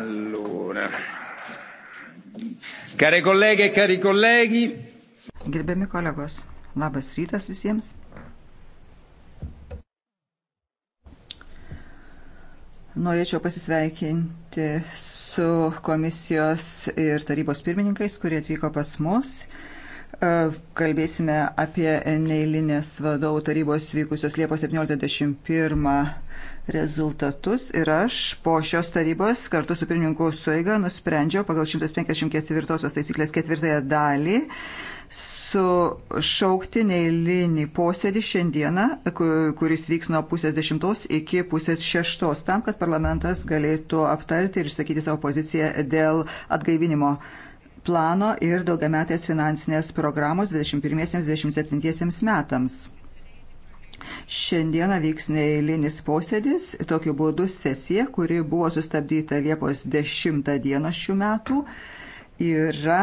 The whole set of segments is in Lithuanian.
Allora. Care kolegė, e cari kolegi. Gerbiami kolegos, labas rytas visiems. Norėčiau pasisveikinti su komisijos ir tarybos pirmininkais, kurie atvyko pas mus E, kalbėsime apie neįlinės vadovų tarybos vykusios Liepos 17.21 rezultatus ir aš po šios tarybos kartu su pirmininku Suiga nusprendžiau pagal 154 taisyklės ketvirtąją dalį sušaukti neįlinį posėdį šiandieną, kuris vyks nuo pusės dešimtos iki pusės šeštos, tam, kad parlamentas galėtų aptarti ir išsakyti savo poziciją dėl atgaivinimo plano ir daugiametės finansinės programos 21-27 metams. Šiandieną vyks neįlinis posėdis, tokiu būdu sesija, kuri buvo sustabdyta Liepos 10 dieną šių metų, yra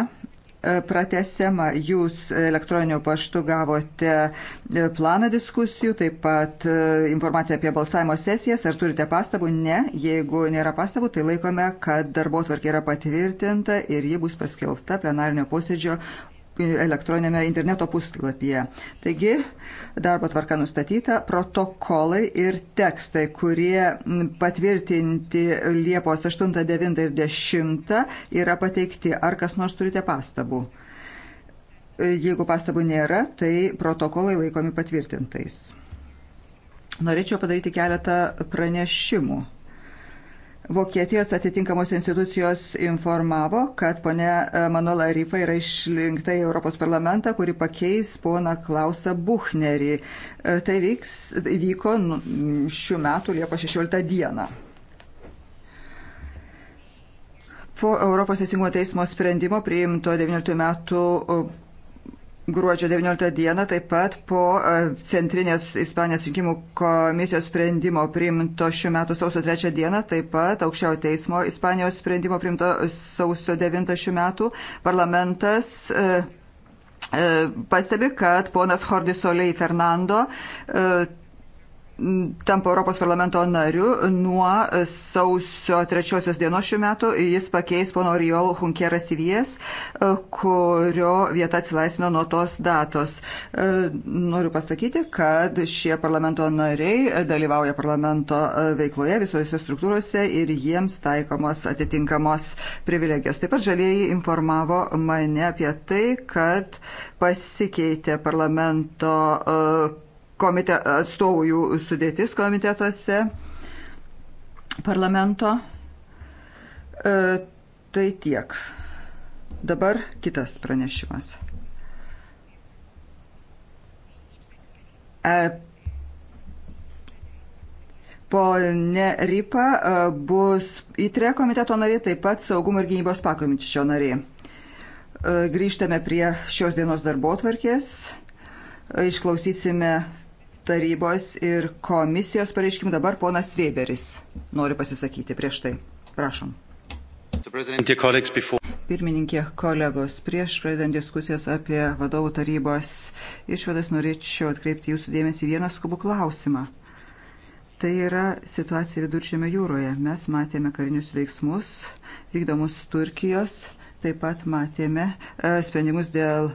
E, pratesiama. Jūs elektroniniu paštu gavote e, planą diskusijų, taip pat e, informaciją apie balsavimo sesijas. Ar turite pastabų? Ne. Jeigu nėra pastabų, tai laikome, kad darbo tvarkė yra patvirtinta ir ji bus paskelbta plenarinio posėdžio elektroninėme interneto puslapyje. Taigi, darbo tvarka nustatyta, protokolai ir tekstai, kurie patvirtinti Liepos 8, 9 ir 10 yra pateikti. Ar kas nors turite pastabų? Jeigu pastabų nėra, tai protokolai laikomi patvirtintais. Norėčiau padaryti keletą pranešimų. Vokietijos atitinkamos institucijos informavo, kad ponia e, Manuela Ryfa yra išrinkta į Europos parlamentą, kuri pakeis poną Klausą Buchnerį. E, tai vyks, vyko nu, šių metų Liepo 16 dieną. Po Europos teisingumo teismo sprendimo priimto 19 metų e, Gruodžio 19 dieną taip pat po e, Centrinės Ispanijos rinkimų komisijos sprendimo priimto šių metų sausio 3 dieną, taip pat aukščiausio teismo Ispanijos sprendimo priimto sausio 9 šių metų parlamentas e, e, pastebi, kad ponas Hordisolei Fernando tampa Europos parlamento nariu nuo sausio trečiosios dienos šių metų. Jis pakeis pono Oriol Hunkeras Įvies, e, kurio vieta atsilaisvino nuo tos datos. E, noriu pasakyti, kad šie parlamento nariai dalyvauja parlamento e, veikloje visose struktūrose ir jiems taikomos atitinkamos privilegijos. Taip pat žalieji informavo mane apie tai, kad pasikeitė parlamento komite, atstovų jų sudėtis komitetuose parlamento. E, tai tiek. Dabar kitas pranešimas. E, Pone Rypa e, bus įtre komiteto nariai, taip pat saugumo ir gynybos pakomitečio nariai. E, grįžtame prie šios dienos darbo tvarkės. E, išklausysime tarybos ir komisijos pareiškimų. Dabar ponas Weberis nori pasisakyti prieš tai. Prašom. Pirmininkė, kolegos, prieš pradedant diskusijas apie vadovų tarybos išvadas norėčiau atkreipti jūsų dėmesį vieną skubų klausimą. Tai yra situacija viduržėme jūroje. Mes matėme karinius veiksmus vykdomus Turkijos Taip pat matėme e, sprendimus dėl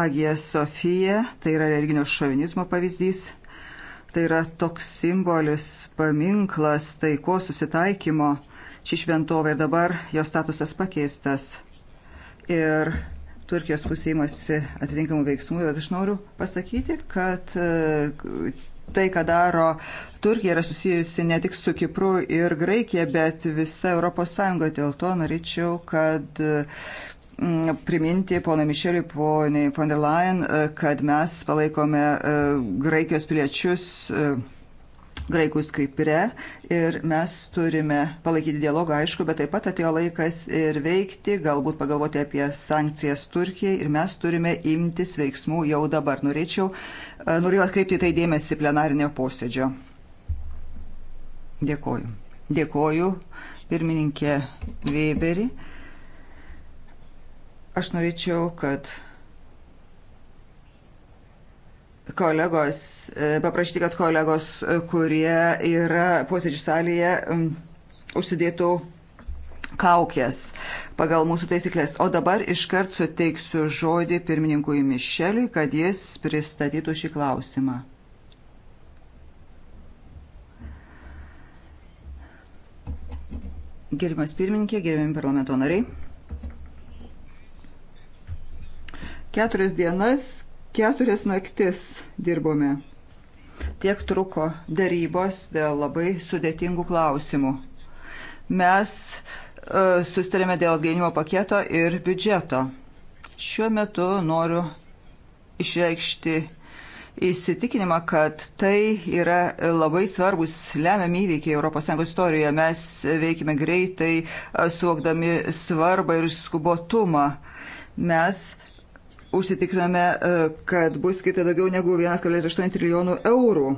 Agija Sofija, tai yra religinio šovinizmo pavyzdys. Tai yra toks simbolis, paminklas taiko susitaikymo ši šventovė ir dabar jos statusas pakeistas. Ir Turkijos pusė įmasi atitinkamų veiksmų, bet aš noriu pasakyti, kad e, tai, ką daro Turkija, yra susijusi ne tik su Kipru ir Graikija, bet visa ES. Dėl to norėčiau, kad mm, priminti ponui Mišeliui, poniai von der Leyen, kad mes palaikome e, Graikijos piliečius, e, Graikus Kipre ir mes turime palaikyti dialogą, aišku, bet taip pat atėjo laikas ir veikti, galbūt pagalvoti apie sankcijas Turkijai ir mes turime imtis veiksmų jau dabar. Norėčiau E, norėjau atkreipti tai dėmesį plenarinio posėdžio. Dėkoju. Dėkoju, pirmininkė Weberi. Aš norėčiau, kad kolegos, e, paprašyti, kad kolegos, e, kurie yra posėdžių salėje, užsidėtų kaukės pagal mūsų taisyklės. O dabar iškart suteiksiu žodį pirmininkui Mišeliui, kad jis pristatytų šį klausimą. Gerimas pirmininkė, gerbiami parlamento nariai. Keturias dienas, keturias naktis dirbome. Tiek truko darybos dėl labai sudėtingų klausimų. Mes uh, E, sustarėme dėl atgainimo paketo ir biudžeto. Šiuo metu noriu išreikšti įsitikinimą, kad tai yra labai svarbus lemiami įvykiai ES istorijoje. Mes veikime greitai, e, suvokdami svarbą ir skubotumą. Mes užsitikriname, e, kad bus skirta daugiau negu 1,8 trilijonų eurų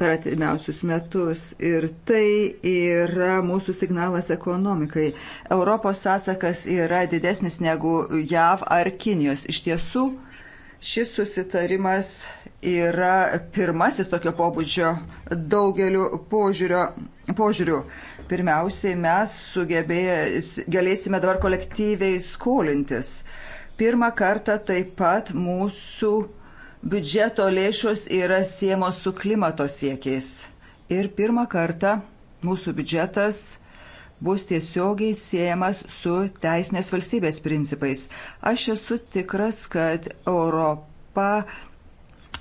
per atimiausius metus. Ir tai yra mūsų signalas ekonomikai. Europos atsakas yra didesnis negu JAV ar Kinijos. Iš tiesų, šis susitarimas yra pirmasis tokio pobūdžio daugeliu požiūrio, požiūrių. Pirmiausiai mes sugebėję, galėsime dabar kolektyviai skolintis. Pirmą kartą taip pat mūsų biudžeto lėšos yra siemos su klimato siekiais. Ir pirmą kartą mūsų biudžetas bus tiesiogiai siejamas su teisinės valstybės principais. Aš esu tikras, kad Europa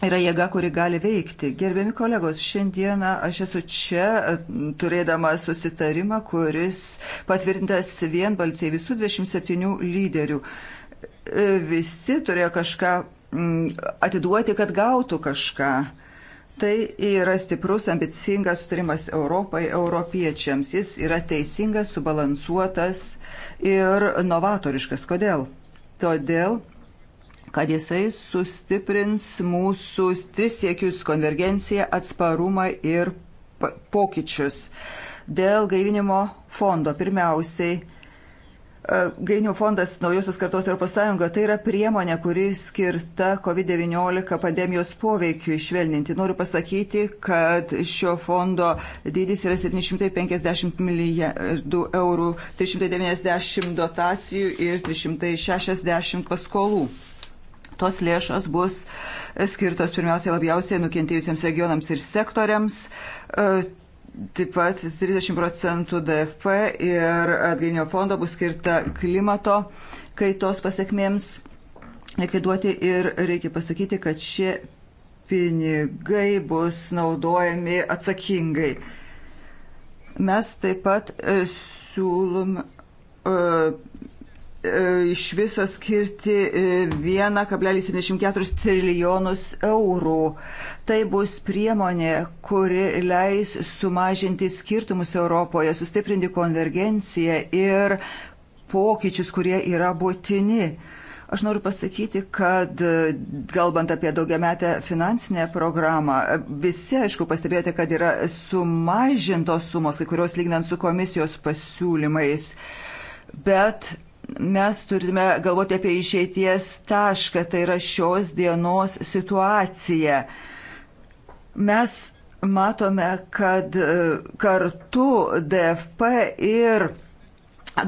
yra jėga, kuri gali veikti. Gerbiami kolegos, šiandieną aš esu čia, e, turėdama susitarimą, kuris patvirtintas vienbalsiai visų 27 lyderių. E, visi turėjo kažką Mm, atiduoti, kad gautų kažką. Tai yra stiprus, ambicingas sutarimas Europai, europiečiams. Jis yra teisingas, subalansuotas ir novatoriškas. Kodėl? Todėl, kad jisai sustiprins mūsų tris siekius - konvergenciją, atsparumą ir pokyčius. Dėl gaivinimo fondo pirmiausiai E, Gainių fondas naujosios kartos ES tai yra priemonė, kuri skirta COVID-19 pandemijos poveikiu išvelninti. Noriu pasakyti, kad šio fondo dydis yra 750 milijardų eurų, 390 dotacijų ir 360 paskolų. Tos lėšos bus skirtos pirmiausiai labiausiai nukentėjusiems regionams ir sektoriams. E, Taip pat 30 procentų DFP ir atgainio fondo bus skirta klimato kaitos pasiekmėms likviduoti ir reikia pasakyti, kad šie pinigai bus naudojami atsakingai. Mes taip pat e, siūlom e, E, iš viso skirti 1,74 e, trilijonus eurų. Tai bus priemonė, kuri leis sumažinti skirtumus Europoje, sustiprinti konvergenciją ir pokyčius, kurie yra būtini. Aš noriu pasakyti, kad kalbant apie daugiametę finansinę programą, visi, aišku, pastebėjote, kad yra sumažintos sumos, kai kurios lygnant su komisijos pasiūlymais, bet mes turime galvoti apie išeities tašką, tai yra šios dienos situacija. Mes matome, kad e, kartu DFP ir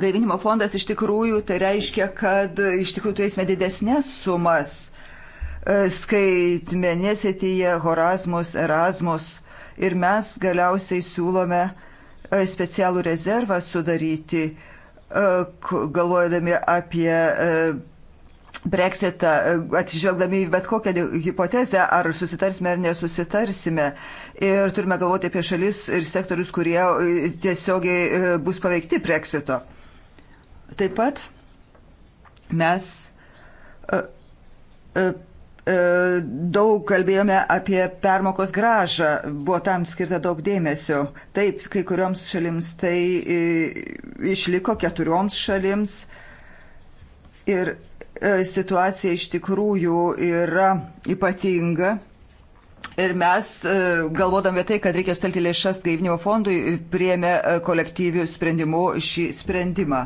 gaivinimo fondas iš tikrųjų tai reiškia, kad iš tikrųjų turėsime didesnės sumas e, skaitmenės etyje Horazmus, Erasmus ir mes galiausiai siūlome e, specialų rezervą sudaryti E, galvojami apie e, Brexitą, e, atsižvelgdami į bet kokią hipotezę, ar susitarsime ar nesusitarsime. Ir turime galvoti apie šalis ir sektorius, kurie tiesiogiai bus paveikti Brexito. Taip pat mes E, daug kalbėjome apie permokos gražą, buvo tam skirta daug dėmesio. Taip, kai kurioms šalims tai e, išliko keturioms šalims ir e, situacija iš tikrųjų yra ypatinga. Ir mes, galvodami tai, kad reikia sutelkti lėšas gaivinimo fondui, priėmė kolektyvių sprendimų šį sprendimą.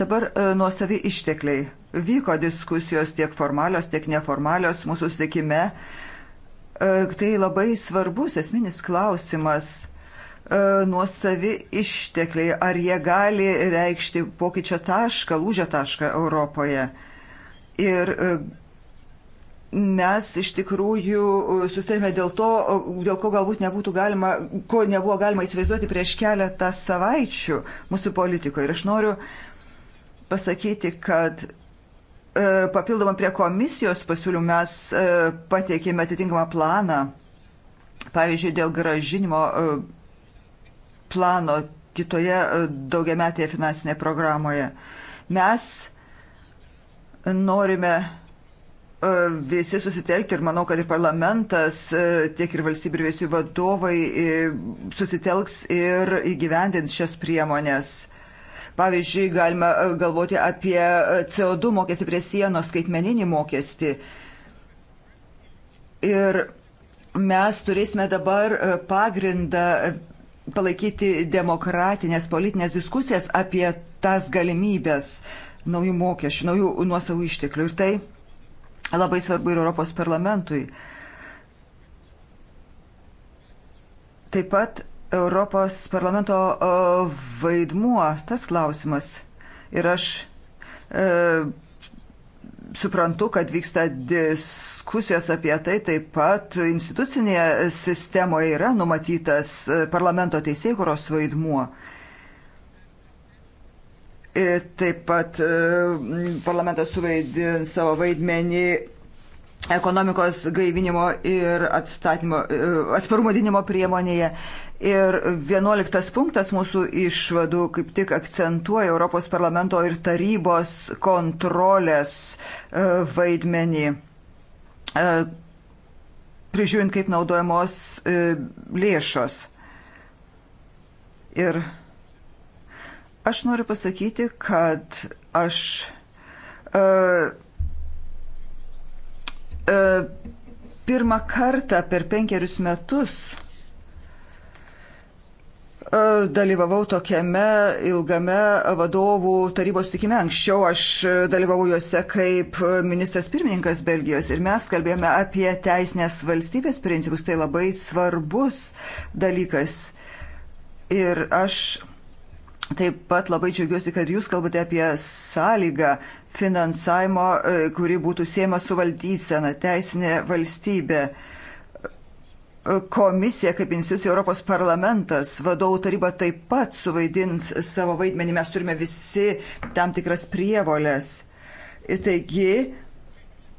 Dabar nuosavi ištekliai vyko diskusijos tiek formalios, tiek neformalios mūsų susitikime. E, tai labai svarbus esminis klausimas e, nuosavi ištekliai, ar jie gali reikšti pokyčio tašką, lūžio tašką Europoje. Ir e, mes iš tikrųjų sustarėme dėl to, dėl ko galbūt nebūtų galima, ko nebuvo galima įsivaizduoti prieš keletą savaičių mūsų politikoje. Ir aš noriu pasakyti, kad E, papildomą prie komisijos pasiūlymų mes e, pateikėme atitinkamą planą, pavyzdžiui, dėl gražinimo e, plano kitoje daugiametėje finansinėje programoje. Mes norime visi susitelkti ir manau, kad ir parlamentas, tiek ir valstybių ir visių vadovai susitelks ir įgyvendins šias priemonės Pavyzdžiui, galima e, galvoti apie e, CO2 mokestį prie sienos, skaitmeninį mokestį. Ir mes turėsime dabar e, pagrindą palaikyti demokratinės politinės diskusijas apie tas galimybės naujų mokesčių, naujų nuosavų išteklių. Ir tai labai svarbu ir Europos parlamentui. Taip pat Europos parlamento vaidmuo, tas klausimas. Ir aš e, suprantu, kad vyksta diskusijos apie tai, taip pat institucinėje sistemoje yra numatytas e, parlamento teisėkuros vaidmuo. Ir taip pat e, parlamentas suvaidins savo vaidmenį ekonomikos gaivinimo ir atstatymo, e, atsparumo didinimo priemonėje. Ir vienuoliktas punktas mūsų išvadų kaip tik akcentuoja Europos parlamento ir tarybos kontrolės e, vaidmenį e, prižiūrint, kaip naudojamos lėšos. Ir aš noriu pasakyti, kad aš uh, E, pirmą kartą per penkerius metus e, dalyvavau tokiame ilgame vadovų tarybos tikime. Anksčiau aš dalyvavau juose kaip ministras pirmininkas Belgijos ir mes kalbėjome apie teisinės valstybės principus. Tai labai svarbus dalykas. Ir aš Taip pat labai džiaugiuosi, kad jūs kalbate apie sąlygą finansavimo, e, kuri būtų siejama su valdysena, teisinė valstybė. E, komisija kaip institucija Europos parlamentas, vadovų taryba taip pat suvaidins savo vaidmenį, mes turime visi tam tikras prievolės. Taigi,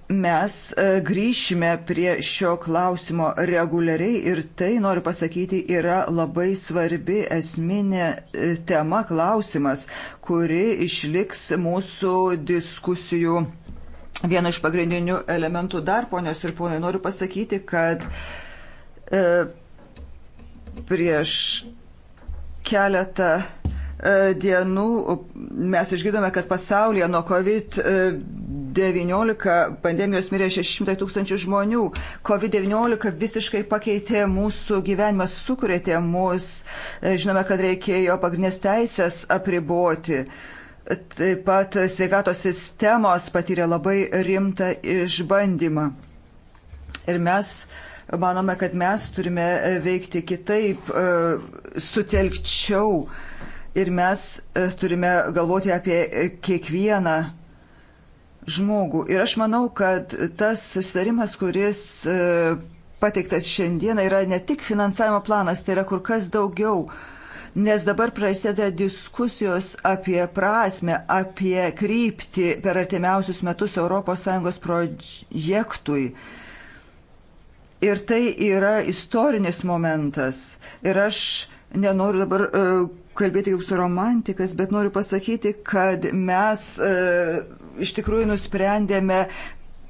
mes e, grįšime prie šio klausimo reguliariai ir tai, noriu pasakyti, yra labai svarbi esminė e, tema, klausimas, kuri išliks mūsų diskusijų vienu iš pagrindinių elementų. Dar, ponios ir ponai, noriu pasakyti, kad e, prieš keletą E, dienų mes išgirdome, kad pasaulyje nuo COVID-19 e, pandemijos mirė 600 tūkstančių žmonių. COVID-19 visiškai pakeitė mūsų gyvenimą, sukrėtė mus. E, žinome, kad reikėjo pagrindinės teisės apriboti. Taip pat sveikatos sistemos patyrė labai rimtą išbandymą. Ir mes manome, kad mes turime veikti kitaip, sutelkčiau Ir mes e, turime galvoti apie e, kiekvieną žmogų. Ir aš manau, kad tas susitarimas, kuris e, pateiktas šiandieną, yra ne tik finansavimo planas, tai yra kur kas daugiau. Nes dabar prasideda diskusijos apie prasme, apie kryptį per artimiausius metus ES projektui. Ir tai yra istorinis momentas. Ir aš nenoriu dabar uh, kalbėti kaip su romantikas, bet noriu pasakyti, kad mes e, iš tikrųjų nusprendėme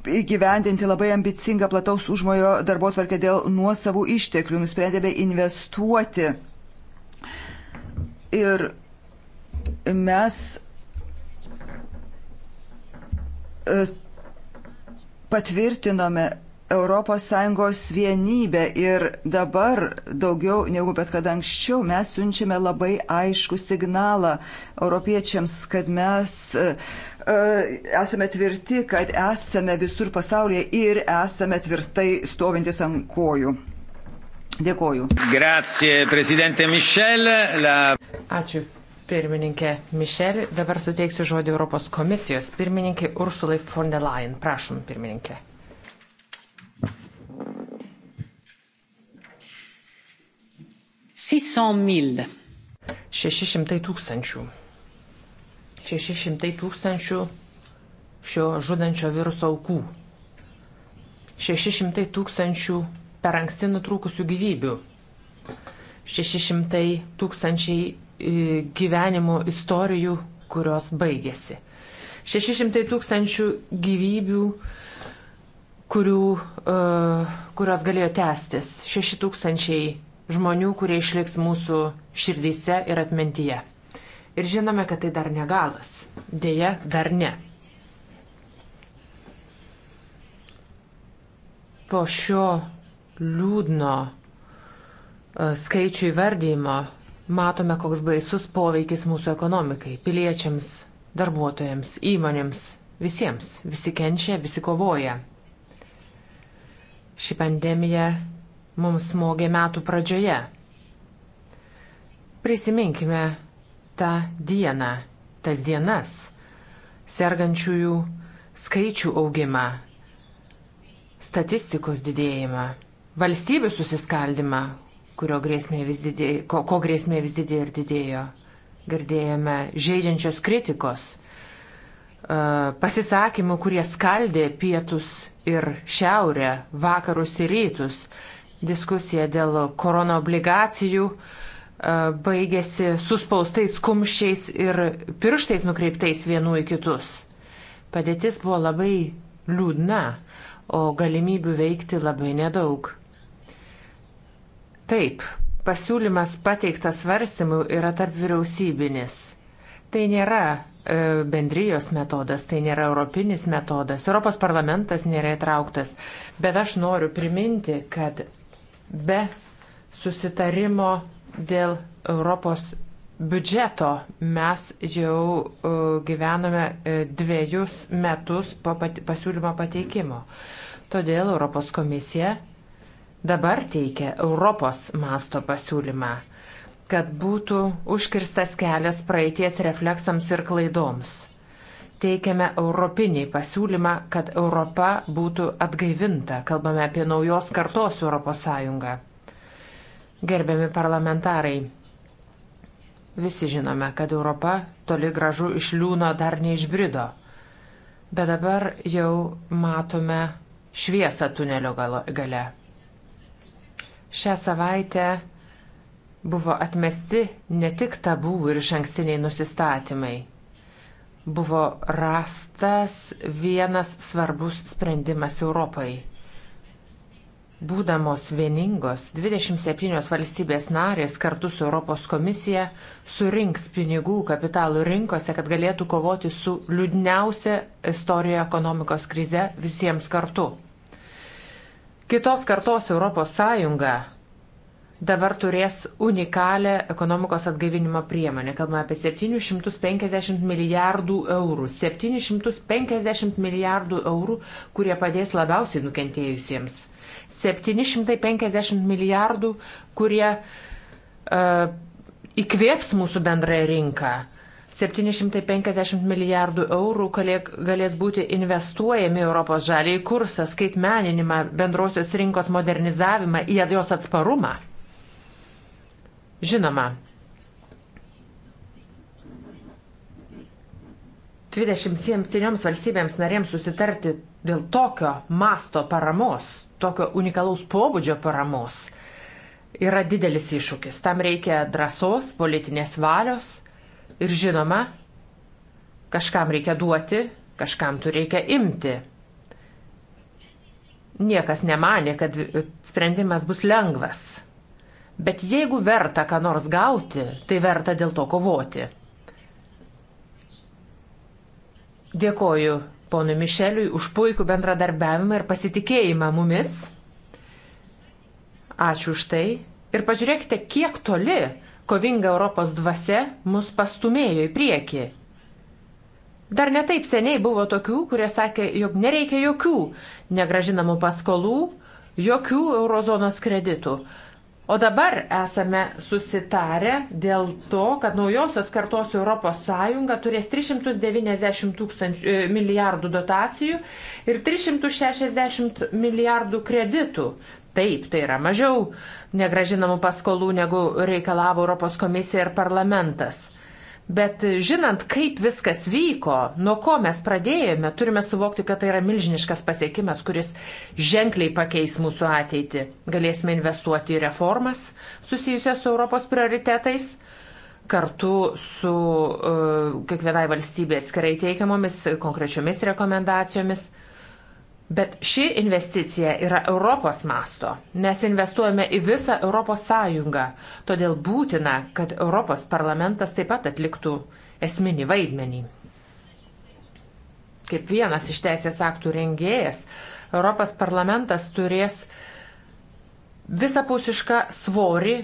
įgyvendinti labai ambicingą plataus užmojo darbo tvarkę dėl nuosavų išteklių. Nusprendėme investuoti. Ir mes e, patvirtinome ES vienybę ir dabar daugiau negu bet kada anksčiau mes siunčiame labai aišku signalą europiečiams, kad mes e, esame tvirti, kad esame visur pasaulyje ir esame tvirtai stovintis ant kojų. Dėkoju. Grazie, prezidentė Mišel. La... Ačiū, pirmininkė Mišel. Dabar suteiksiu žodį Europos komisijos pirmininkė Ursulai von der Leyen. Prašom, pirmininkė. 600 tūkstančių. 600 tūkstančių šio žudančio viruso aukų. 600 tūkstančių per anksti nutrūkusių gyvybių. 600 tūkstančiai e, gyvenimo istorijų, kurios baigėsi. 600 tūkstančių gyvybių, kurių, uh, kurios galėjo tęstis. 6 tūkstančiai žmonių, kurie išliks mūsų širdyse ir atmintyje. Ir žinome, kad tai dar negalas. Deja, dar ne. Po šio liūdno e, skaičių įvardymo matome, koks baisus poveikis mūsų ekonomikai, piliečiams, darbuotojams, įmonėms, visiems. Visi kenčia, visi kovoja. Ši pandemija mums smogė metų pradžioje. Prisiminkime tą dieną, tas dienas, sergančiųjų skaičių augimą, statistikos didėjimą, valstybių susiskaldimą, kurio grėsmė vis didėjo, ko, ko grėsmė vis didėjo ir didėjo. Girdėjome žaidžiančios kritikos, e, pasisakymų, kurie skaldė pietus ir šiaurę, vakarus ir rytus, Diskusija dėl korona obligacijų e, baigėsi suspaustais kumščiais ir pirštais nukreiptais vienu į kitus. Padėtis buvo labai liūdna, o galimybių veikti labai nedaug. Taip, pasiūlymas pateiktas svarstymui yra tarp vyriausybinis. Tai nėra e, bendrijos metodas, tai nėra europinis metodas, Europos parlamentas nėra įtrauktas, bet aš noriu priminti, kad be susitarimo dėl Europos biudžeto mes jau e, gyvename e, dviejus metus po pasiūlymo pateikimo. Todėl Europos komisija dabar teikia Europos masto pasiūlymą, kad būtų užkirstas kelias praeities refleksams ir klaidoms teikiame europinį pasiūlymą, kad Europa būtų atgaivinta. Kalbame apie naujos kartos Europos Sąjungą. Gerbiami parlamentarai, visi žinome, kad Europa toli gražu iš liūno dar neišbrido. Bet dabar jau matome šviesą tunelio gale. Šią savaitę buvo atmesti ne tik tabų ir šankstiniai nusistatymai buvo rastas vienas svarbus sprendimas Europai. Būdamos vieningos, 27 valstybės narės kartu su Europos komisija surinks pinigų kapitalų rinkose, kad galėtų kovoti su liūdniausia istorija ekonomikos krize visiems kartu. Kitos kartos Europos Sąjunga dabar turės unikalią ekonomikos atgaivinimo priemonę. Kalbame apie 750 milijardų eurų. 750 milijardų eurų, kurie padės labiausiai nukentėjusiems. 750 milijardų, kurie uh, įkvėps mūsų bendrąją rinką. 750 milijardų eurų galės būti investuojami Europos žaliai kursą, skaitmeninimą, bendrosios rinkos modernizavimą, į jos atsparumą. Žinoma, 27 valstybėms narėms susitarti dėl tokio masto paramos, tokio unikalaus pobūdžio paramos, yra didelis iššūkis. Tam reikia drąsos, politinės valios ir žinoma, kažkam reikia duoti, kažkam tu reikia imti. Niekas nemanė, kad sprendimas bus lengvas. Bet jeigu verta ką nors gauti, tai verta dėl to kovoti. Dėkoju ponui Mišeliui už puikų bendradarbiavimą ir pasitikėjimą mumis. Ačiū už tai. Ir pažiūrėkite, kiek toli kovinga Europos dvasia mus pastumėjo į priekį. Dar netaip seniai buvo tokių, kurie sakė, jog nereikia jokių negražinamų paskolų, jokių eurozonos kreditų. O dabar esame susitarę dėl to, kad naujosios kartos ES turės 390 tūkstančių, e, milijardų dotacijų ir 360 milijardų kreditų. Taip, tai yra mažiau negražinamų paskolų, negu reikalavo Europos komisija ir parlamentas. Bet žinant, kaip viskas vyko, nuo ko mes pradėjome, turime suvokti, kad tai yra milžiniškas pasiekimas, kuris ženkliai pakeis mūsų ateitį. Galėsime investuoti į reformas susijusias su Europos prioritetais, kartu su uh, kiekvienai valstybė atskirai teikiamomis konkrečiomis rekomendacijomis. Uh, Bet ši investicija yra Europos masto. Mes investuojame į visą Europos Sąjungą. Todėl būtina, kad Europos parlamentas taip pat atliktų esminį vaidmenį. Kaip vienas iš teisės aktų rengėjas, Europos parlamentas turės visapusišką svorį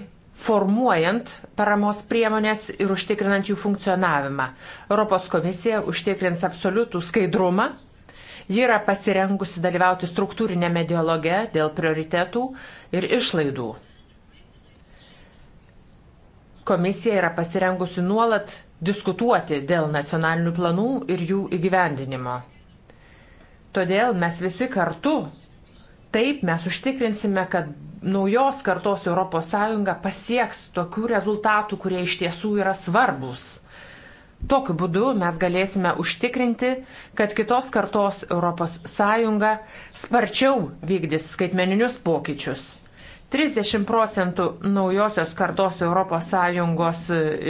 formuojant paramos priemonės ir užtikrinant jų funkcionavimą. Europos komisija užtikrins absoliutų skaidrumą Ji yra pasirengusi dalyvauti struktūrinėme dialoge dėl prioritetų ir išlaidų. Komisija yra pasirengusi nuolat diskutuoti dėl nacionalinių planų ir jų įgyvendinimo. Todėl mes visi kartu taip mes užtikrinsime, kad naujos kartos ES pasieks tokių rezultatų, kurie iš tiesų yra svarbus. Tokiu būdu mes galėsime užtikrinti, kad kitos kartos ES sparčiau vykdys skaitmeninius pokyčius. 30 procentų naujosios kartos ES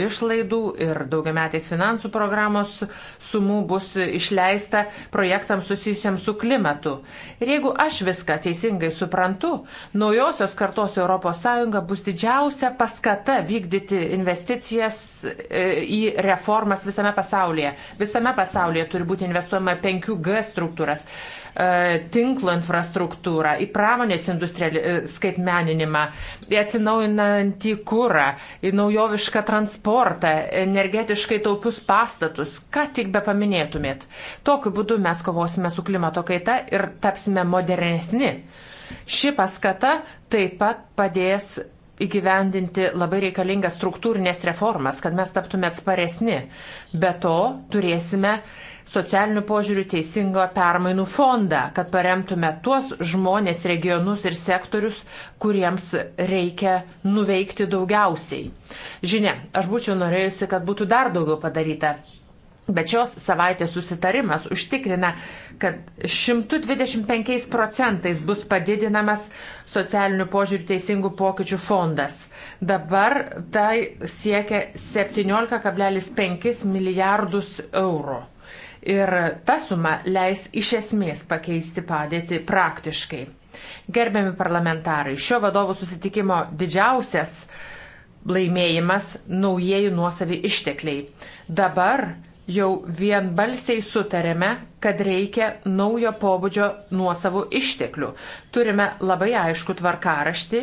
išlaidų ir daugiametės finansų programos sumų bus išleista projektams susijusiam su klimatu. Ir jeigu aš viską teisingai suprantu, naujosios kartos ES bus didžiausia paskata vykdyti investicijas e, į reformas visame pasaulyje. Visame pasaulyje turi būti investuojama 5G struktūras. E, tinklo infrastruktūrą, į pramonės e, skaitmeninimą, į atsinaujinantį kūrą, į naujovišką transportą, energetiškai taupius pastatus, ką tik be paminėtumėt. Tokiu būdu mes kovosime su klimato kaita ir tapsime modernesni. Ši paskata taip pat padės įgyvendinti labai reikalingas struktūrinės reformas, kad mes taptume atsparesni. Be to turėsime socialinių požiūrių teisingą permainų fondą, kad paremtume tuos žmonės, regionus ir sektorius, kuriems reikia nuveikti daugiausiai. Žinia, aš būčiau norėjusi, kad būtų dar daugiau padaryta. Bet šios savaitės susitarimas užtikrina, kad 125 procentais bus padidinamas socialinių požiūrių teisingų pokyčių fondas. Dabar tai siekia 17,5 milijardus eurų. Ir ta suma leis iš esmės pakeisti padėtį praktiškai. Gerbiami parlamentarai, šio vadovų susitikimo didžiausias laimėjimas - naujieji nuosavi ištekliai. Dabar jau vienbalsiai sutarėme, kad reikia naujo pobūdžio nuosavų išteklių. Turime labai aišku tvarkaraštį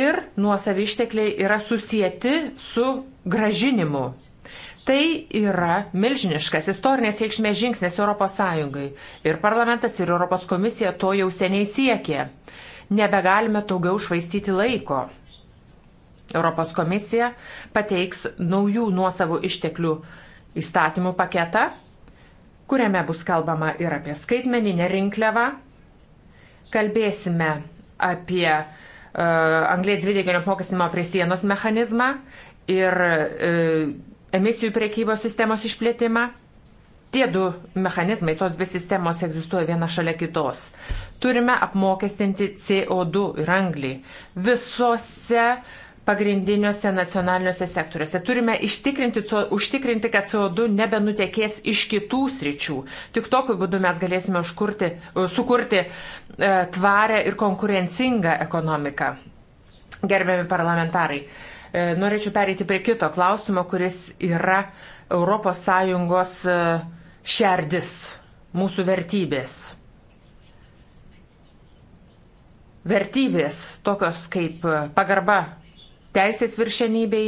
ir nuosavi ištekliai yra susijęti su gražinimu Tai yra milžiniškas istorinės reikšmės žingsnis ES. Ir parlamentas, ir Europos komisija to jau seniai siekė. Nebegalime daugiau švaistyti laiko. Europos komisija pateiks naujų nuosavų išteklių įstatymų paketą, kuriame bus kalbama ir apie skaitmeninę rinkliavą. Kalbėsime apie uh, anglės dvideginio apmokestinimo prie sienos mechanizmą ir uh, emisijų priekybos sistemos išplėtimą. Tie du mechanizmai, tos dvi sistemos egzistuoja viena šalia kitos. Turime apmokestinti CO2 ir anglį visose pagrindiniuose nacionaliniuose sektoriuose. Turime užtikrinti, kad CO2 nebenutekės iš kitų sričių. Tik tokiu būdu mes galėsime užkurti, sukurti e, tvarę ir konkurencingą ekonomiką. Gerbiami parlamentarai, E, norėčiau pereiti prie kito klausimo, kuris yra ES e, šerdis, mūsų vertybės. Vertybės tokios kaip pagarba teisės viršenybei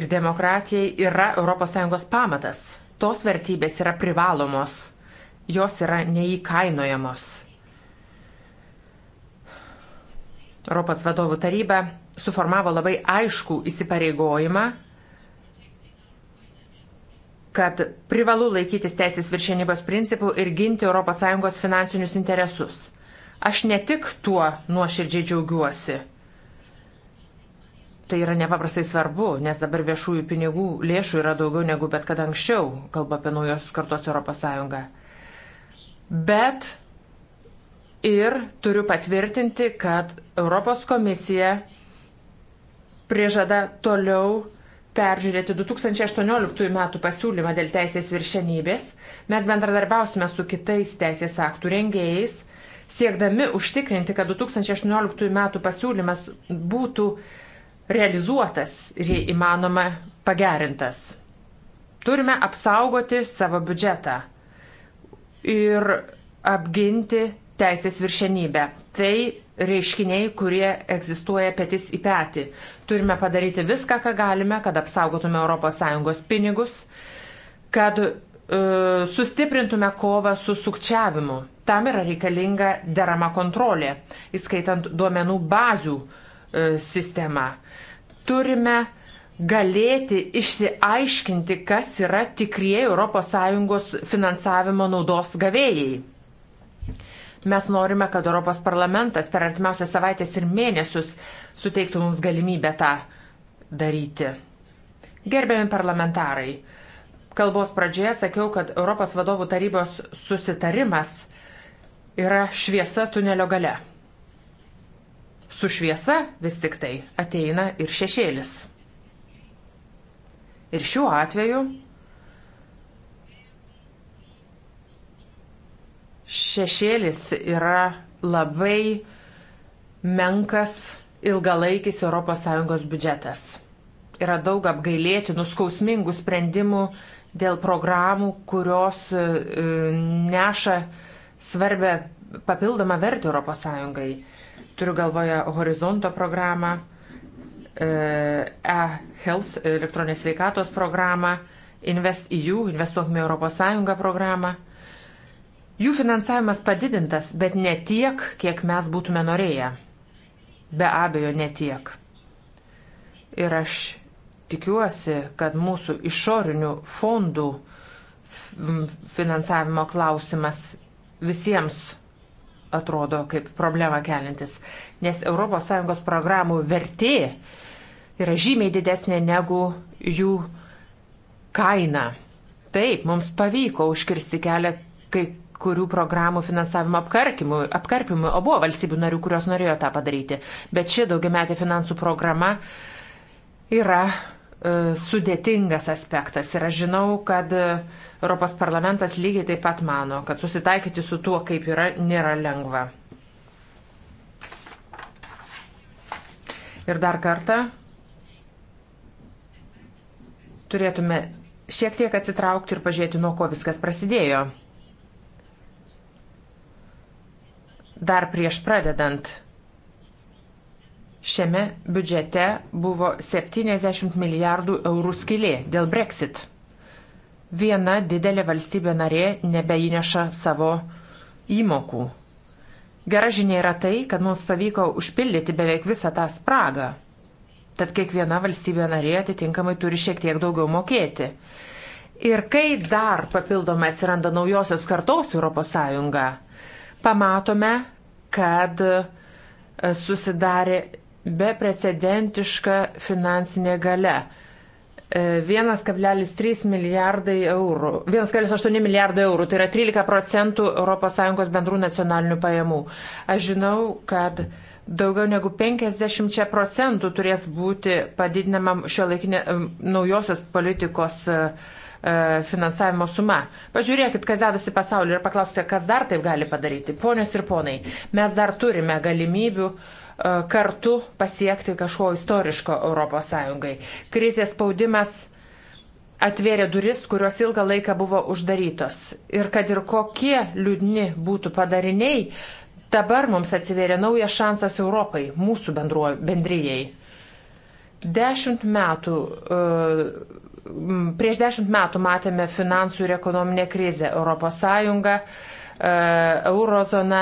ir demokratijai yra ES pamatas. Tos vertybės yra privalomos, jos yra neįkainojamos. Europos vadovų taryba suformavo labai aišku įsipareigojimą, kad privalu laikytis teisės viršienybos principų ir ginti ES finansinius interesus. Aš ne tik tuo nuoširdžiai džiaugiuosi. Tai yra nepaprastai svarbu, nes dabar viešųjų pinigų lėšų yra daugiau negu bet kada anksčiau, kalba apie naujos kartos ES. Bet ir turiu patvirtinti, kad Europos komisija prižada toliau peržiūrėti 2018 metų pasiūlymą dėl teisės viršenybės. Mes bendradarbiausime su kitais teisės aktų rengėjais, siekdami užtikrinti, kad 2018 metų pasiūlymas būtų realizuotas ir jei įmanoma pagerintas. Turime apsaugoti savo biudžetą ir apginti teisės viršenybę. Tai reiškiniai, kurie egzistuoja petis į petį. Turime padaryti viską, ką galime, kad apsaugotume ES pinigus, kad e, sustiprintume kovą su sukčiavimu. Tam yra reikalinga derama kontrolė, įskaitant duomenų bazių e, sistemą. Turime galėti išsiaiškinti, kas yra tikrieji ES finansavimo naudos gavėjai. Mes norime, kad Europos parlamentas per artimiausias savaitės ir mėnesius suteiktų mums galimybę tą daryti. Gerbiami parlamentarai, kalbos pradžioje sakiau, kad Europos vadovų tarybos susitarimas yra šviesa tunelio gale. Su šviesa vis tik tai ateina ir šešėlis. Ir šiuo atveju šešėlis yra labai menkas ilgalaikis ES biudžetas. Yra daug apgailėtinų, skausmingų sprendimų dėl programų, kurios e, neša svarbę papildomą vertę ES. Turiu galvoje horizonto programą, e, e-health elektroninės veikatos programą, InvestEU, investuokime ES programą. Jų finansavimas padidintas, bet ne tiek, kiek mes būtume norėję. Be abejo, ne tiek. Ir aš tikiuosi, kad mūsų išorinių fondų finansavimo klausimas visiems atrodo kaip problema kelintis, nes ES programų vertė yra žymiai didesnė negu jų kaina. Taip, mums pavyko užkirsti kelią kai kurių programų finansavimo apkarpimui, o buvo valstybių narių, kurios norėjo tą padaryti. Bet ši daugiametė finansų programa yra e, sudėtingas aspektas. Ir aš žinau, kad Europos parlamentas lygiai taip pat mano, kad susitaikyti su tuo, kaip yra, nėra lengva. Ir dar kartą turėtume šiek tiek atsitraukti ir pažiūrėti, nuo ko viskas prasidėjo. Dar prieš pradedant šiame biudžete buvo 70 milijardų eurų skilė dėl Brexit. Viena didelė valstybė narė nebeineša savo įmokų. Gera žinia yra tai, kad mums pavyko užpildyti beveik visą tą spragą. Tad kiekviena valstybė narė atitinkamai turi šiek tiek daugiau mokėti. Ir kai dar papildomai atsiranda naujosios kartos ES, pamatome, kad e, susidarė beprecedentiška finansinė gale. 1,3 e, milijardai eurų, 1,8 milijardai eurų, tai yra 13 procentų ES bendrų nacionalinių pajamų. Aš žinau, kad daugiau negu 50 procentų turės būti padidinamam šio laikinė e, naujosios politikos uh, E, finansavimo suma. Pažiūrėkit, kas dedasi pasaulyje ir paklauskite, kas dar taip gali padaryti. Ponios ir ponai, mes dar turime galimybių e, kartu pasiekti kažko istoriško ES. Krizės spaudimas atvėrė duris, kurios ilgą laiką buvo uždarytos. Ir kad ir kokie liūdni būtų padariniai, dabar mums atsivėrė naujas šansas Europai, mūsų bendruo, bendryjei. Dešimt metų uh, Prieš dešimt metų matėme finansų ir ekonominę krizę. ES, e, eurozona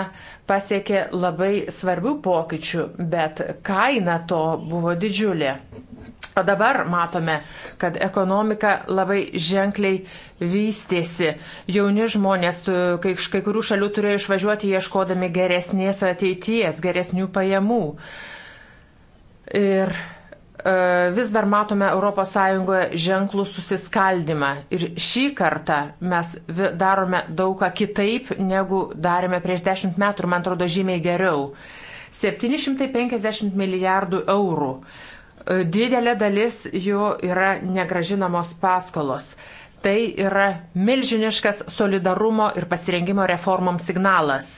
pasiekė labai svarbių pokyčių, bet kaina to buvo didžiulė. O dabar matome, kad ekonomika labai ženkliai vystėsi. Jauni žmonės, e, kai iš kai kurių šalių turėjo išvažiuoti ieškodami geresnės ateities, geresnių pajamų. Ir E, vis dar matome ES ženklų susiskaldimą. Ir šį kartą mes darome daugą kitaip, negu darėme prieš dešimt metų ir man atrodo žymiai geriau. 750 milijardų eurų. E, didelė dalis jų yra negražinamos paskolos. Tai yra milžiniškas solidarumo ir pasirengimo reformom signalas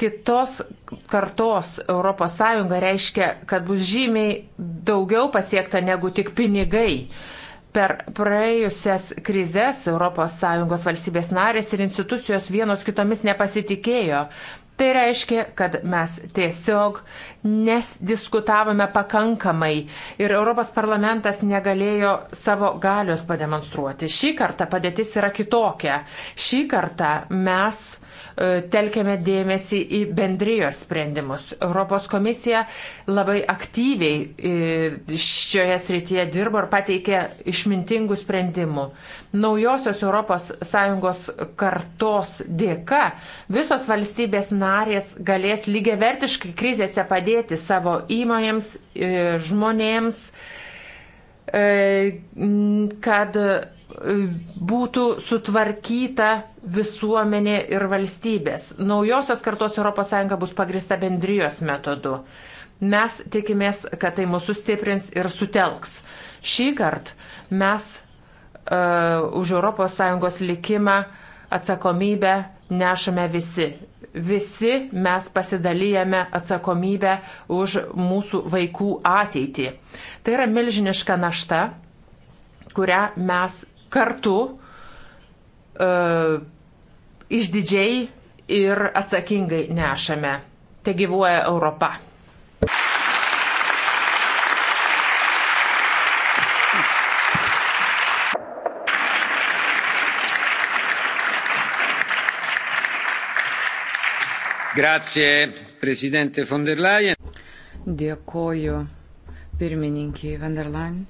Kitos kartos ES reiškia, kad bus žymiai daugiau pasiekta negu tik pinigai. Per praėjusias krizės ES valstybės narės ir institucijos vienos kitomis nepasitikėjo. Tai reiškia, kad mes tiesiog nesdiskutavome pakankamai ir Europos parlamentas negalėjo savo galios pademonstruoti. Šį kartą padėtis yra kitokia. Šį kartą mes E, telkiame dėmesį į bendrijos sprendimus. Europos komisija labai aktyviai e, šioje srityje dirbo ir pateikė išmintingų sprendimų. Naujosios ES kartos dėka visos valstybės narės galės lygiavertiškai krizėse padėti savo įmonėms, e, žmonėms, kad būtų sutvarkyta visuomenė ir valstybės. Naujosios kartos ES bus pagrista bendrijos metodu. Mes tikimės, kad tai mūsų sustiprins ir sutelks. Šį kartą mes uh, už ES likimą atsakomybę nešame visi. Visi mes pasidalyjame atsakomybę už mūsų vaikų ateitį. Tai yra milžiniška našta, kurią mes kartu uh, išdidžiai ir atsakingai nešame. Te gyvuoja Europa. Grazie, prezidente von der Leyen. Dėkoju pirmininkiai von der Leyen.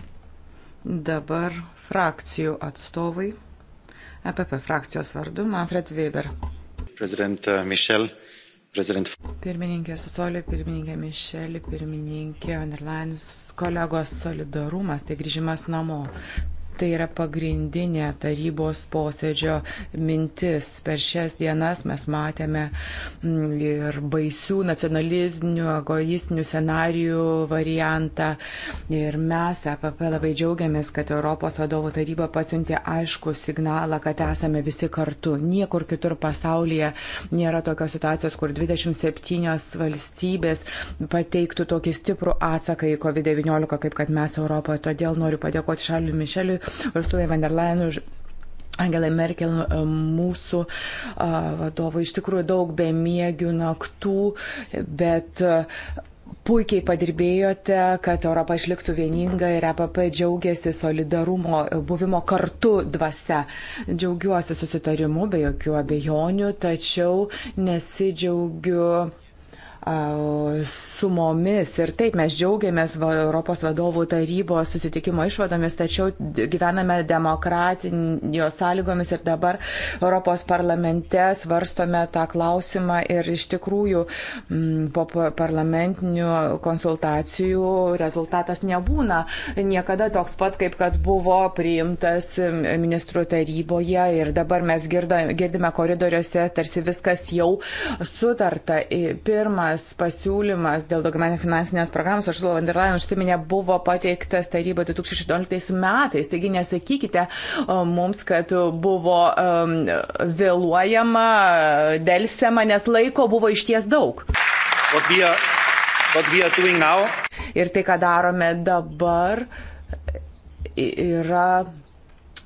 Dabar frakcijų atstovai. EPP frakcijos vardu Manfred Weber. President uh, Michel, President... Pirmininkė Susoli, pirmininkė Mišelė, pirmininkė Vanderlanis, kolegos solidarumas, tai grįžimas namo. Tai yra pagrindinė tarybos posėdžio mintis. Per šias dienas mes matėme mm, ir baisių nacionalistinių, egoistinių scenarijų variantą. Ir mes, APP, e labai džiaugiamės, kad Europos vadovų taryba pasiuntė aišku signalą, kad esame visi kartu. Niekur kitur pasaulyje nėra tokios situacijos, kur 27 valstybės pateiktų tokį stiprų atsaką į COVID-19, kaip kad mes Europoje. Todėl noriu padėkoti Šarliui Mišeliui Ursulai van der Leyen, už Angelai Merkel, e, mūsų e, vadovai, iš tikrųjų daug bemiegių naktų, bet e, puikiai padirbėjote, kad Europa išliktų vieninga ir EPP džiaugiasi solidarumo buvimo kartu dvasia. Džiaugiuosi susitarimu be jokių abejonių, tačiau nesidžiaugiu su mumis. Ir taip mes džiaugiamės Europos vadovų tarybos susitikimo išvadomis, tačiau gyvename demokratinijos sąlygomis ir dabar Europos parlamente svarstome tą klausimą ir iš tikrųjų po parlamentinių konsultacijų rezultatas nebūna niekada toks pat, kaip kad buvo priimtas ministrų taryboje ir dabar mes girdame koridoriuose, tarsi viskas jau sutarta. Pirma, pirmas pasiūlymas dėl daugiametės finansinės programos Ursula von der Leyen užsiminė buvo pateiktas taryba 2016 metais. Taigi nesakykite mums, kad buvo um, vėluojama, dėlsiama, nes laiko buvo išties daug. Ir tai, ką darome dabar, yra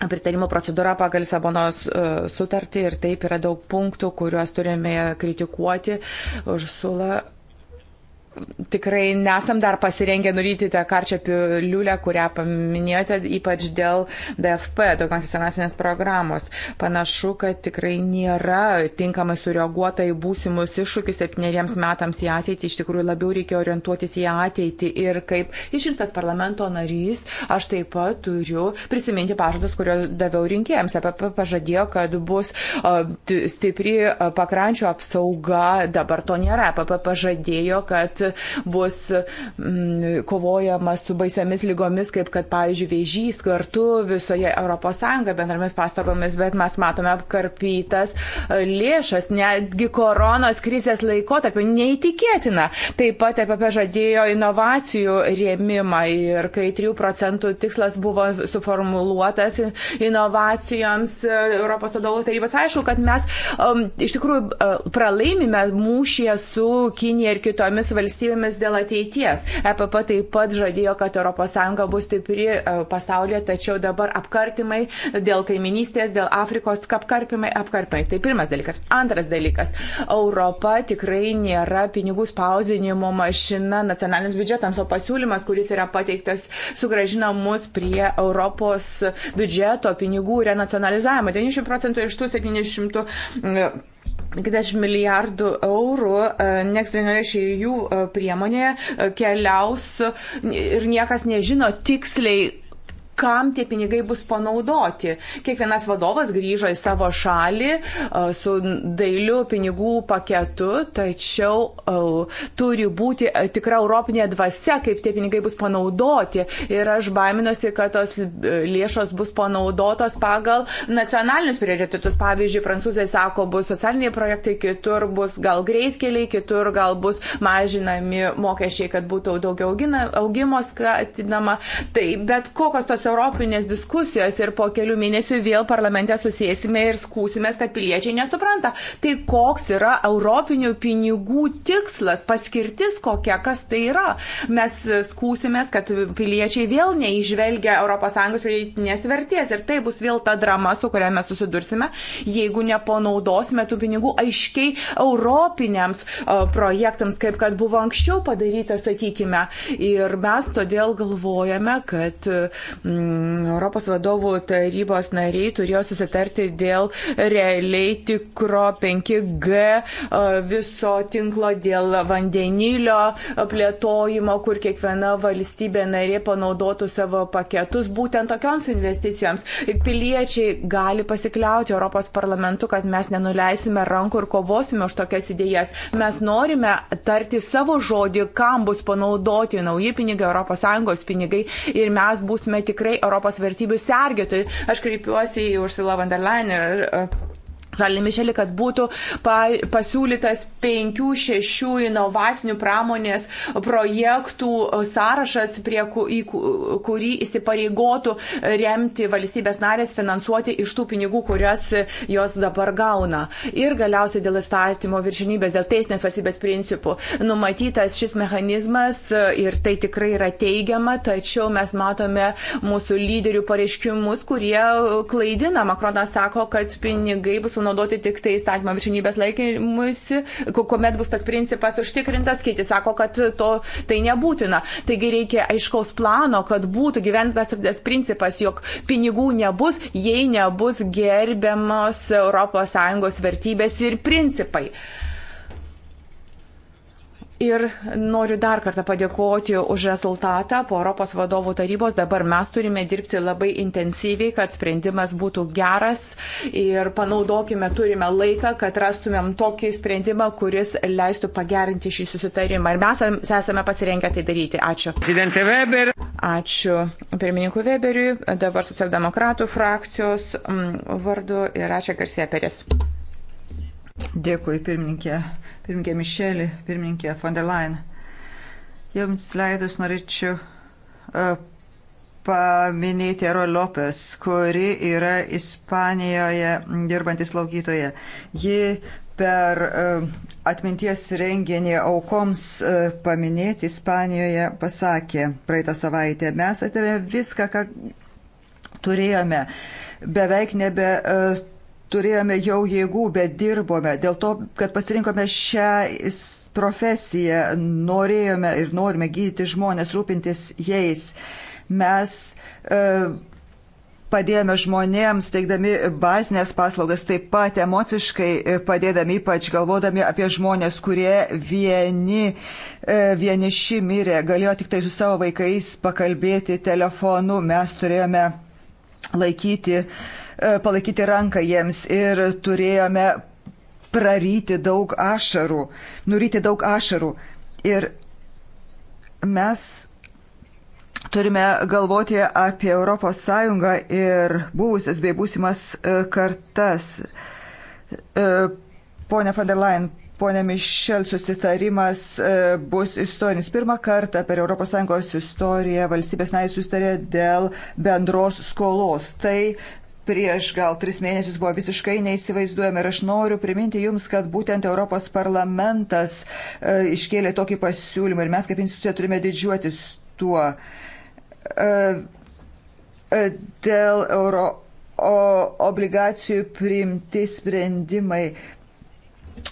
pritarimo procedūra pagal Lisabonos e, sutartį ir taip yra daug punktų, kuriuos turime kritikuoti. Ursula tikrai nesam dar pasirengę nuryti tą karčią piliulę, kurią paminėjote, ypač dėl DFP, tokios finansinės programos. Panašu, kad tikrai nėra tinkamai sureaguota į būsimus iššūkius septyneriems metams į ateitį. Iš tikrųjų, labiau reikia orientuotis į ateitį. Ir kaip išrinktas parlamento narys, aš taip pat turiu prisiminti pažadus, kuriuos daviau rinkėjams. EPP pažadėjo, kad bus stipri pakrančio apsauga. Dabar to nėra. EPP pažadėjo, kad bus mm, kovojama su baisiamis lygomis, kaip kad, pavyzdžiui, vėžys kartu visoje ES bendramis pastagomis, bet mes matome apkarpytas e, lėšas, netgi koronos krizės laikotarpiu, neįtikėtina. Taip pat EPP žadėjo inovacijų rėmimą ir kai 3 procentų tikslas buvo suformuluotas inovacijoms e, Europos vadovų tarybos, aišku, kad mes um, iš tikrųjų e, pralaimime mūšyje su Kinija ir kitomis valstybėmis valstybėmis dėl ateities. EPP taip pat žadėjo, kad ES bus stipri e, pasaulyje, tačiau dabar apkartimai dėl kaiminystės, dėl Afrikos, apkarpimai, apkarpimai. Tai pirmas dalykas. Antras dalykas. Europa tikrai nėra pinigų spausdinimo mašina nacionalinis biudžetams, o pasiūlymas, kuris yra pateiktas, sugražina mus prie Europos biudžeto pinigų renacionalizavimo. 90 procentų iš tų 700 50 milijardų eurų Next Generation EU priemonėje e, keliaus ir niekas nežino tiksliai, kam tie pinigai bus panaudoti. Kiekvienas vadovas grįžo į savo šalį e, su dailiu pinigų paketu, tačiau e, turi būti e, tikra europinė dvasia, kaip tie pinigai bus panaudoti. Ir aš baiminuosi, kad tos lėšos bus panaudotos pagal nacionalinius prioritetus. Pavyzdžiui, prancūzai sako, bus socialiniai projektai, kitur bus gal greitkeliai, kitur gal bus mažinami mokesčiai, kad būtų daugiau augimo skatinama. Taip, bet kokios tos europinės diskusijos ir po kelių mėnesių vėl parlamente susėsime ir skūsime, kad piliečiai nesupranta. Tai koks yra europinių pinigų tikslas, paskirtis kokia, kas tai yra. Mes skūsime, kad piliečiai vėl neižvelgia ES pridėtinės vertės ir tai bus vėl ta drama, su kuria mes susidursime, jeigu nepanaudosime tų pinigų aiškiai europiniams projektams, kaip kad buvo anksčiau padaryta, sakykime. Ir mes todėl galvojame, kad Mm, Europos vadovų tarybos nariai turėjo susitarti dėl realiai tikro 5G e, viso tinklo, dėl vandenilio plėtojimo, kur kiekviena valstybė narė panaudotų savo paketus būtent tokioms investicijoms. Piliečiai gali pasikliauti Europos parlamentu, kad mes nenuleisime rankų ir kovosime už tokias idėjas. Mes norime tarti savo žodį, kam bus panaudoti nauji pinigai, ES pinigai ir mes būsime tikrai tikrai Europos vertybių sergėtojai. Aš kreipiuosi į Ursula von der Leyen ir e, Žalį Mišelį, kad būtų pa, pasiūlytas penkių, šešių inovacinių pramonės projektų sąrašas, prie ku, į, kurį įsipareigotų remti valstybės narės finansuoti iš tų pinigų, kurias jos dabar gauna. Ir galiausiai dėl įstatymo viršinybės, dėl teisinės valstybės principų numatytas šis mechanizmas e, ir tai tikrai yra teigiama, tačiau mes matome mūsų lyderių pareiškimus, kurie klaidina. Makronas sako, kad pinigai bus sunaudojami panaudoti tik tai įstatymo viršinybės laikymusi, kuomet bus tas principas užtikrintas, kiti sako, kad to tai nebūtina. Taigi reikia aiškaus plano, kad būtų gyventas tas principas, jog pinigų nebus, jei nebus gerbiamos ES vertybės ir principai. Uh, Ir noriu dar kartą padėkoti už rezultatą po Europos vadovų tarybos. Dabar mes turime dirbti labai intensyviai, kad sprendimas būtų geras ir panaudokime, turime laiką, kad rastumėm tokį sprendimą, kuris leistų pagerinti šį susitarimą. Ir mes esame pasirengę tai daryti. Ačiū. Ačiū pirmininkui Weberiui, dabar socialdemokratų frakcijos mm, vardu ir ačiū Garsija Peres. Dėkui, pirmininkė, pirmininkė Mišelį, pirmininkė von der Leyen. Jums leidus norėčiau uh, paminėti Ero Lopes, kuri yra Ispanijoje dirbantis laukytoje. Ji per e, atminties renginį aukoms e, paminėti Ispanijoje pasakė praeitą savaitę, mes atėmėme viską, ką turėjome, beveik nebe turėjome jau jėgų, bet dirbome. Dėl to, kad pasirinkome šią profesiją, norėjome ir norime gydyti žmonės, rūpintis jais. Mes e, padėjome žmonėms, teikdami bazinės paslaugas, taip pat emociškai e, padėdami, ypač galvodami apie žmonės, kurie vieni, e, vieniši mirė, galėjo tik tai su savo vaikais pakalbėti telefonu. Mes turėjome laikyti uh, E, palaikyti ranką jiems ir turėjome praryti daug ašarų, nuryti daug ašarų. Ir mes turime galvoti apie ES ir buvusias bei būsimas e, kartas. E, Pone von der Leyen, Pone Mišel, susitarimas bus istorinis. Pirmą kartą per ES istoriją valstybės nariai susitarė dėl bendros skolos. Tai prieš gal tris mėnesius buvo visiškai neįsivaizduojama ir aš noriu priminti Jums, kad būtent Europos parlamentas e, iškėlė tokį pasiūlymą ir mes kaip institucija turime didžiuotis tuo. E, e, dėl euro obligacijų priimti sprendimai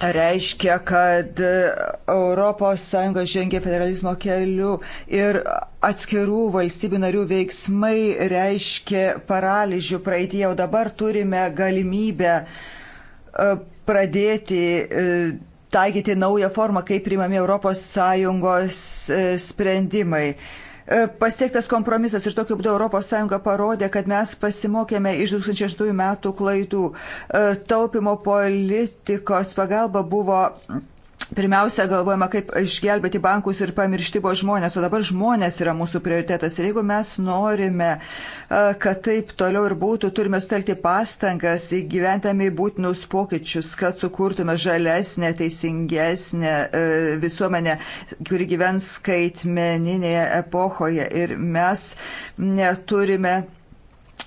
reiškia, kad ES žengia federalizmo keliu ir atskirų valstybių narių veiksmai reiškia paralyžių praeitie, o dabar turime galimybę e, pradėti e, taikyti naują formą, kaip primami ES e, sprendimai. E, pasiektas kompromisas ir tokiu būdu ES parodė, kad mes pasimokėme iš 2006 metų klaidų. E, Taupimo politikos pagalba buvo Pirmiausia, galvojama, kaip išgelbėti bankus ir pamiršti buvo žmonės, o dabar žmonės yra mūsų prioritetas. Ir jeigu mes norime, e, kad taip toliau ir būtų, turime sutelkti pastangas įgyventami būtinus pokyčius, kad sukurtume žalesnę, teisingesnę e, visuomenę, kuri gyvens skaitmeninėje epochoje. Ir mes neturime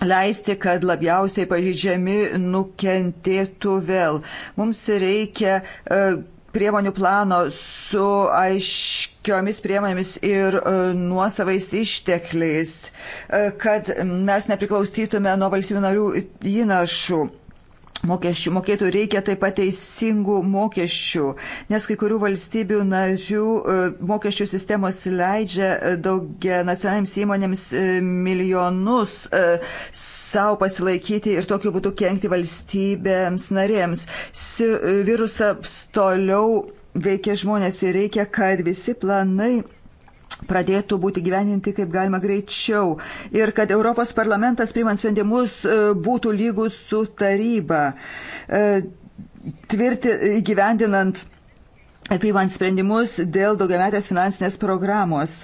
leisti, kad labiausiai pažydžiami nukentėtų vėl. Mums reikia uh, priemonių plano su aiškiomis priemonėmis ir e, nuosavais ištekliais, e, kad mes nepriklausytume nuo valstybių narių įnašų. Mokesčių mokėtojų reikia taip pat teisingų mokesčių, nes kai kurių valstybių narių e, mokesčių sistemos leidžia e, daugia nacionalinėms įmonėms e, milijonus savo pasilaikyti ir tokiu būdu kenkti valstybėms narėms. Virusas toliau veikia žmonės ir reikia, kad visi planai pradėtų būti gyveninti kaip galima greičiau ir kad Europos parlamentas priimant sprendimus e, būtų lygus su taryba, e, tvirti įgyvendinant ir priimant sprendimus dėl daugiametės finansinės programos.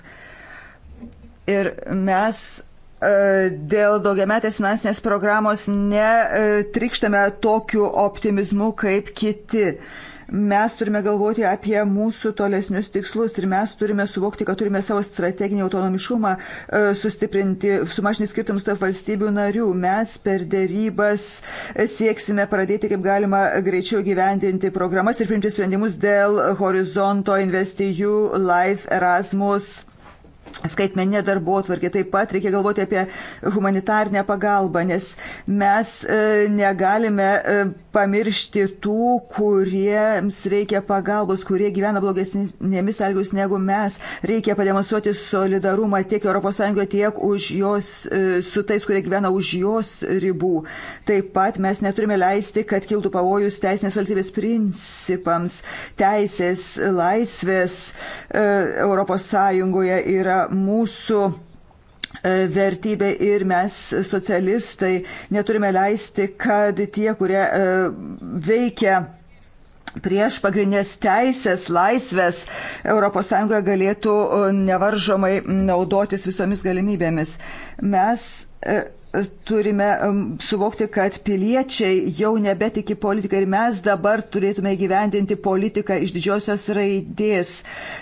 Ir mes e, dėl daugiametės finansinės programos netrikštame tokiu optimizmu kaip kiti mes turime galvoti apie mūsų tolesnius tikslus ir mes turime suvokti, kad turime savo strateginį autonomiškumą e, sustiprinti, sumažinti skirtumus tarp valstybių narių. Mes per dėrybas sieksime pradėti kaip galima greičiau gyvendinti programas ir priimti sprendimus dėl horizonto investijų Life Erasmus skaitmeninė darbo atvarkė. Taip pat reikia galvoti apie humanitarnę pagalbą, nes mes e, negalime e, pamiršti tų, kuriems reikia pagalbos, kurie gyvena blogesnėmis sąlygomis negu mes. Reikia pademonstruoti solidarumą tiek ES, tiek jos, e, su tais, kurie gyvena už jos ribų. Taip pat mes neturime leisti, kad kiltų pavojus teisinės valstybės principams. Teisės, laisvės ES yra mūsų vertybė ir mes, socialistai, neturime leisti, kad tie, kurie e, veikia prieš pagrindinės teisės, laisvės ES galėtų e, nevaržomai naudotis visomis galimybėmis. Mes e, turime suvokti, kad piliečiai jau nebetiki politiką ir mes dabar turėtume gyvendinti politiką iš didžiosios raidės.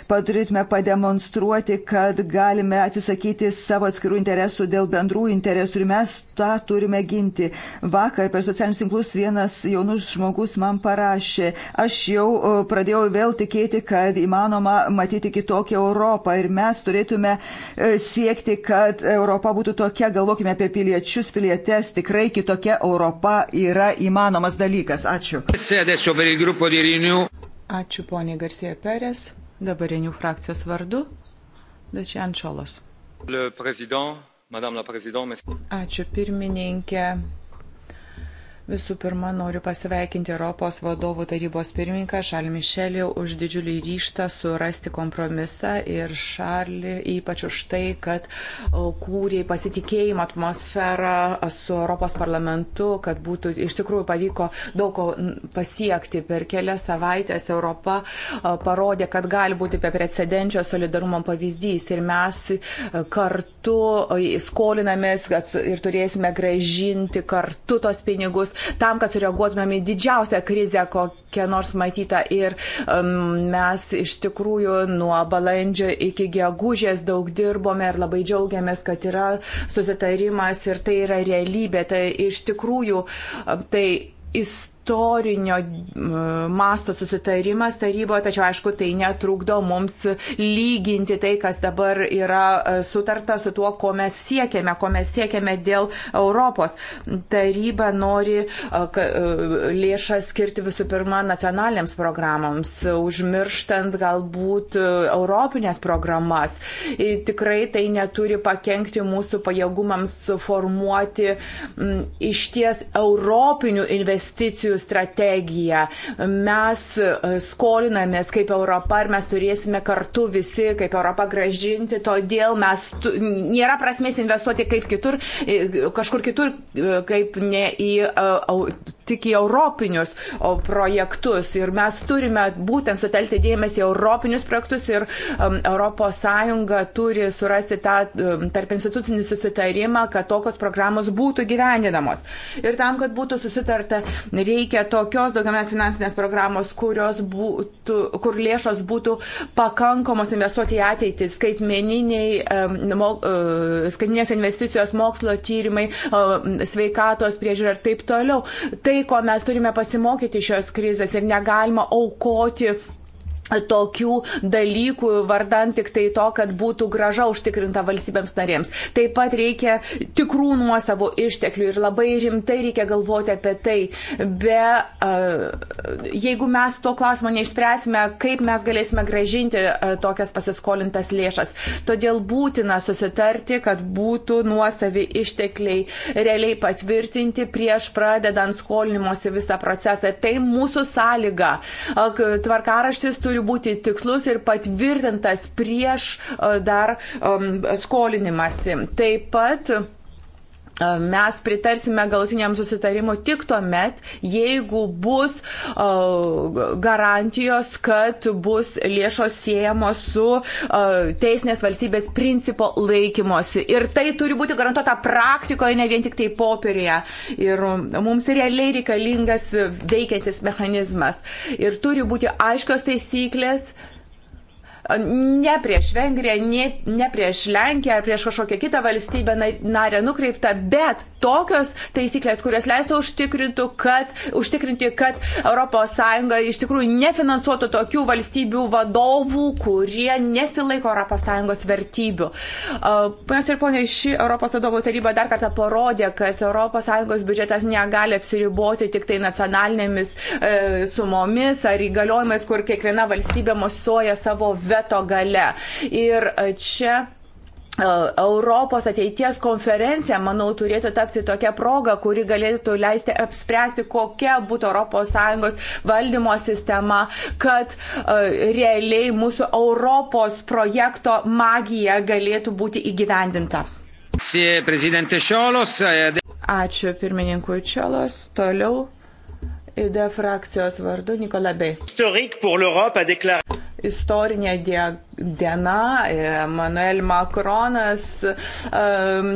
Turėtume pademonstruoti, kad galime atsisakyti savo atskirų interesų dėl bendrų interesų ir mes tą turime ginti. Vakar per socialinius tinklus vienas jaunus žmogus man parašė, aš jau e, pradėjau vėl tikėti, kad įmanoma matyti kitokią Europą ir mes turėtume e, siekti, kad Europa būtų tokia, galvokime apie piliečius piliečius, pilietės, tikrai kitokia Europa yra įmanomas dalykas. Ačiū. Ačiū poniai Garsija Perės, dabarinių frakcijos vardu, Dačian Čolos. Ačiū pirmininkė, Visų pirma, noriu pasveikinti Europos vadovų tarybos pirmininką Šarlį Mišelį už didžiulį ryštą surasti kompromisą ir Šarlį ypač už tai, kad kūrė pasitikėjimo atmosferą su Europos parlamentu, kad būtų iš tikrųjų pavyko daug ko pasiekti. Per kelias savaitės Europa parodė, kad gali būti be precedenčio solidarumo pavyzdys ir mes e, kartu skolinamės ir turėsime gražinti kartu tos pinigus veiksmus tam, kad sureaguotumėm į didžiausią krizę, kokią nors matytą. Ir um, mes iš tikrųjų nuo balandžio iki gegužės daug dirbome ir labai džiaugiamės, kad yra susitarimas ir tai yra realybė. Tai iš tikrųjų um, tai istorija istorinio masto susitarimas taryboje, tačiau aišku, tai netrukdo mums lyginti tai, kas dabar yra e, sutarta su tuo, ko mes siekiame, ko mes siekiame dėl Europos. Taryba nori e, e, lėšas skirti visų pirma nacionaliniams programams, užmirštant galbūt europinės programas. Tikrai tai neturi pakengti mūsų pajėgumams formuoti iš ties europinių investicijų strategiją. Mes e, skolinamės kaip Europa ir mes turėsime kartu visi kaip Europa gražinti, todėl mes tu, nėra prasmės investuoti kaip kitur, e, kažkur kitur, e, kaip ne į, tik į europinius projektus. Ir mes turime būtent sutelkti dėmesį į europinius projektus ir ES turi surasti tą tarp institucinį susitarimą, kad tokios programos būtų gyvendinamos. Ir tam, kad būtų susitarta, reikia reikia tokios daugiametės finansinės programos, būtų, kur lėšos būtų pakankamos investuoti į ateitį, e, skaitmeninės investicijos, mokslo tyrimai, sveikatos priežiūra ir taip toliau. Tai, ko mes turime pasimokyti šios krizės ir negalima aukoti tokių dalykų vardan tik tai to, kad būtų graža užtikrinta valstybėms narėms. Taip pat reikia tikrų nuosavų išteklių ir labai rimtai reikia galvoti apie tai. Be, jeigu mes to klausimo neišspręsime, kaip mes galėsime gražinti tokias pasiskolintas lėšas. Todėl būtina susitarti, kad būtų nuosavi ištekliai realiai patvirtinti prieš pradedant skolinimuose visą procesą. Tai mūsų sąlyga. Tvarkaraštis turi turi būti tikslus ir patvirtintas prieš e, dar e, skolinimąsi. Taip pat Mes pritarsime galutiniam susitarimu tik tuo met, jeigu bus garantijos, kad bus lėšos siejamos su teisinės valstybės principo laikymosi. Ir tai turi būti garantuota praktikoje, ne vien tik tai popierėje. Ir mums realiai reikalingas veikiantis mechanizmas. Ir turi būti aiškios taisyklės ne prieš Vengriją, ne, ne prieš Lenkiją ar prieš kažkokią kitą valstybę narę nukreipta, bet tokios taisyklės, kurios leistų užtikrinti, kad, užtikrinti, kad ES iš tikrųjų nefinansuotų tokių valstybių vadovų, kurie nesilaiko ES vertybių. Ponios ir poniai, ši ES vadovų taryba dar kartą parodė, kad ES biudžetas negali apsiriboti tik tai nacionalinėmis e, sumomis ar įgaliojimais, kur kiekviena valstybė mosuoja savo vertybę biudžeto gale. Ir e, čia e, Europos ateities konferencija, manau, turėtų tapti tokia proga, kuri galėtų leisti apspręsti, kokia būtų ES valdymo sistema, kad e, realiai mūsų Europos projekto magija galėtų būti įgyvendinta. Ačiū pirmininkui Čiolos. Toliau ID frakcijos vardu Nikolabei istorinę diagramą diena, e, Manuel Makronas e,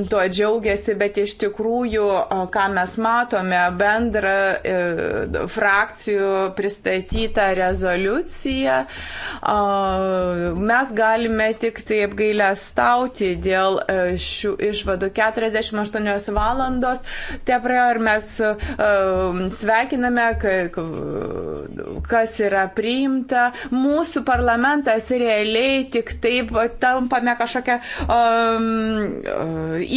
tuo džiaugiasi, bet iš tikrųjų, ką mes matome, bendra e, frakcijų pristatyta rezoliucija, mes galime tik tai apgailę stauti dėl šių išvadų 48 valandos. Te praėjo ir mes sveikiname, kas yra priimta. Mūsų parlamentas realiai tai tik taip tampame kažkokią um,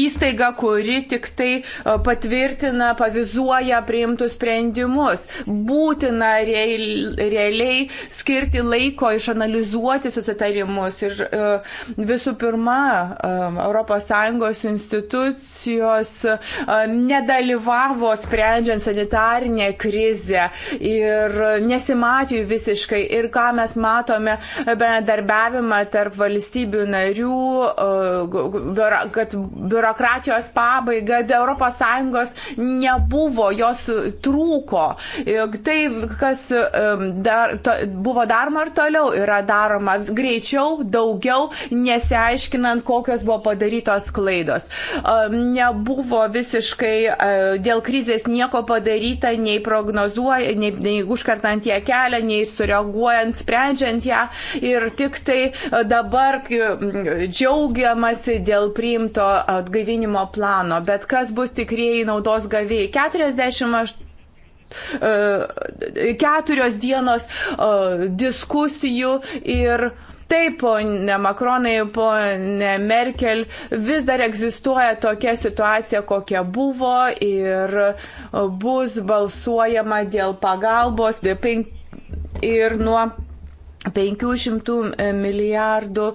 įstaigą, kuri tik tai uh, patvirtina, pavizuoja priimtus sprendimus. Būtina realiai skirti laiko išanalizuoti susitarimus. Ir uh, visų pirma, um, ES institucijos uh, nedalyvavo sprendžiant sanitarinę krizę ir nesimatė visiškai. Ir ką mes matome bendarbiavimo bendradarbiavimą tarp valstybių narių, kad biurokratijos pabaiga ES nebuvo, jos trūko. Tai, kas dar, to, buvo daroma ir toliau, yra daroma greičiau, daugiau, nesiaiškinant, kokios buvo padarytos klaidos. Nebuvo visiškai e, dėl krizės nieko padaryta, nei prognozuoja, nei, nei užkartant ją kelią, nei sureaguojant, sprendžiant ją ir tik tai E, dabar džiaugiamasi dėl priimto atgaivinimo plano, bet kas bus tikrieji naudos gavėjai? 48 e, keturios dienos e, diskusijų ir Taip, ponė Makronai, ponė Merkel, vis dar egzistuoja tokia situacija, kokia buvo ir bus balsuojama dėl pagalbos ir nuo 500 e, milijardų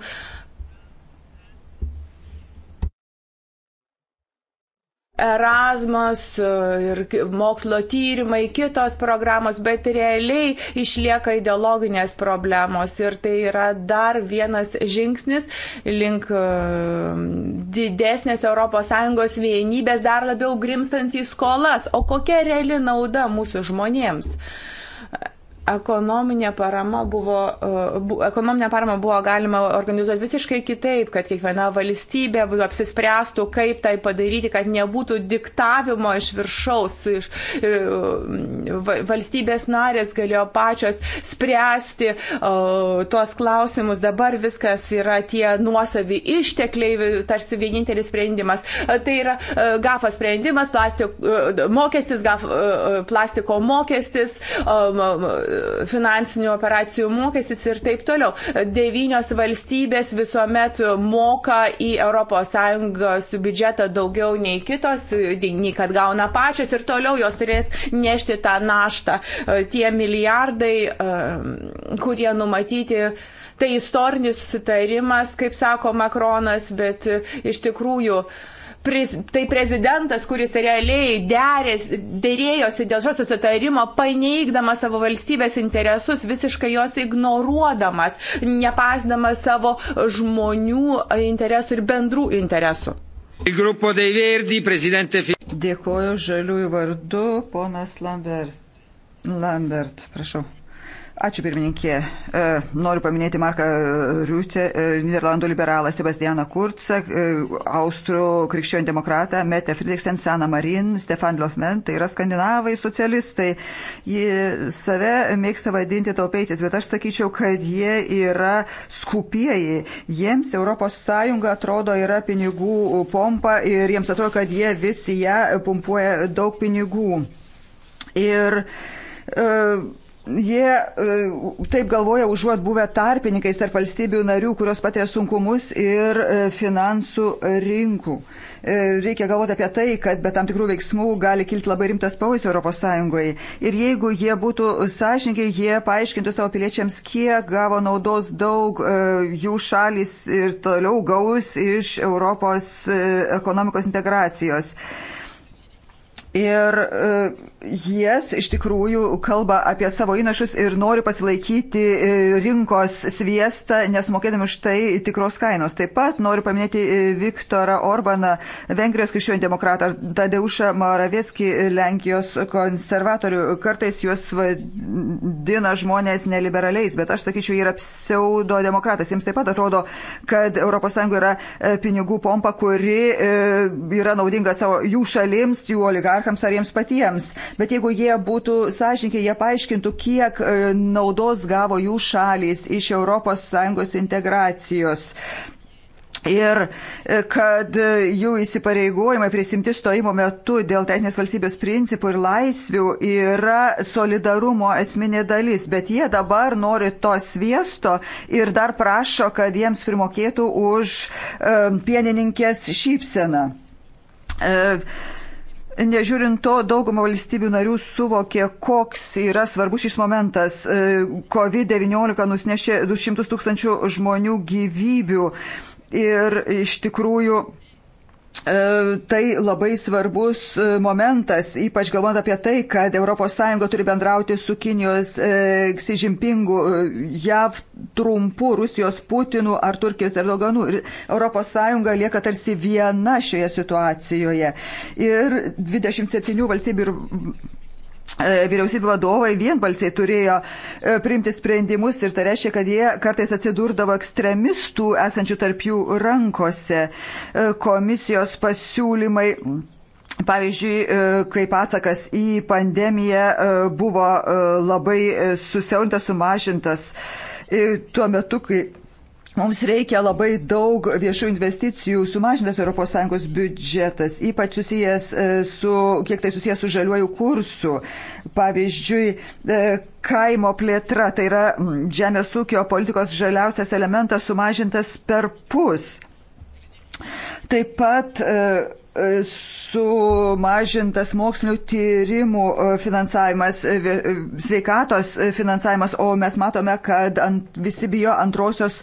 Erasmus e, ir mokslo tyrimai, kitos programos, bet realiai išlieka ideologinės problemos ir tai yra dar vienas žingsnis link e, didesnės ES vienybės, dar labiau grimstant į skolas. O kokia reali nauda mūsų žmonėms? Uh, ekonominė parama buvo, e, bu, ekonominė parama buvo galima organizuoti visiškai kitaip, kad kiekviena valstybė apsispręstų, kaip tai padaryti, kad nebūtų diktavimo iš viršaus, iš e, valstybės narės galėjo pačios spręsti o, e, tuos klausimus. Dabar viskas yra tie nuosavi ištekliai, tarsi vienintelis sprendimas. Tai yra GAFA sprendimas, plastiko, mokestis, GAF, plastiko mokestis. O, finansinių operacijų mokestis ir taip toliau. Devynios valstybės visuomet moka į ES biudžetą daugiau nei kitos, nei kad gauna pačios ir toliau jos turės nešti tą naštą. Tie milijardai, kurie numatyti tai istorinis susitarimas, kaip sako Makronas, bet iš tikrųjų uh, tai prezidentas, kuris realiai derės, dėrėjosi dėl šio susitarimo, paneigdamas savo valstybės interesus, visiškai jos ignoruodamas, nepasdamas savo žmonių interesų ir bendrų interesų. Dėkoju žaliųjų vardu, ponas Lambert. Lambert, prašau. Ačiū pirmininkė. E, noriu paminėti Marką Riutę, e, Niderlandų liberalą Sebastianą Kurcą, e, Austrų krikščionių demokratą Mete Friedrichsen, Sana Marin, Stefan Lofman, tai yra skandinavai socialistai. Jie save mėgsta vadinti taupiaisiais, bet aš sakyčiau, kad jie yra skupieji. Jiems ES atrodo yra pinigų pompa ir jiems atrodo, kad jie visi ją pumpuoja daug pinigų. Ir uh, Jie e, taip galvoja, užuot buvę tarpininkais tarp valstybių narių, kurios patiria sunkumus ir e, finansų rinkų. E, reikia galvoti apie tai, kad be tam tikrų veiksmų gali kilti labai rimtas pavojus ES. Ir jeigu jie būtų sąžininkai, jie paaiškintų savo piliečiams, kiek gavo naudos daug jų šalis ir toliau gaus iš Europos ekonomikos integracijos. Ir jas iš tikrųjų kalba apie savo įnašus ir nori pasilaikyti e, rinkos sviestą, nesumokėdami už tai tikros kainos. Taip pat noriu paminėti e, Viktorą Orbaną, Vengrijos krikščionių demokratą, Tadeušą Maravieski, Lenkijos konservatorių. Kartais juos vadina žmonės neliberaliais, bet aš sakyčiau, yra pseudo demokratas. Jiems taip pat atrodo, kad ES yra e, pinigų pompa, kuri yra naudinga savo jų šalims, jų oligarchams ar jiems patiems. Bet jeigu jie būtų sąžininkai, jie paaiškintų, kiek e, naudos gavo jų šalys iš ES integracijos. Ir e, kad e, jų įsipareigojimai prisimti stojimo metu dėl teisinės valstybės principų ir laisvių yra solidarumo esminė dalis, bet jie dabar nori to sviesto ir dar prašo, kad jiems primokėtų už pienininkės šypseną. Uh, Nežiūrint to, dauguma valstybių narių suvokė, koks yra svarbus šis momentas. E, COVID-19 nusnešė 200 tūkstančių žmonių gyvybių ir iš tikrųjų E, tai labai svarbus e, momentas, ypač galvojant apie tai, kad ES turi bendrauti su Kinijos e, Xi Jinpingu, e, JAV trumpu, Rusijos Putinu ar Turkijos Erdoganu. Ir ES lieka tarsi viena šioje situacijoje. Ir 27 valstybių ir E, vyriausybių vadovai vienbalsiai turėjo e, priimti sprendimus ir tai reiškia, kad jie kartais atsidurdavo ekstremistų esančių tarp jų rankose. E, komisijos pasiūlymai. Pavyzdžiui, kaip atsakas į pandemiją buvo labai susiaurintas, sumažintas tuo metu, kai Mums reikia labai daug viešų investicijų, sumažintas ES biudžetas, ypač susijęs e, su, kiek tai susijęs su žaliuoju kursu. Pavyzdžiui, e, kaimo plėtra, tai yra žemės ūkio politikos žaliausias elementas sumažintas per pus. Taip pat e, E, sumažintas mokslinio tyrimų e, finansavimas, e, sveikatos finansavimas, o mes matome, kad ant, visi bijo antrosios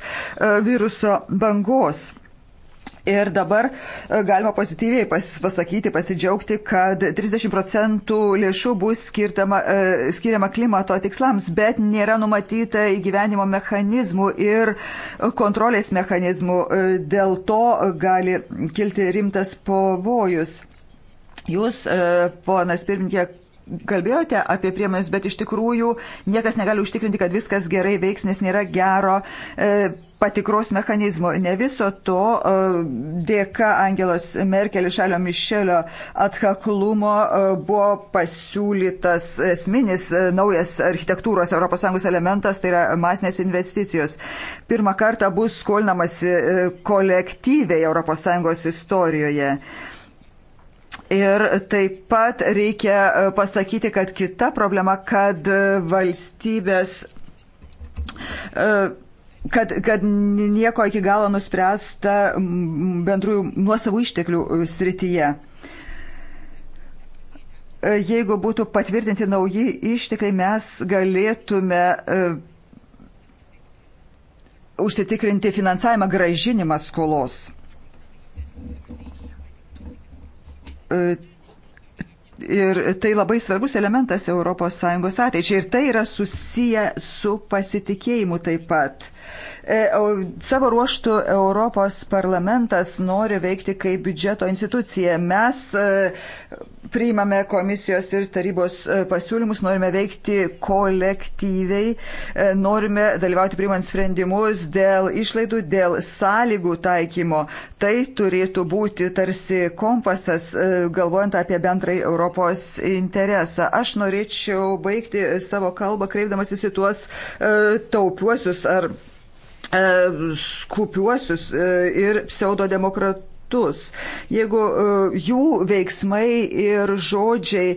viruso bangos. Ir dabar e, galima pozityviai pasakyti, pasidžiaugti, kad 30 procentų lėšų bus skirtama, e, skiriama klimato tikslams, bet nėra numatyta įgyvenimo mechanizmų ir kontrolės mechanizmų. E, dėl to gali kilti rimtas pavojus. Jūs, ponas pirmininkė, kalbėjote apie priemonės, bet iš tikrųjų niekas negali užtikrinti, kad viskas gerai veiks, nes nėra gero. E, patikros mechanizmo. Ne viso to e, dėka Angelos Merkel ir Šalio Mišelio atkaklumo e, buvo pasiūlytas esminis e, naujas architektūros ES elementas, tai yra masinės investicijos. Pirmą kartą bus skolinamasi kolektyviai ES istorijoje. Ir taip pat reikia pasakyti, kad kita problema, kad valstybės kad, kad nieko iki galo nuspręsta bendrųjų nuosavų išteklių e, srityje. E, jeigu būtų patvirtinti nauji ištekliai, mes galėtume e, užsitikrinti finansavimą, gražinimą skolos Ir tai labai svarbus elementas ES ateičiai. Ir tai yra susiję su pasitikėjimu taip pat. E, savo ruoštų Europos parlamentas nori veikti kaip biudžeto institucija. Mes e, priimame komisijos ir tarybos e, pasiūlymus, norime veikti kolektyviai, norime dalyvauti priimant sprendimus dėl išlaidų, dėl sąlygų taikymo. Tai turėtų būti tarsi kompasas, galvojant apie bendrai Europos interesą. Aš norėčiau baigti savo kalbą kreipdamasis į tuos taupiuosius ar E, skupiuosius e, ir pseudodemokratus kitus, jeigu e, jų veiksmai ir žodžiai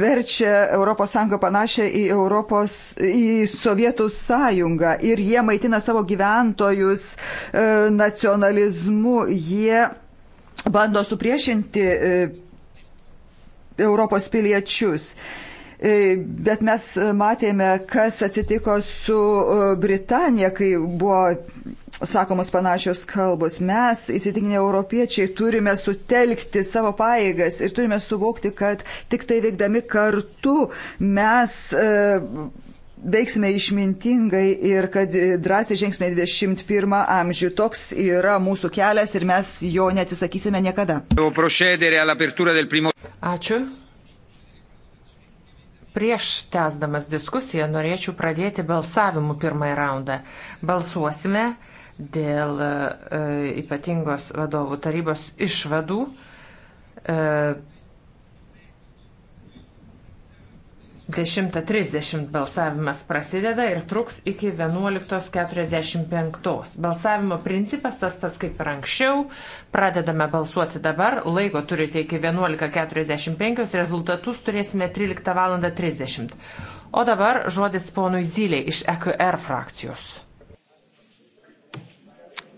verčia ES panašią į, Europos, į Sovietų sąjungą ir jie maitina savo gyventojus nacionalizmu, jie bando supriešinti Europos piliečius. E, bet mes matėme, kas atsitiko su e, Britanija, kai buvo sakomos panašios kalbos. Mes, įsitikinę europiečiai, turime sutelkti savo paėgas ir turime suvokti, kad tik tai veikdami kartu mes. E, veiksime išmintingai ir kad drąsiai žingsime 21 amžių. Toks yra mūsų kelias ir mes jo neatsisakysime niekada. Ačiū. Prieš tęsdamas diskusiją norėčiau pradėti balsavimu pirmąjį raundą. Balsuosime dėl e, ypatingos vadovų tarybos išvadų. E, 10.30 balsavimas prasideda ir truks iki 11.45. Balsavimo principas tas tas kaip ir anksčiau. Pradedame balsuoti dabar, laiko turite iki 11.45, rezultatus turėsime 13.30. O dabar žodis ponui Zylė iš EKR frakcijos.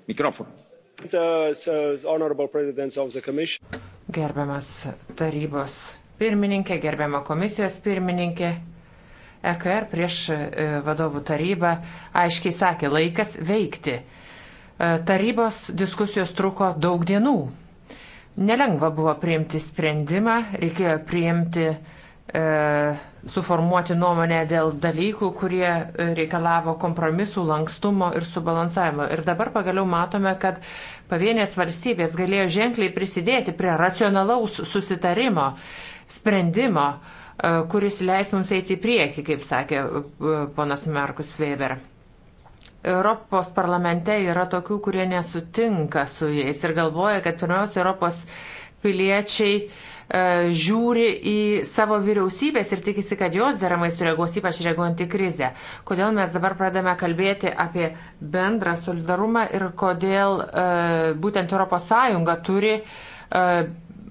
Mikrofonas. Uh, Gerbiamas tarybos pirmininkė, gerbiama komisijos pirmininkė. EKR prieš e, vadovų tarybą aiškiai sakė, laikas veikti. E, tarybos diskusijos truko daug dienų. Nelengva buvo priimti sprendimą, reikėjo priimti, e, suformuoti nuomonę dėl dalykų, kurie e, reikalavo kompromisų, lankstumo ir subalansavimo. Ir dabar pagaliau matome, kad pavienės valstybės galėjo ženkliai prisidėti prie racionalaus susitarimo. E, sprendimo, e, kuris leis mums eiti į priekį, kaip sakė e, ponas Markus Weber. Europos parlamente yra tokių, kurie nesutinka su jais ir galvoja, kad pirmiausia Europos piliečiai e, žiūri į savo vyriausybės ir tikisi, kad jos deramai sureaguos, ypač reaguojant į krizę. Kodėl mes dabar pradame kalbėti apie bendrą solidarumą ir kodėl e, būtent ES turi e,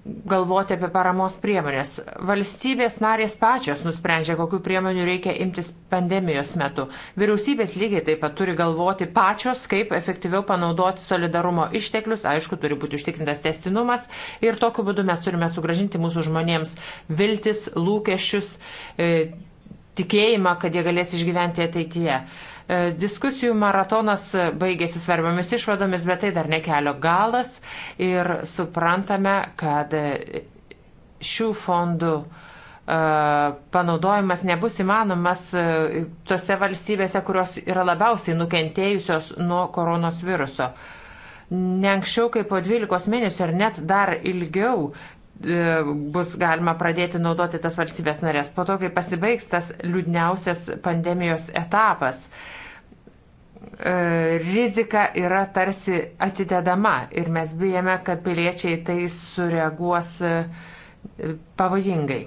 galvoti apie paramos priemonės. Valstybės narės pačios nusprendžia, kokiu priemonių reikia imtis pandemijos metu. Vyriausybės lygiai taip pat turi galvoti pačios, kaip efektyviau panaudoti solidarumo išteklius. Aišku, turi būti užtikrintas testinumas ir tokiu būdu mes turime sugražinti mūsų žmonėms viltis, lūkesčius, e, tikėjimą, kad jie galės išgyventi ateityje. E, E, diskusijų maratonas baigėsi svarbiomis išvadomis, bet tai dar nekelio galas ir suprantame, kad šių fondų e, panaudojimas nebus įmanomas e, tose valstybėse, kurios yra labiausiai nukentėjusios nuo koronos viruso. Ne anksčiau kaip po 12 mėnesių ar net dar ilgiau bus galima pradėti naudoti tas valstybės narės po to, kai pasibaigs tas liūdniausias pandemijos etapas. Uh, E, rizika yra tarsi atidedama ir mes bijame, kad piliečiai tai sureaguos e, pavojingai.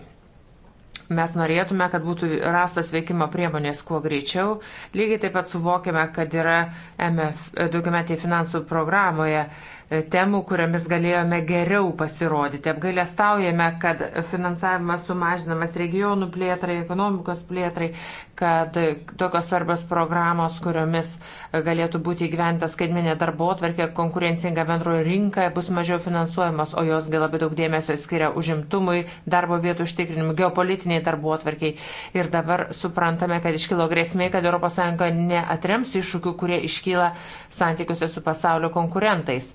Mes norėtume, kad būtų rastas veikimo priemonės kuo greičiau. Lygiai taip pat suvokiame, kad yra MF, e, daugiametėje finansų programoje E, temų, kuriamis galėjome geriau pasirodyti. Apgailestaujame, kad finansavimas sumažinamas regionų plėtrai, ekonomikos plėtrai, kad tokios svarbios programos, kuriomis galėtų būti įgyventas skaitminė darbo atvarkė, konkurencinga bendroji rinka, bus mažiau finansuojamos, o jos labai daug dėmesio skiria užimtumui, darbo vietų užtikrinimui, geopolitiniai darbo atvarkiai. Ir dabar suprantame, kad iškilo grėsmė, kad ES neatrems iššūkių, kurie iškyla santykiuose su pasaulio konkurentais.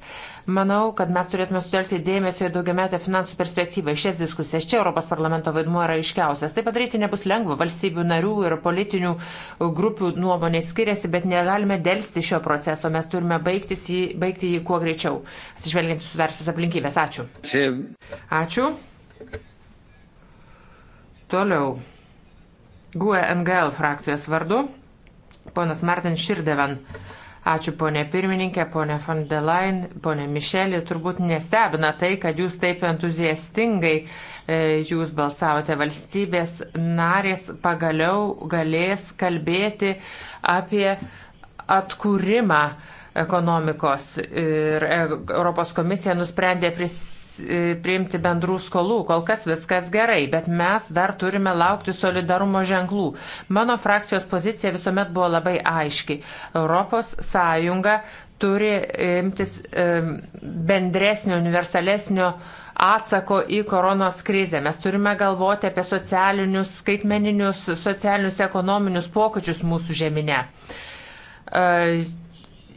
Manau, kad mes turėtume sutelkti dėmesio į daugiametę finansų perspektyvą, šias diskusijas. Čia Europos parlamento vaidmuo yra iškiausias. Tai padaryti nebus lengva. Valstybių narių ir politinių grupių nuomonė skiriasi, bet negalime dėlsti šio proceso. Mes turime jį, baigti jį kuo greičiau, atsižvelgiant susidarsius aplinkybės. Ačiū. Ačiū. Toliau. GUE NGL frakcijos vardu ponas Martin Širdeven. Ačiū ponė pirmininkė, ponė von der Leyen, ponė Mišelė, turbūt nestebina tai, kad jūs taip entuziastingai e, jūs balsavote. Valstybės narės pagaliau galės kalbėti apie atkūrimą ekonomikos ir e, Europos komisija nusprendė prisimti E, priimti bendrų skolų, kol kas viskas gerai, bet mes dar turime laukti solidarumo ženklų. Mano frakcijos pozicija visuomet buvo labai aiški. Europos Sąjunga turi imtis e, bendresnio, universalesnio atsako į koronos krizę. Mes turime galvoti apie socialinius, skaitmeninius, socialinius, ekonominius pokyčius mūsų žemine e,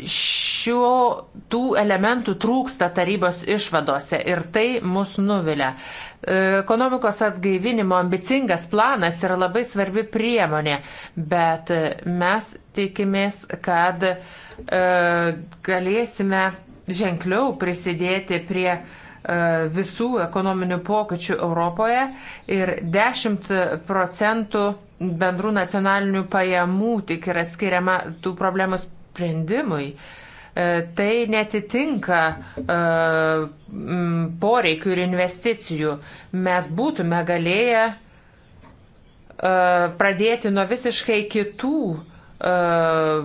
šio tų elementų trūksta tarybos išvadose ir tai mus nuvilia. E, ekonomikos atgaivinimo ambicingas planas yra labai svarbi priemonė, bet mes tikimės, kad e, galėsime ženkliau prisidėti prie e, visų ekonominių pokyčių Europoje ir 10 procentų bendrų nacionalinių pajamų tik yra skiriama tų problemos sprendimui e, tai netitinka uh, poreikių ir investicijų. Mes būtume galėję uh, pradėti nuo visiškai kitų uh,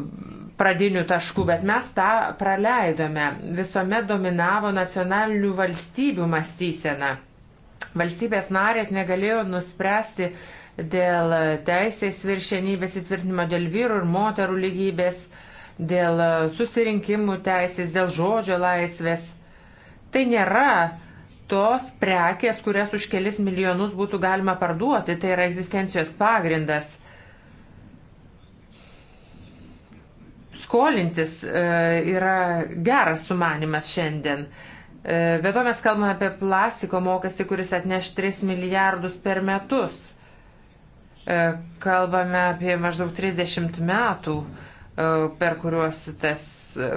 pradinių taškų, bet mes tą praleidome. Visuomet dominavo nacionalinių valstybių mąstysena. Valstybės narės negalėjo nuspręsti dėl teisės viršenybės įtvirtinimo, dėl vyrų ir moterų lygybės uh, dėl e, susirinkimų teisės, dėl žodžio laisvės. Tai nėra tos prekės, kurias už kelis milijonus būtų galima parduoti, tai yra egzistencijos pagrindas. Skolintis e, yra geras sumanimas šiandien. E, be to mes kalbame apie plastiko mokestį, kuris atneš 3 milijardus per metus. Kalbame apie maždaug 30 metų. E, per kuriuos tas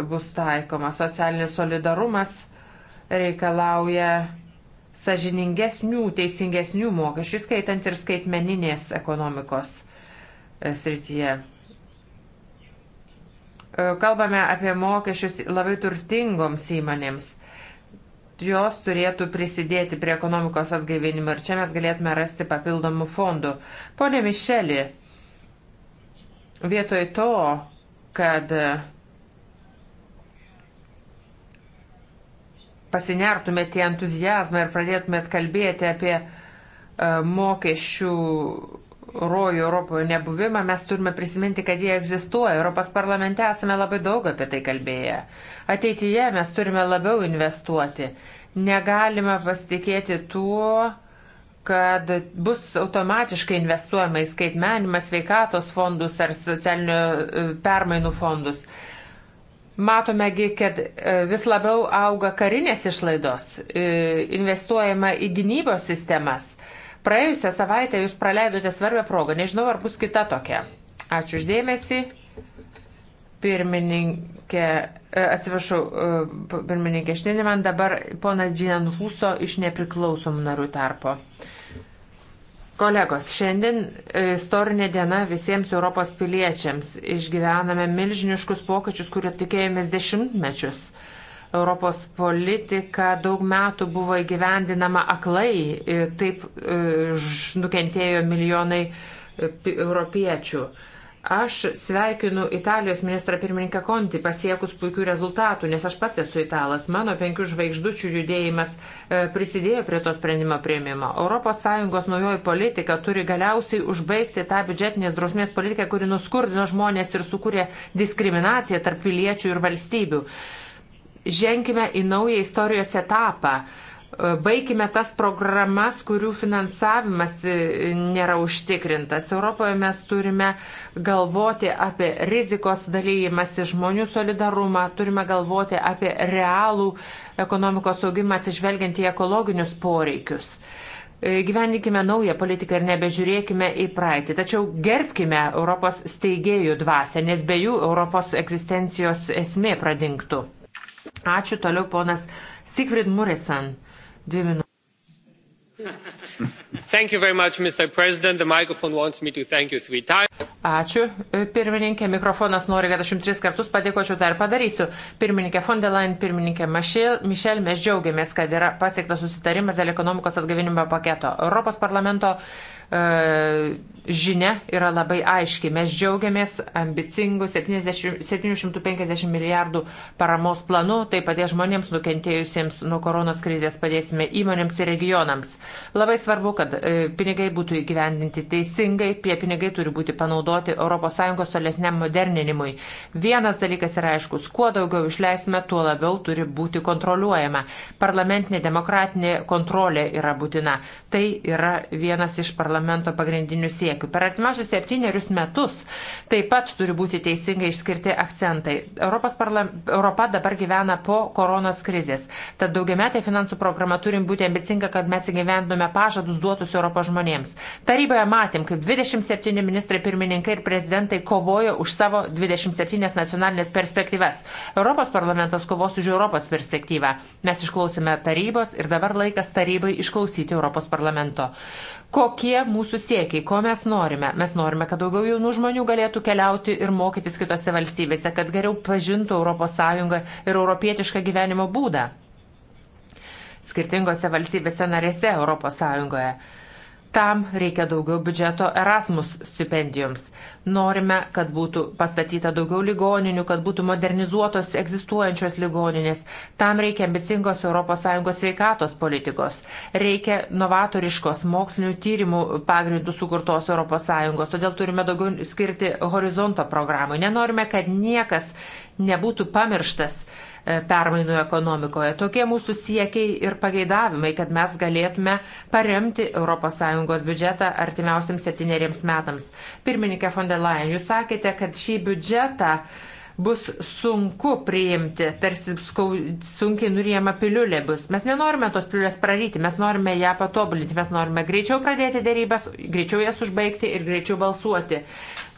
bus taikoma. Socialinis solidarumas reikalauja sažiningesnių, teisingesnių mokesčių, skaitant ir skaitmeninės ekonomikos e, srityje. E, kalbame apie mokesčius labai turtingoms įmonėms. Jos turėtų prisidėti prie ekonomikos atgaivinimo ir čia mes galėtume rasti papildomų fondų. Pone Mišeli, vietoj to kad e, pasinertumėte į entuzijazmą ir pradėtumėt kalbėti apie e, mokesčių rojų Europoje nebuvimą, mes turime prisiminti, kad jie egzistuoja. Europos parlamente esame labai daug apie tai kalbėję. Ateityje mes turime labiau investuoti. Negalime pasitikėti tuo, kad bus automatiškai investuojama į skaitmenimą, sveikatos fondus ar socialinių e, permainų fondus. Matomegi, kad e, vis labiau auga karinės išlaidos, e, investuojama į gynybos sistemas. Praėjusią savaitę jūs praleidote svarbę progą, nežinau, ar bus kita tokia. Ačiū uždėmesi. Pirmininkas sakė, e, atsiprašau, e, pirmininkė, šiandien man dabar ponas Džinan Huso iš nepriklausomų narių tarpo. Kolegos, šiandien e, istorinė diena visiems Europos piliečiams. Išgyvename milžiniškus pokyčius, kurių tikėjomės dešimtmečius. Europos politika daug metų buvo įgyvendinama aklai, taip nukentėjo milijonai europiečių. Aš sveikinu Italijos ministrą pirmininką Konti pasiekus puikių rezultatų, nes aš pats esu italas. Mano penkių žvaigždučių judėjimas e, prisidėjo prie to sprendimo prieimimo. ES naujoji politika turi galiausiai užbaigti tą biudžetinės drausmės politiką, kuri nuskurdino žmonės ir sukūrė diskriminaciją tarp piliečių ir valstybių. Ženkime į naują istorijos etapą. E, E, baikime tas programas, kurių finansavimas e, nėra užtikrintas. Europoje mes turime galvoti apie rizikos dalyjimąsi, žmonių solidarumą, turime galvoti apie realų ekonomikos augimą atsižvelgiant į ekologinius poreikius. E, Gyvenkime naują politiką ir nebežiūrėkime į praeitį, tačiau gerbkime Europos steigėjų dvasę, nes be jų Europos egzistencijos esmė pradingtų. Ačiū toliau ponas Sigrid Murisan. Dvi minutės. Much, Ačiū. E, pirmininkė, mikrofonas nori, kad aš jums tris kartus padėkočiau, tai ir padarysiu. Pirmininkė von der Leyen, pirmininkė Mišel, mes džiaugiamės, kad yra pasiektas susitarimas dėl ekonomikos atgavinimo paketo. Europos parlamento uh, E, žinia yra labai aiški. Mes džiaugiamės ambicingų 70, 750 milijardų paramos planu, tai padės žmonėms nukentėjusiems nuo koronos krizės, padėsime įmonėms ir regionams. Labai svarbu, kad e, pinigai būtų įgyvendinti teisingai, tie pinigai turi būti panaudoti ES tolesniam moderninimui. Vienas dalykas yra aiškus, kuo daugiau išleisime, tuo labiau turi būti kontroliuojama. Parlamentinė demokratinė kontrolė yra būtina. Tai yra vienas iš parlamentų reglamento pagrindinių siekių. Per artimiausius septynerius metus taip pat turi būti teisingai išskirti akcentai. Parla... Europa dabar gyvena po koronos krizės. Tad daugiametė finansų programa turim būti ambicinga, kad mes įgyvendume pažadus duotus Europos žmonėms. Taryboje matėm, kaip 27 ministrai pirmininkai ir prezidentai kovojo už savo 27 nacionalinės perspektyvas. Europos parlamentas kovos už Europos perspektyvą. Mes išklausėme tarybos ir dabar laikas tarybai išklausyti Europos parlamento kokie mūsų siekiai, ko mes norime. Mes norime, kad daugiau jaunų žmonių galėtų keliauti ir mokytis kitose valstybėse, kad geriau pažintų ES ir europietišką gyvenimo būdą. Skirtingose valstybėse narėse ES. Tam reikia daugiau biudžeto Erasmus stipendijoms. Norime, kad būtų pastatyta daugiau ligoninių, kad būtų modernizuotos egzistuojančios ligoninės. Tam reikia ambicingos ES sveikatos politikos. Reikia novatoriškos mokslinių tyrimų pagrindų sukurtos ES. Todėl turime daugiau skirti horizonto programai. Nenorime, kad niekas nebūtų pamirštas. Uh, E, permainų ekonomikoje. Tokie mūsų siekiai ir pageidavimai, kad mes galėtume paremti ES biudžetą artimiausiams septyneriems metams. Pirmininkė von der Leyen, jūs sakėte, kad šį biudžetą bus sunku priimti, tarsi skau, sunkiai nurijama piliulė bus. Mes nenorime tos piliulės praryti, mes norime ją patobulinti, mes norime greičiau pradėti dėrybas, greičiau jas užbaigti ir greičiau balsuoti.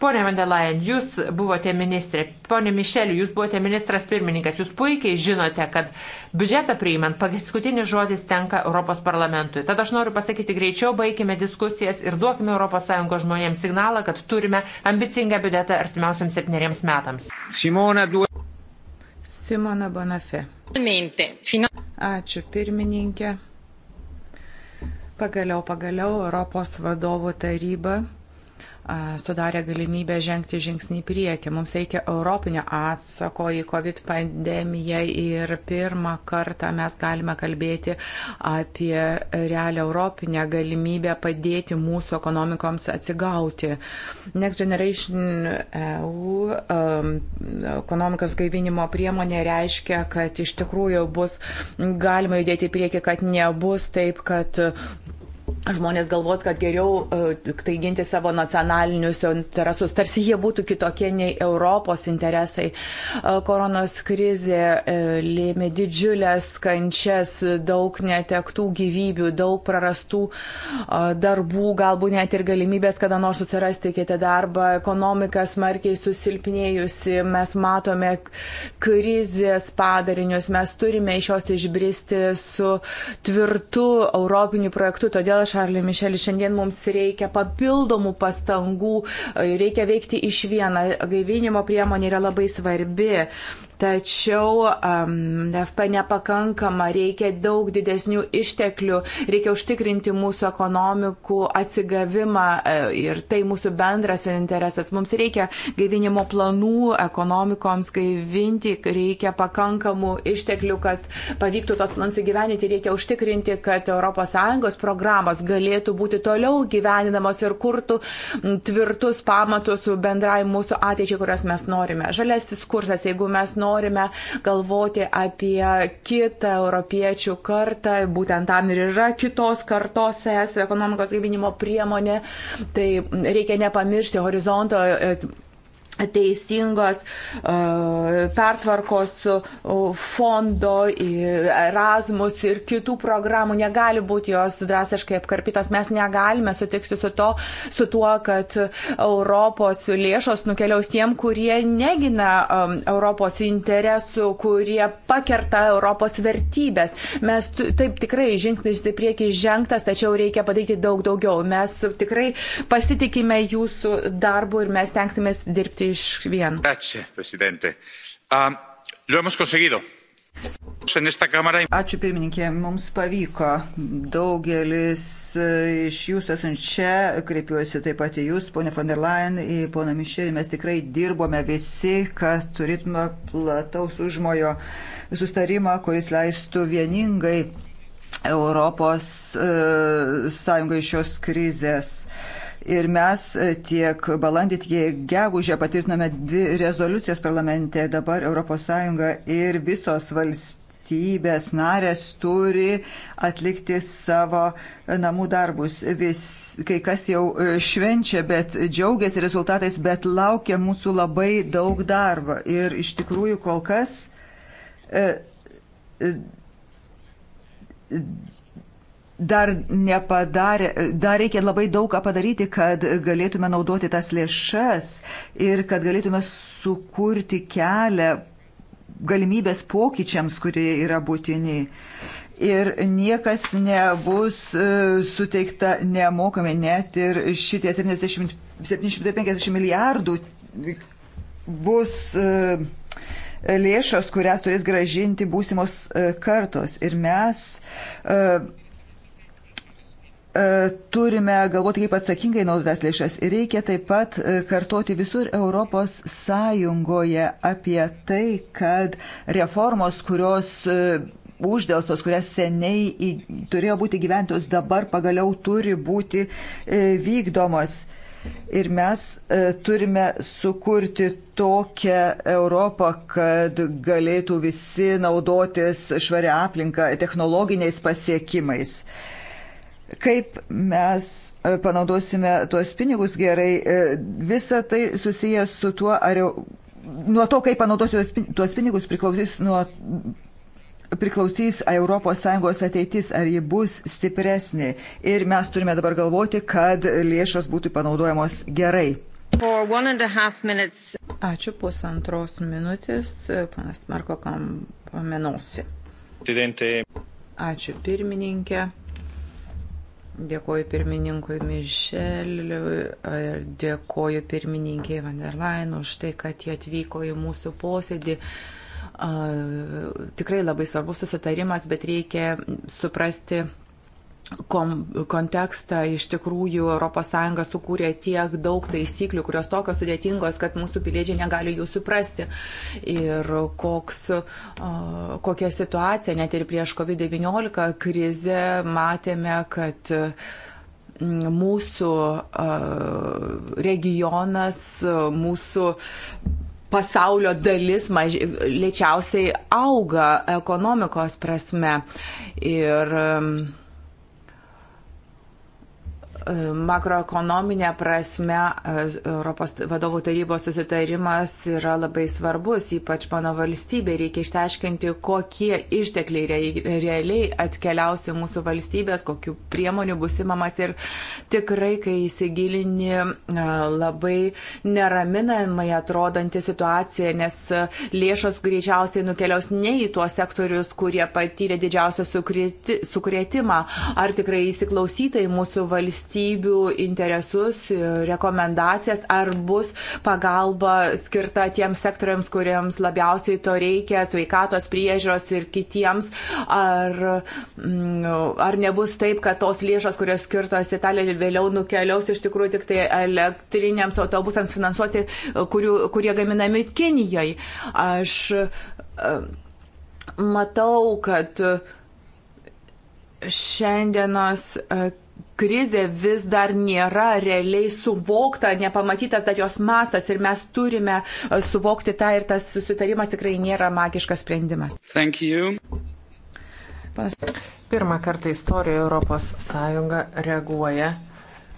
Pone Vandelajan, jūs buvote ministrė, pone Mišeliu, jūs buvote ministras pirmininkas, jūs puikiai žinote, kad biudžetą priimant paskutinis žodis tenka Europos parlamentui. Tad aš noriu pasakyti greičiau, baigime diskusijas ir duokime ES žmonėms signalą, kad turime ambicingą biudžetą artimiausiams septyneriems metams. Simona, du... Simona Bonafė. Ačiū pirmininkė. Pagaliau, pagaliau Europos vadovų taryba sudarė galimybę žengti žingsnį į priekį. Mums reikia europinio atsako į COVID pandemiją ir pirmą kartą mes galime kalbėti apie realią europinę galimybę padėti mūsų ekonomikoms atsigauti. Next Generation EU ekonomikos gaivinimo priemonė reiškia, kad iš tikrųjų bus galima judėti į priekį, kad nebus taip, kad žmonės galvos, kad geriau e, tai ginti savo nacionalinius interesus, tarsi jie būtų kitokie nei Europos interesai. E, koronos krizė e, lėmė didžiulės kančias, daug netektų gyvybių, daug prarastų darbų, galbūt net ir galimybės kada nors susirasti kitą darbą, ekonomika smarkiai susilpnėjusi, mes matome krizės padarinius, mes turime iš jos išbristi su tvirtu europiniu projektu. Todėl aš Šarlį Mišelį, šiandien mums reikia papildomų pastangų, e, reikia veikti iš vieną. Gaivinimo priemonė yra labai svarbi. Tačiau um, FP nepakankama, reikia daug didesnių išteklių, reikia užtikrinti mūsų ekonomikų atsigavimą e, ir tai mūsų bendras interesas. Mums reikia gaivinimo planų ekonomikoms gaivinti, reikia pakankamų išteklių, kad pavyktų tos planus įgyveninti, reikia užtikrinti, kad ES programos galėtų būti toliau gyveninamos ir kurtų tvirtus pamatus bendrai mūsų ateičiai, kurias mes norime. Žalėsis kursas, jeigu mes norime norime galvoti apie kitą europiečių kartą, būtent tam ir yra kitos kartos es ekonomikos gaivinimo priemonė, tai reikia nepamiršti horizonto e, teisingos e, pertvarkos e, fondo, e, Erasmus ir kitų programų, negali būti jos drastiškai apkarpytos. Mes negalime sutikti su, to, su tuo, kad Europos lėšos nukeliaus tiem, kurie negina um, Europos interesų, kurie pakerta Europos vertybės. Mes taip tikrai žingsnis į priekį žengtas, tačiau reikia padaryti daug daugiau. Mes tikrai pasitikime jūsų darbu ir mes tenksimės dirbti minutį iš vien. Ačiū, prezidentė. Um, Lo hemos conseguido. Ačiū pirmininkė, mums pavyko. Daugelis e, iš jūsų esant čia, kreipiuosi taip pat į jūs, ponė von der Leyen, į poną Mišelį, mes tikrai dirbome visi, kad turėtume plataus užmojo sustarimą, kuris leistų vieningai Europos e, Sąjungai šios krizės. E, Ir mes e, tiek balandį, tiek gegužę patvirtinome dvi rezoliucijas parlamente. Dabar ES ir visos valstybės narės turi atlikti savo e, namų darbus. Vis, kai kas jau e, švenčia, bet džiaugiasi rezultatais, bet laukia mūsų labai daug darbo. Ir iš tikrųjų kol kas. E, e, dar nepadarė, dar reikia labai daug ką padaryti, kad galėtume naudoti tas lėšas ir kad galėtume sukurti kelią galimybės pokyčiams, kurie yra būtini. Ir niekas nebus e, suteikta nemokamai, net ir šitie 70, 750 milijardų bus e, lėšos, kurias turės gražinti būsimos e, kartos. Ir mes E, turime galvoti, kaip atsakingai naudotas lėšas. Ir reikia taip pat e, kartoti visur Europos Sąjungoje apie tai, kad reformos, kurios e, uždėlstos, kurias seniai į, turėjo būti gyventos, dabar pagaliau turi būti vykdomos. Ir mes turime sukurti tokią Europą, kad galėtų visi naudotis švaria aplinka, technologiniais pasiekimais. E, kaip mes e, panaudosime tuos pinigus gerai, e, visa tai susijęs su tuo, ar jau nuo to, kaip panaudosiu tuos pinigus, priklausys nuo priklausys ES ateitis, ar ji bus stipresnė. Ir mes turime dabar galvoti, kad lėšos būtų panaudojamos gerai. Ačiū pusantros minutės, e, panas Marko Kamenosi. Ačiū pirmininkė. Dėkoju pirmininkui Mišeliui ir dėkoju pirmininkiai Van der Leyen už tai, kad jie atvyko į mūsų posėdį tikrai labai svarbus susitarimas, bet reikia suprasti kontekstą iš tikrųjų ES sukūrė tiek daug taisyklių, kurios tokios sudėtingos, kad mūsų piliečiai negali jų suprasti. Ir koks, kokia situacija, net ir prieš COVID-19 krizę matėme, kad mūsų regionas, mūsų pasaulio dalis maž... lėčiausiai auga ekonomikos prasme. Ir um, E, makroekonominė prasme e, Europos vadovų tarybos susitarimas yra labai svarbus, ypač mano valstybė. Reikia išsiaiškinti, kokie ištekliai realiai atkeliaus į mūsų valstybės, kokiu priemonių bus įmamas ir tikrai, kai įsigilini e, labai neraminamai atrodantį situaciją, nes lėšos greičiausiai nukeliaus ne į tuos sektorius, kurie patyrė didžiausią sukrėtimą, ar tikrai įsiklausyta į mūsų valstybę valstybių interesus, rekomendacijas, ar bus pagalba skirta tiems sektoriams, kuriems labiausiai to reikia, sveikatos priežiūros ir kitiems, ar, mm, ar nebus taip, kad tos lėšos, kurios skirtos Italijai ir vėliau nukeliaus iš tikrųjų tik tai elektriniams autobusams finansuoti, kurių, kurie gaminami Kinijai. Aš e, matau, kad šiandienos e, krizė vis dar nėra realiai suvokta, nepamatytas dar jos mastas ir mes turime e, suvokti tą ir tas susitarimas tikrai nėra magiškas sprendimas. Pas... Pirmą kartą istorijoje ES reaguoja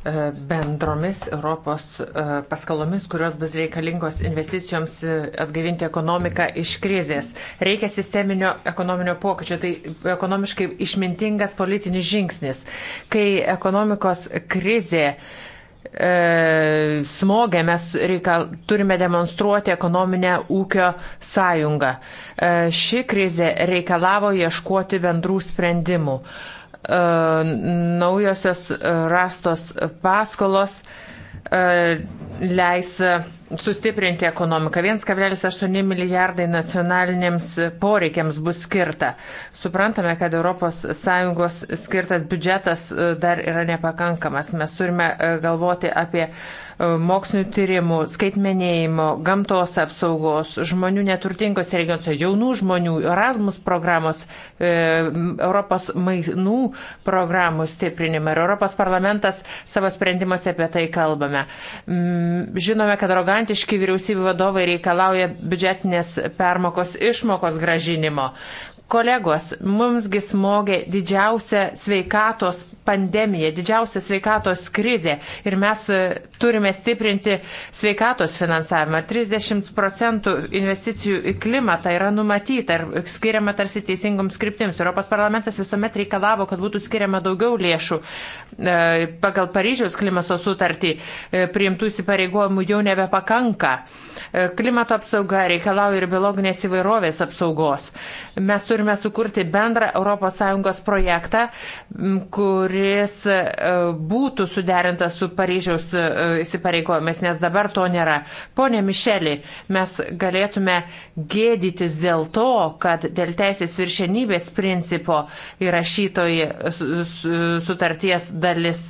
E, bendromis Europos e, paskalomis, kurios bus reikalingos investicijoms e, atgaivinti ekonomiką iš krizės. Reikia sisteminio ekonominio pokyčio, tai ekonomiškai išmintingas politinis žingsnis. Kai ekonomikos krizė e, smogė, mes reikal, turime demonstruoti ekonominę ūkio sąjungą. E, ši krizė reikalavo ieškoti bendrų sprendimų. E, E, naujosios rastos paskolos e, leis sustiprinti ekonomiką. 1,8 milijardai nacionalinėms poreikiams bus skirta. Suprantame, kad ES skirtas biudžetas e, dar yra nepakankamas. Mes turime e, galvoti apie e, mokslinių tyrimų, skaitmenėjimo, gamtos apsaugos, žmonių neturtingose regionuose, jaunų žmonių, Erasmus programos, Europos mainų programų stiprinimą. Ir Europos parlamentas savo sprendimuose apie tai kalbame. Žinome, kad arogancija Arogantiški vyriausybių vadovai reikalauja biudžetinės permokos išmokos gražinimo. Kolegos, mumsgi smogė didžiausia sveikatos pandemija, didžiausia sveikatos krizė ir mes e, turime stiprinti sveikatos finansavimą. 30 procentų investicijų į klimatą yra numatyta ir skiriama tarsi teisingoms kryptims. Europos parlamentas visuomet reikalavo, kad būtų skiriama daugiau lėšų. E, pagal Paryžiaus klimato sutartį e, priimtų įsipareigojimų jau nebepakanka. Klimato apsauga reikalauja ir biologinės įvairovės apsaugos. Mes turime sukurti bendrą ES projektą, kur kuris e, būtų suderintas su Paryžiaus e, įsipareigojimais, nes dabar to nėra. Pone Mišelį, mes galėtume gėdytis dėl to, kad dėl teisės viršenybės principo įrašytoji sutarties dalis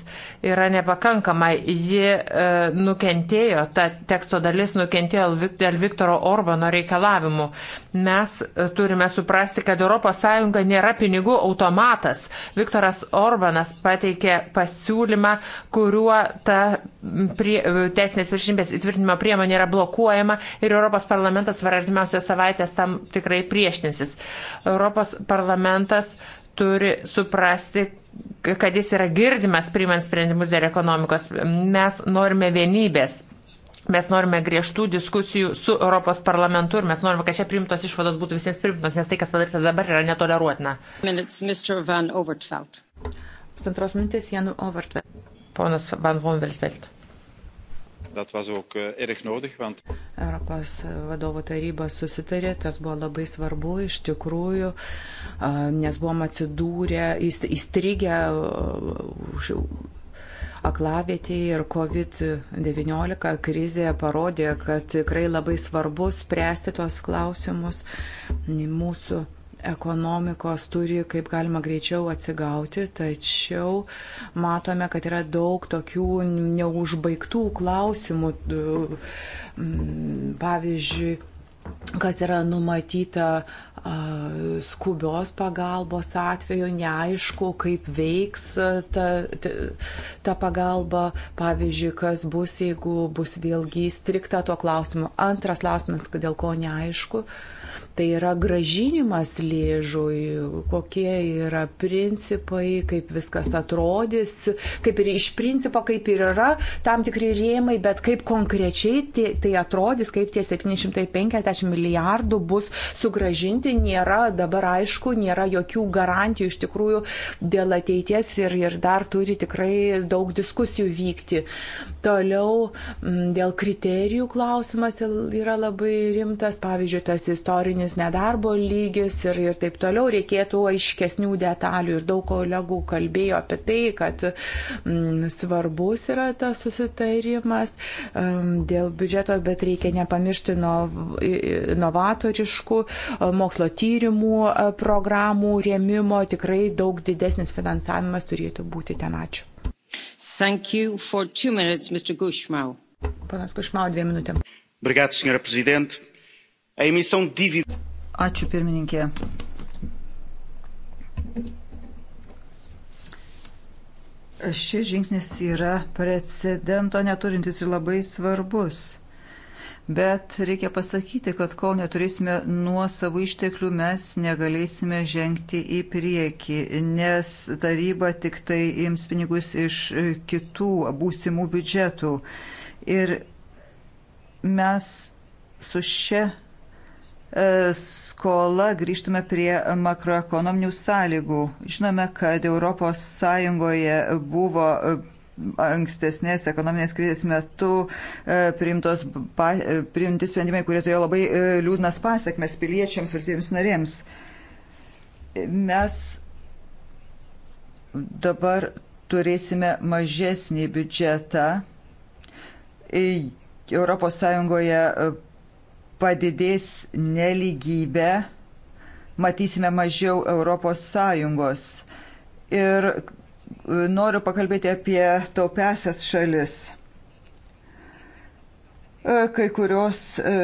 yra nepakankama. Ji e, nukentėjo, ta teksto dalis nukentėjo dėl Viktoro Orbano reikalavimų. Mes turime suprasti, kad ES nėra pinigų automatas. Viktoras Orbanas pateikė pasiūlymą, kuriuo ta prie, teisinės viršinybės įtvirtinimo priemonė yra blokuojama ir Europos parlamentas var artimiausios savaitės tam tikrai priešinsis. Europos parlamentas turi suprasti, kad jis yra girdimas priimant sprendimus dėl ekonomikos. Mes norime vienybės. Mes norime griežtų diskusijų su Europos parlamentu ir mes norime, kad čia priimtos išvados būtų visiems priimtos, nes tai, kas padaryta dabar, yra netoleruotina. Minutes, pusantros minutės Janu Overtve. Ponas Van Vonvelfeld. Dat was ook eh, erg nodig, want... Europos vadovų taryba susitarė, tas buvo labai svarbu iš tikrųjų, nes buvom atsidūrę, įstrigę aklavietėje ir COVID-19 krizė parodė, kad tikrai labai svarbu spręsti tuos klausimus mūsų ekonomikos turi kaip galima greičiau atsigauti, tačiau matome, kad yra daug tokių neužbaigtų klausimų. Pavyzdžiui, kas yra numatyta skubios pagalbos atveju, neaišku, kaip veiks ta, ta, ta pagalba, pavyzdžiui, kas bus, jeigu bus vėlgi strikta tuo klausimu. Antras klausimas, dėl ko neaišku, tai yra gražinimas lėžui, kokie yra principai, kaip viskas atrodys, kaip ir iš principo, kaip ir yra tam tikri rėmai, bet kaip konkrečiai tie, tai atrodys, kaip tie 750 milijardų bus sugražinti, nėra dabar aišku, nėra jokių garantijų iš tikrųjų dėl ateities ir, ir dar turi tikrai daug diskusijų vykti. Toliau mm, dėl kriterijų klausimas yra labai rimtas, pavyzdžiui, tas istorinis dabartinis nedarbo lygis ir, ir taip toliau, reikėtų aiškesnių detalių. Ir daug kolegų kalbėjo apie tai, kad m, mm, svarbus yra tas susitarimas m, mm, dėl biudžeto, bet reikia nepamiršti novatoriškų e, mokslo tyrimų e, programų rėmimo. Tikrai daug didesnis finansavimas turėtų būti ten. Ačiū. Minutes, Panas Kušmau, dviem minutėm. Obrigado, senhora Presidente. A emissão de dividendos. Ačiū pirmininkė. Šis žingsnis yra precedento neturintis ir labai svarbus. Bet reikia pasakyti, kad kol neturėsime nuo savo išteklių, mes negalėsime žengti į priekį, nes taryba tik tai ims pinigus iš kitų būsimų biudžetų. Ir mes su šia skolą, grįžtume prie makroekonominių sąlygų. Žinome, kad ES buvo e, ankstesnės ekonominės krizės metu e, priimtos, e, priimti sprendimai, kurie turėjo labai liūdnas pasiekmes piliečiams, valstybėms narėms. Mes dabar turėsime mažesnį biudžetą. Europos Sąjungoje padidės neligybė, matysime mažiau Europos Sąjungos. Ir e, noriu pakalbėti apie taupesias šalis. E, kai kurios e,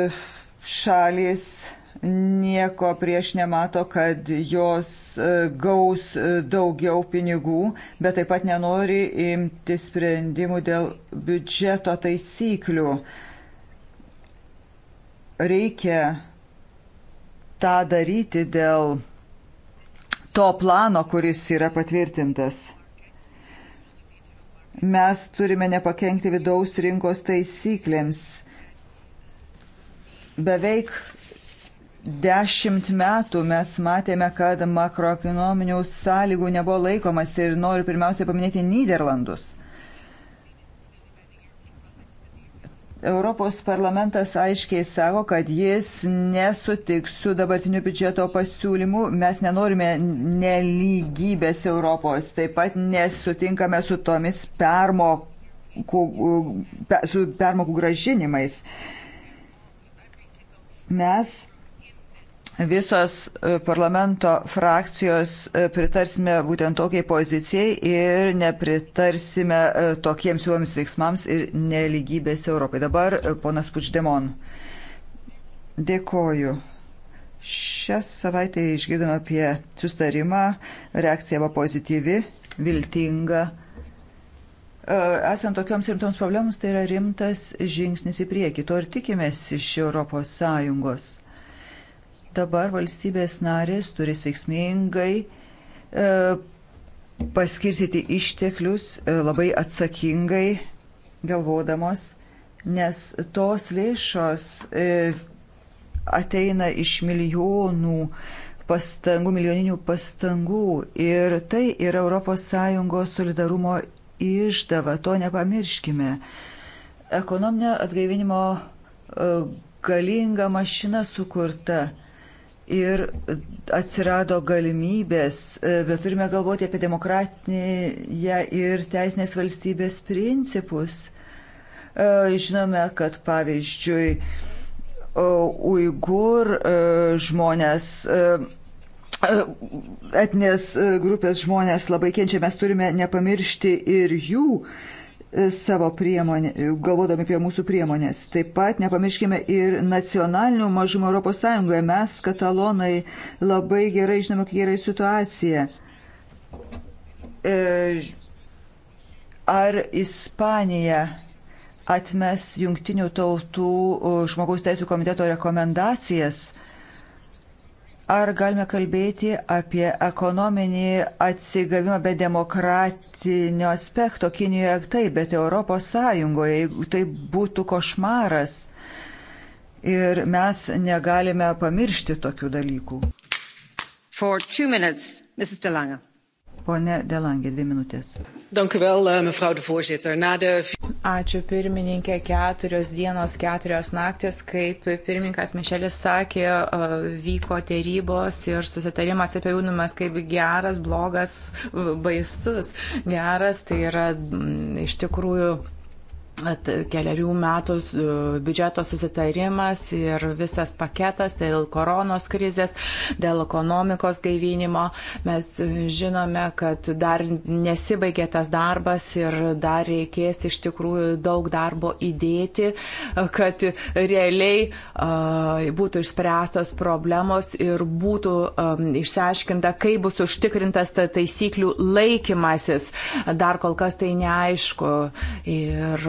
šalis nieko prieš nemato, kad jos gaus daugiau pinigų, bet taip pat nenori imti sprendimų dėl biudžeto taisyklių reikia tą daryti dėl to plano, kuris yra patvirtintas. Mes turime nepakengti vidaus rinkos taisyklėms. Beveik dešimt metų mes matėme, kad makroekonominių sąlygų nebuvo laikomas ir noriu pirmiausia paminėti Niderlandus – Europos parlamentas aiškiai sako, kad jis nesutiks su dabartiniu biudžeto pasiūlymu. Mes nenorime nelygybės Europos, taip pat nesutinkame su tomis permokų, su permokų gražinimais. Mes visos e, parlamento frakcijos e, pritarsime būtent tokiai pozicijai ir nepritarsime e, tokiems siūlomis veiksmams ir neligybės Europai. Dabar ponas Pučdemon. Dėkoju. Šią savaitę išgirdome apie sustarimą, reakcija buvo pozityvi, viltinga. Esant tokioms rimtoms problemams, tai yra rimtas žingsnis į priekį. To ir tikimės iš ES Dabar valstybės narės turės veiksmingai e, paskirsyti išteklius e, labai atsakingai galvodamos, nes tos lėšos e, ateina iš milijonų pastangų, milijoninių pastangų ir tai yra ES solidarumo išdava, to nepamirškime. Ekonominio atgaivinimo e, galinga mašina sukurta ir atsirado galimybės, e, bet turime galvoti apie demokratinę ir teisinės valstybės principus. E, žinome, kad pavyzdžiui, uigur e, žmonės etinės grupės žmonės labai kenčia, mes turime nepamiršti ir jų savo priemonę, galvodami apie mūsų priemonės. Taip pat nepamirškime ir nacionalinių mažumų ES. Mes, katalonai, labai gerai žinome, kokia yra situacija. E, ar Ispanija atmes jungtinių tautų e, žmogaus teisų komiteto rekomendacijas? Ar galime kalbėti apie ekonominį atsigavimą be demokratijos? politinio aspekto Kinijoje taip, bet Europos Sąjungoje tai būtų košmaras. Ir mes negalime pamiršti tokių dalykų. Minutes, Pone Delangė, dvi minutės. Dank u wel, eh, mevrouw de voorzitter. Na de... Ačiū pirmininkė, keturios dienos, keturios naktis, kaip pirmininkas Mišelis sakė, eh, vyko tarybos ir susitarimas apibūdinamas kaip geras, blogas, baisus. Geras tai yra iš tikrųjų keliarių metų e, biudžeto susitarimas ir visas paketas dėl koronos krizės, dėl ekonomikos gaivinimo. Mes žinome, kad dar nesibaigė tas darbas ir dar reikės iš tikrųjų daug darbo įdėti, kad realiai būtų išspręstos problemos ir būtų išsiaiškinta, kaip bus užtikrintas ta taisyklių laikymasis. Dar kol kas tai neaišku. Ir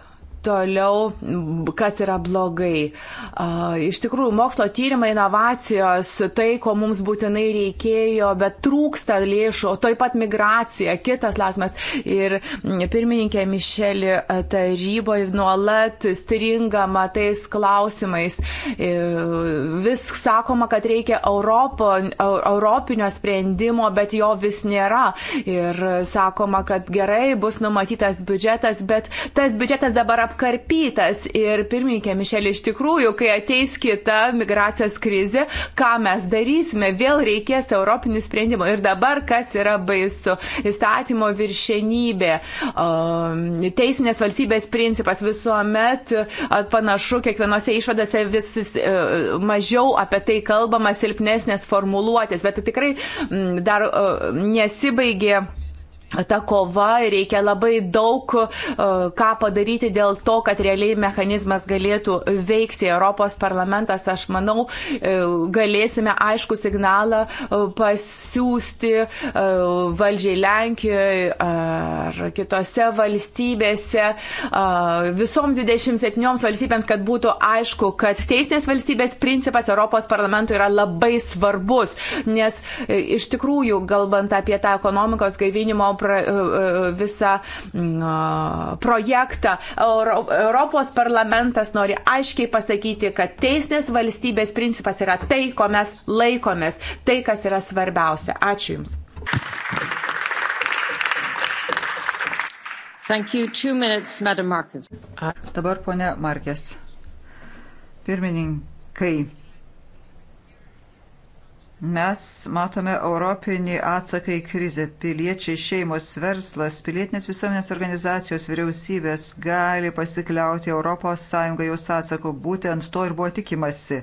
toliau, kas yra blogai. Iš tikrųjų, mokslo tyrimai, inovacijos, tai, ko mums būtinai reikėjo, bet trūksta lėšų, o taip pat migracija, kitas lasmas. Ir pirmininkė Mišelė taryboje nuolat stringama tais klausimais. E, vis sakoma, kad reikia Europo, europinio sprendimo, bet jo vis nėra. Ir sakoma, kad gerai bus numatytas biudžetas, bet tas biudžetas dabar apkarpytas. Ir pirmininkė Mišelė, iš tikrųjų, kai ateis kita migracijos krizė, ką mes darysime, vėl reikės europinių sprendimų. Ir dabar kas yra baisu - įstatymo viršenybė, um, teisinės valstybės principas visuomet panašu, kiekvienose išvadose vis e, mažiau apie tai kalbama, silpnesnės formuluotės, bet tai tikrai dar nesibaigė ta kova reikia labai daug e, ką padaryti dėl to, kad realiai mechanizmas galėtų veikti. Europos parlamentas, aš manau, e, galėsime aišku signalą e, pasiūsti valdžiai Lenkijoje ar kitose valstybėse, visoms 27 valstybėms, kad būtų aišku, kad teisinės valstybės principas Europos parlamentui yra labai svarbus, nes iš tikrųjų, galbant apie tą ekonomikos gaivinimo pra, e, e, visą projektą. Europos parlamentas nori aiškiai pasakyti, kad teisinės valstybės principas yra tai, ko mes laikomės, tai, kas yra svarbiausia. Ačiū Jums. Minutes, Dabar ponia Markės. Pirmininkai, Mes matome europinį atsaką į krizę. Piliečiai, šeimos, verslas, pilietinės visuomenės organizacijos, vyriausybės gali pasikliauti ES jos atsaku. Būtent to ir buvo tikimasi.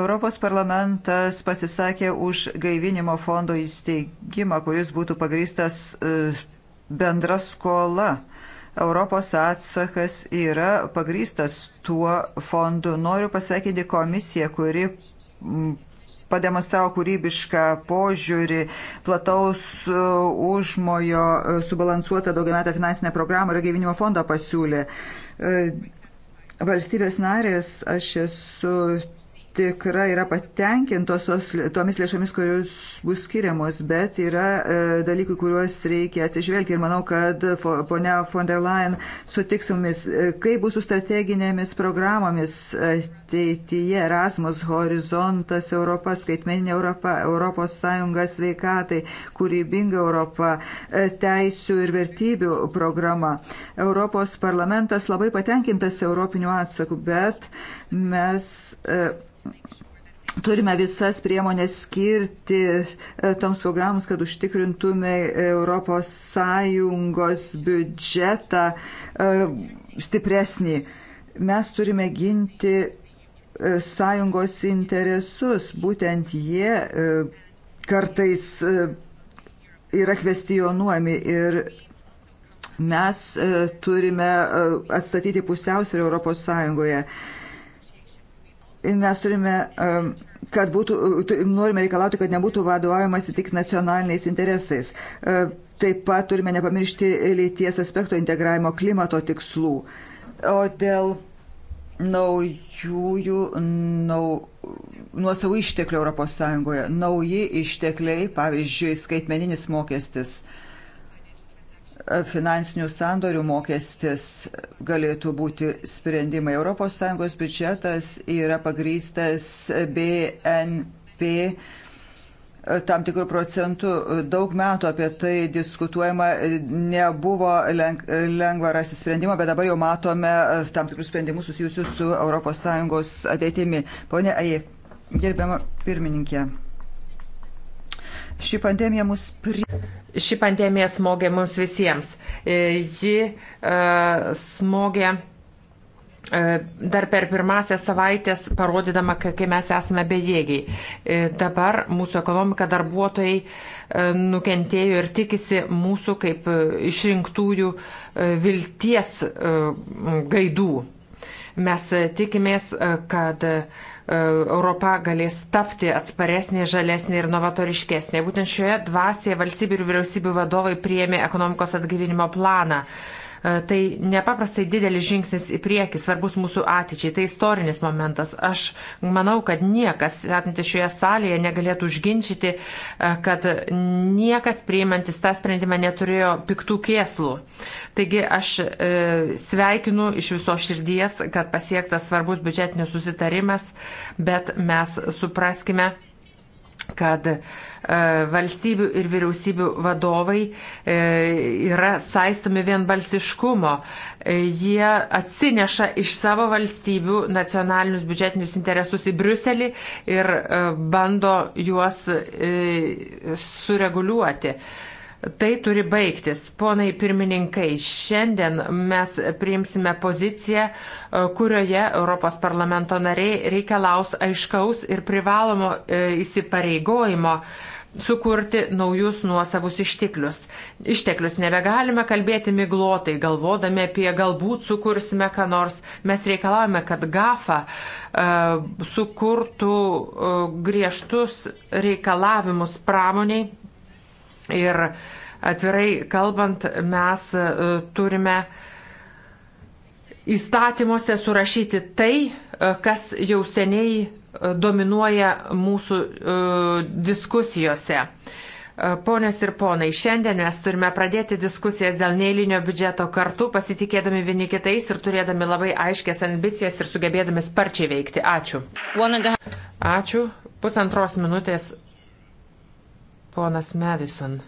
Europos parlamentas pasisakė už gaivinimo fondo įsteigimą, kuris būtų pagrįstas e, bendra skola. Europos atsakas yra pagrįstas tuo fondu. Noriu pasakyti komisiją, kuri pademonstravo kūrybišką požiūrį, plataus e, užmojo e, subalansuotą daugiametę finansinę programą ir gyvinimo fondą pasiūlė. E, valstybės narės, aš esu tikra yra patenkintos tomis lėšomis, kurios bus skiriamos, bet yra e, dalykų, kuriuos reikia atsižvelgti. Ir manau, kad ponia von der Leyen sutiks mumis, e, kaip bus su strateginėmis programomis ateityje Erasmus, Horizontas Europa, skaitmeninė Europa, Europos Sąjunga sveikatai, kūrybinga Europa, e, teisių ir vertybių programa. Europos parlamentas labai patenkintas europinių atsakų, bet mes. Uh, turime visas priemonės skirti e, toms programams, kad užtikrintume ES biudžetą e, stipresnį. Mes turime ginti e, sąjungos interesus, būtent jie kartais yra kvestionuojami ir mes turime atstatyti pusiausvyrą Europos Sąjungoje mes turime, um, kad būtų, norime reikalauti, kad nebūtų vadovaujamasi tik nacionaliniais interesais. Uh, taip pat turime nepamiršti lyties aspekto integravimo klimato tikslų. O dėl naujųjų nau, nuosavų išteklių ES, nauji ištekliai, pavyzdžiui, skaitmeninis mokestis. Uh, finansinių sandorių mokestis galėtų būti sprendimai. ES biudžetas yra pagrystas BNP tam tikrų procentų. Daug metų apie tai diskutuojama, nebuvo lengva rasti sprendimo, bet dabar jau matome tam tikrus sprendimus susijusius su ES ateitimi. Pone Aji, gerbiama pirmininkė. Ši pandemija mus pri. Ši pandemija smogė mums visiems. E, ji uh, smogė e, dar per pirmąsias savaitės parodydama, kai mes esame bejėgiai. Dabar mūsų ekonomika darbuotojai nukentėjo ir tikisi mūsų kaip išrinktųjų vilties gaidų. Mes tikimės, kad E, Europa galės tapti atsparesnė, žalesnė ir novatoriškesnė. Būtent šioje dvasioje valstybių ir vyriausybių vadovai priėmė ekonomikos atgyvinimo planą. E, tai nepaprastai didelis žingsnis į priekį, svarbus mūsų ateičiai, tai istorinis momentas. Aš manau, kad niekas, atinti šioje salėje, negalėtų užginčyti, e, kad niekas priimantis tą sprendimą neturėjo piktų kėslų. Taigi aš e, sveikinu iš viso širdies, kad pasiektas svarbus biudžetinis susitarimas, bet mes supraskime, kad e, valstybių ir vyriausybių vadovai e, yra saistomi vienbalsiškumo. E, jie atsineša iš savo valstybių nacionalinius biudžetinius interesus į Briuselį ir bando juos sureguliuoti. Tai turi baigtis. Ponai pirmininkai, šiandien mes priimsime poziciją, e, kurioje Europos parlamento nariai reikalaus aiškaus ir privalomo e, įsipareigojimo sukurti naujus nuosavus išteklius. Išteklius nebegalime kalbėti miglotai, galvodami apie galbūt sukursime ką nors. Mes reikalavome, kad GAFA uh, sukurtų uh, griežtus reikalavimus pramoniai, Ir atvirai kalbant, mes e, turime įstatymuose surašyti tai, e, kas jau seniai e, dominuoja mūsų diskusijose. Ponios ir ponai, šiandien mes turime pradėti diskusijas dėl neįlinio biudžeto kartu, pasitikėdami vieni kitais ir turėdami labai aiškės ambicijas ir sugebėdami sparčiai veikti. Ačiū. Ačiū. Pusantros minutės Ponas Madison.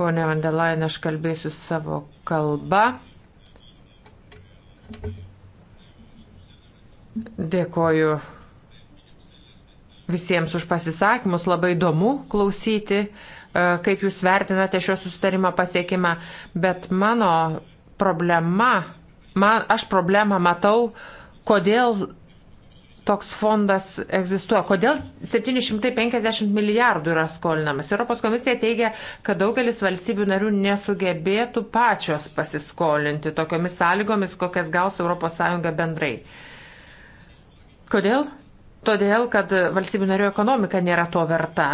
Pone Vandelain, aš kalbėsiu savo kalbą. Dėkoju visiems už pasisakymus, labai įdomu klausyti, e, kaip jūs vertinate šio susitarimo pasiekimą, bet mano problema, man, aš problemą matau, kodėl toks fondas egzistuoja. Kodėl 750 milijardų yra skolinamas? Europos komisija teigia, kad daugelis valstybių narių nesugebėtų pačios pasiskolinti tokiomis sąlygomis, kokias gaus ES bendrai. Kodėl? Todėl, kad valstybių narių ekonomika nėra to verta.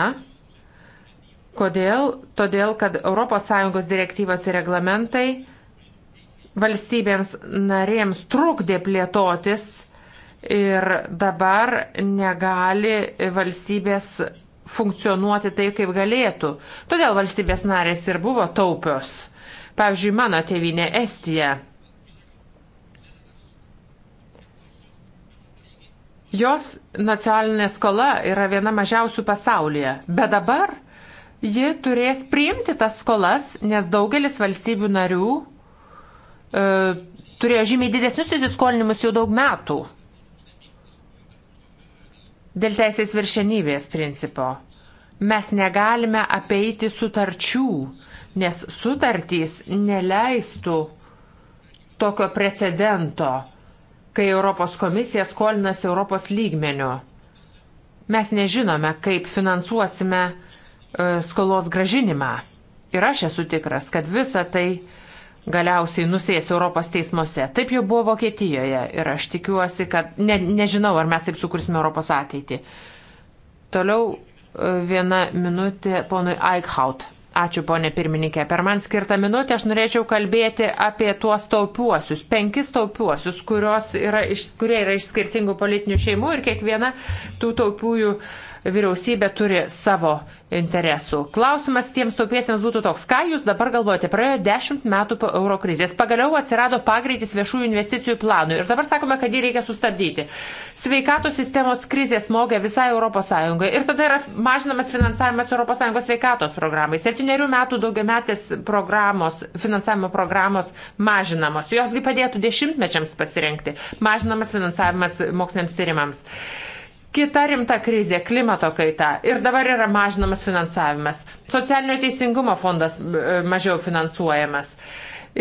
Kodėl? Todėl, kad ES direktyvos ir reglamentai valstybėms narėms trukdė plėtotis ir dabar negali valstybės funkcionuoti taip, kaip galėtų. Todėl valstybės narės ir buvo taupios. Pavyzdžiui, mano tėvinė Estija. Jos nacionalinė skola yra viena mažiausių pasaulyje, bet dabar ji turės priimti tas skolas, nes daugelis valstybių narių e, turėjo žymiai didesnius įsiskolinimus jau daug metų. Dėl teisės viršenybės principo. Mes negalime apeiti sutarčių, nes sutartys neleistų tokio precedento, kai Europos komisija skolinas Europos lygmeniu. Mes nežinome, kaip finansuosime e, skolos gražinimą. Ir aš esu tikras, kad visa tai uh, galiausiai nusės Europos teismuose. Taip jau buvo Vokietijoje ir aš tikiuosi, kad ne, nežinau, ar mes taip sukursime Europos ateitį. Toliau e, viena minutė ponui Eichhaut. Ačiū, ponė pirmininkė. Per man skirtą minutę aš norėčiau kalbėti apie tuos taupiuosius, penkis taupiuosius, yra iš, kurie yra iš skirtingų politinių šeimų ir kiekviena tų taupiųjų uh, vyriausybė turi savo interesų. Klausimas tiems taupiesiems būtų toks, ką jūs dabar galvojate, praėjo dešimt metų po euro krizės, pagaliau atsirado pagreitis viešųjų investicijų planui ir dabar sakome, kad jį reikia sustabdyti. Sveikatos sistemos krizė smogia visai ES ir tada yra mažinamas finansavimas ES sveikatos programai. Septyniarių metų daugiametės programos, finansavimo programos mažinamos, josgi padėtų dešimtmečiams pasirinkti, mažinamas finansavimas moksliniams tyrimams. Kita rimta krizė - klimato kaita. Ir dabar yra mažinamas finansavimas. Socialinio teisingumo fondas e, mažiau finansuojamas.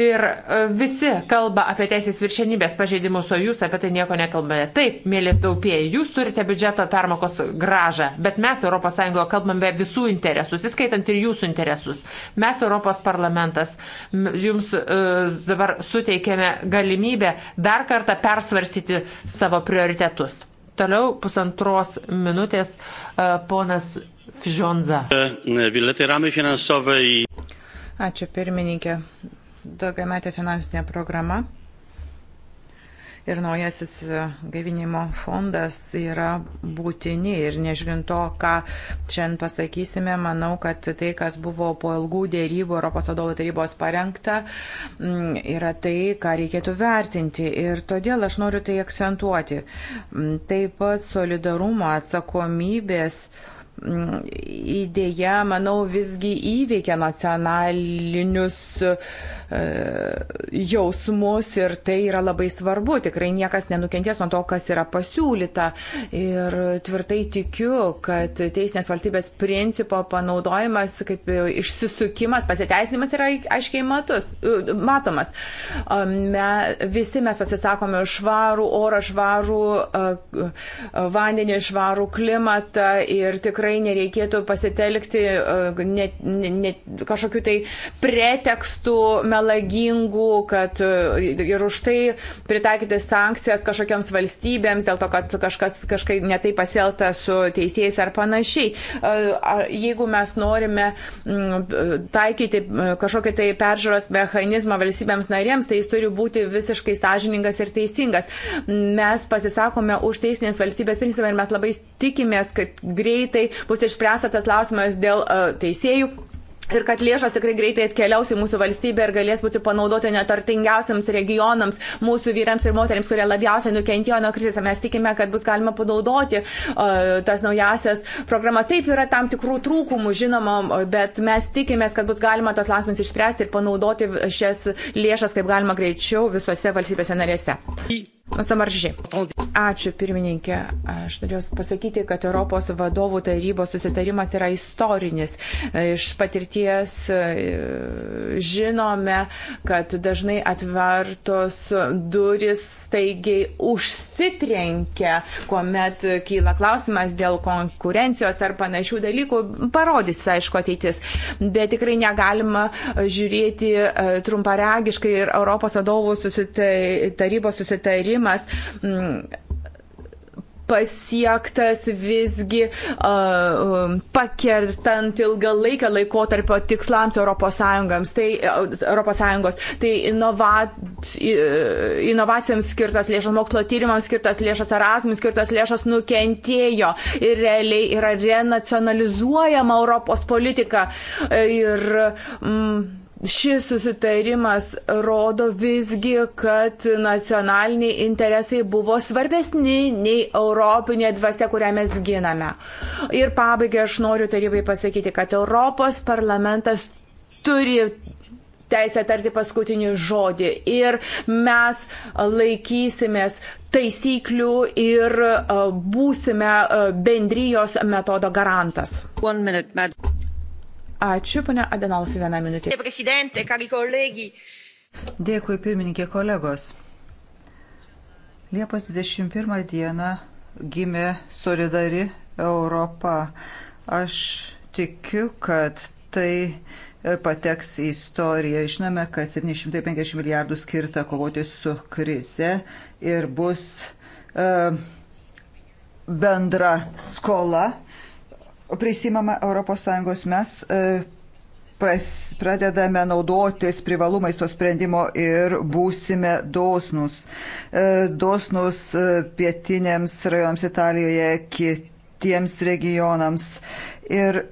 Ir e, visi kalba apie teisės viršenybės pažeidimus, o jūs apie tai nieko nekalbate. Taip, mėly taupėjai, jūs turite biudžeto permokos gražą, bet mes ES kalbame visų interesus, įskaitant ir jūsų interesus. Mes Europos parlamentas jums uh, dabar suteikėme galimybę dar kartą persvarsyti savo prioritetus. Toliau pusantros minutės e, ponas Fžionza. Ačiū pirmininkė. Daugiametė finansinė programa ir naujasis e, gaivinimo fondas yra būtini. Ir nežiūrint to, ką šiandien pasakysime, manau, kad tai, kas buvo po ilgų dėrybų Europos vadovų tarybos parengta, yra tai, ką reikėtų vertinti. Ir todėl aš noriu tai akcentuoti. Taip pat solidarumo atsakomybės. Uh, idėja, manau, visgi įveikia nacionalinius e, jausmus ir tai yra labai svarbu. Tikrai niekas nenukentės nuo to, kas yra pasiūlyta. Ir tvirtai tikiu, kad teisinės valstybės principo panaudojimas kaip išsisukimas, pasiteisinimas yra aiškiai matus, e, matomas. E, me, visi mes pasisakome švarų orą, švarų vandenį, švarų klimatą ir tikrai tikrai nereikėtų pasitelkti e, ne, ne, ne, kažkokių tai pretekstų melagingų, kad e, ir už tai pritaikyti sankcijas kažkokiams valstybėms dėl to, kad kažkas kažkaip netai pasielta su teisėjais ar panašiai. E, jeigu mes norime taikyti kažkokį tai peržiūros mechanizmą valstybėms narėms, tai jis turi būti visiškai sąžiningas ir teisingas. Mes pasisakome už teisinės valstybės principą ir mes labai tikimės, kad greitai bus išspręstas tas klausimas dėl e, teisėjų ir kad lėšos tikrai greitai atkeliaus į mūsų valstybę ir galės būti panaudoti netartingiausiams regionams, mūsų vyrams ir moteriams, kurie labiausiai nukentėjo nuo krizės. Mes tikime, kad bus galima panaudoti uh, tas naujasias programas. Taip yra tam tikrų trūkumų, žinoma, bet mes tikimės, kad bus galima tos lasmus išspręsti ir panaudoti šias lėšas kaip galima greičiau visose valstybėse narėse. Samaržiai. Ačiū pirmininkė. Aš norėjau pasakyti, kad Europos vadovų tarybos susitarimas yra istorinis. Iš patirties e, žinome, kad dažnai atvertos duris staigiai užsitrenkia, kuomet kyla klausimas dėl konkurencijos ar panašių dalykų. Parodys, aišku, ateitis. Bet tikrai negalima žiūrėti e, trumparegiškai ir Europos vadovų susitai, tarybos susitarimą susitarimas mm, pasiektas visgi uh, pakertant ilgalaikio laikotarpio tikslams ES. Tai, ES, tai inova, inovacijoms skirtas lėšas, mokslo tyrimams skirtas lėšas, Erasmus skirtas lėšas nukentėjo ir realiai yra renacionalizuojama Europos politika. Ir, mm, šis susitarimas rodo visgi, kad nacionaliniai interesai buvo svarbesni nei europinė dvasia, kurią mes giname. Ir pabaigai aš noriu tarybai pasakyti, kad Europos parlamentas turi teisę tarti paskutinį žodį. Ir mes laikysimės taisyklių ir e, būsime e, bendrijos metodo garantas. Minute, Ačiū, ponia Adenolfi, vieną minutę. Dėkui, pirmininkė kolegos. Liepos 21 dieną gimė solidari Europa. Aš tikiu, kad tai e, pateks į istoriją. Žinome, kad 750 milijardų skirta kovoti su krize ir bus e, bendra skola prisimama ES mes e, pras, pradedame naudotis privalumais to sprendimo ir būsime dosnus. E, dosnus e, pietinėms rajonams Italijoje, kitiems regionams. Ir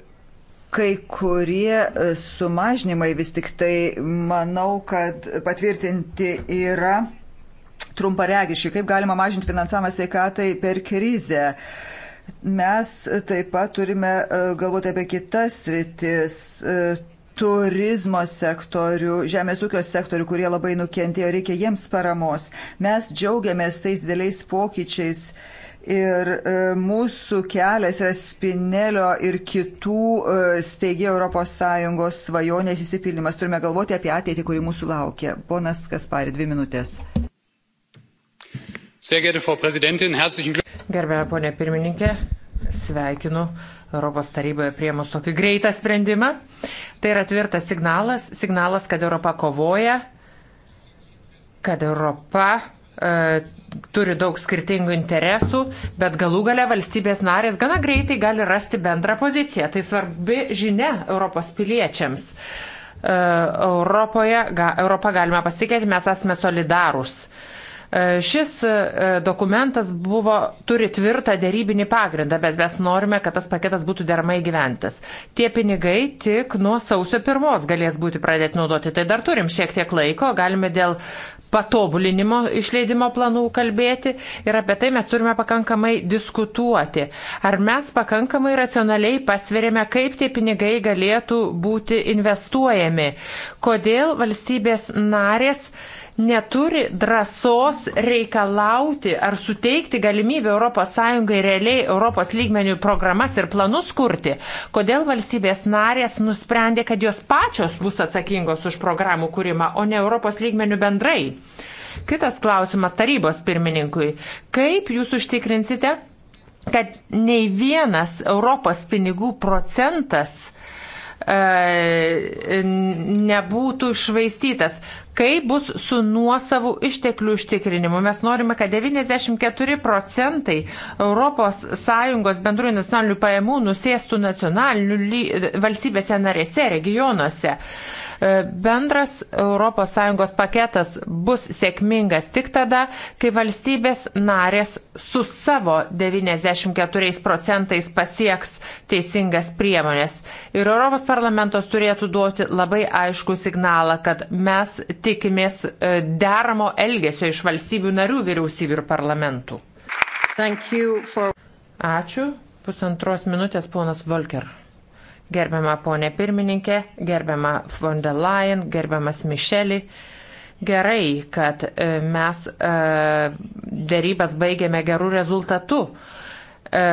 kai kurie sumažinimai vis tik tai, manau, kad patvirtinti yra trumparegiški, kaip galima mažinti finansavimą sveikatai per krizę. Uh, Mes taip pat turime e, galvoti apie kitas rytis e, turizmo sektorių, žemės ūkio sektorių, kurie labai nukentėjo, reikia jiems paramos. Mes džiaugiamės tais dėliais pokyčiais ir e, mūsų kelias yra Spinelio ir kitų steigė ES svajonės įsipildymas. Turime galvoti apie ateitį, kuri mūsų laukia. Ponas Kasparė, dvi minutės. Gerbėme ponė pirmininkė, sveikinu Europos taryboje priemus tokį greitą sprendimą. Tai yra tvirtas signalas, signalas, kad Europa kovoja, kad Europa e, turi daug skirtingų interesų, bet galų gale valstybės narės gana greitai gali rasti bendrą poziciją. Tai svarbi žinia Europos piliečiams. E, Europoje, ga, Europą galime pasitikėti, mes esame solidarūs. E, E, šis e, dokumentas buvo, turi tvirtą dėrybinį pagrindą, bet mes norime, kad tas paketas būtų deramai gyventas. Tie pinigai tik nuo sausio pirmos galės būti pradėti naudoti. Tai dar turim šiek tiek laiko, galime dėl patobulinimo išleidimo planų kalbėti ir apie tai mes turime pakankamai diskutuoti. Ar mes pakankamai racionaliai pasverėme, kaip tie pinigai galėtų būti investuojami? Kodėl valstybės narės neturi drąsos reikalauti ar suteikti galimybę ES realiai Europos lygmenių programas ir planus kurti, kodėl valstybės narės nusprendė, kad jos pačios bus atsakingos už programų kūrimą, o ne Europos lygmenių bendrai. Kitas klausimas tarybos pirmininkui. Kaip jūs užtikrinsite, kad nei vienas Europos pinigų procentas E, nebūtų išvaistytas. Kaip bus su nuosavų išteklių užtikrinimu? Mes norime, kad 94 procentai ES bendrųjų nacionalinių pajamų nusėstų nacionalinių valstybėse narėse, regionuose. Uh, E, bendras ES paketas bus sėkmingas tik tada, kai valstybės narės su savo 94 procentais pasieks teisingas priemonės. Ir Europos parlamentos turėtų duoti labai aišku signalą, kad mes tikimės e, deramo elgesio iš valstybių narių vyriausybių ir parlamentų. For... Ačiū. Pusantros minutės ponas Volker gerbiama ponė pirmininkė, gerbiama von der Leyen, gerbiamas Mišeli. Gerai, kad e, mes e, dėrybas baigėme gerų rezultatų e,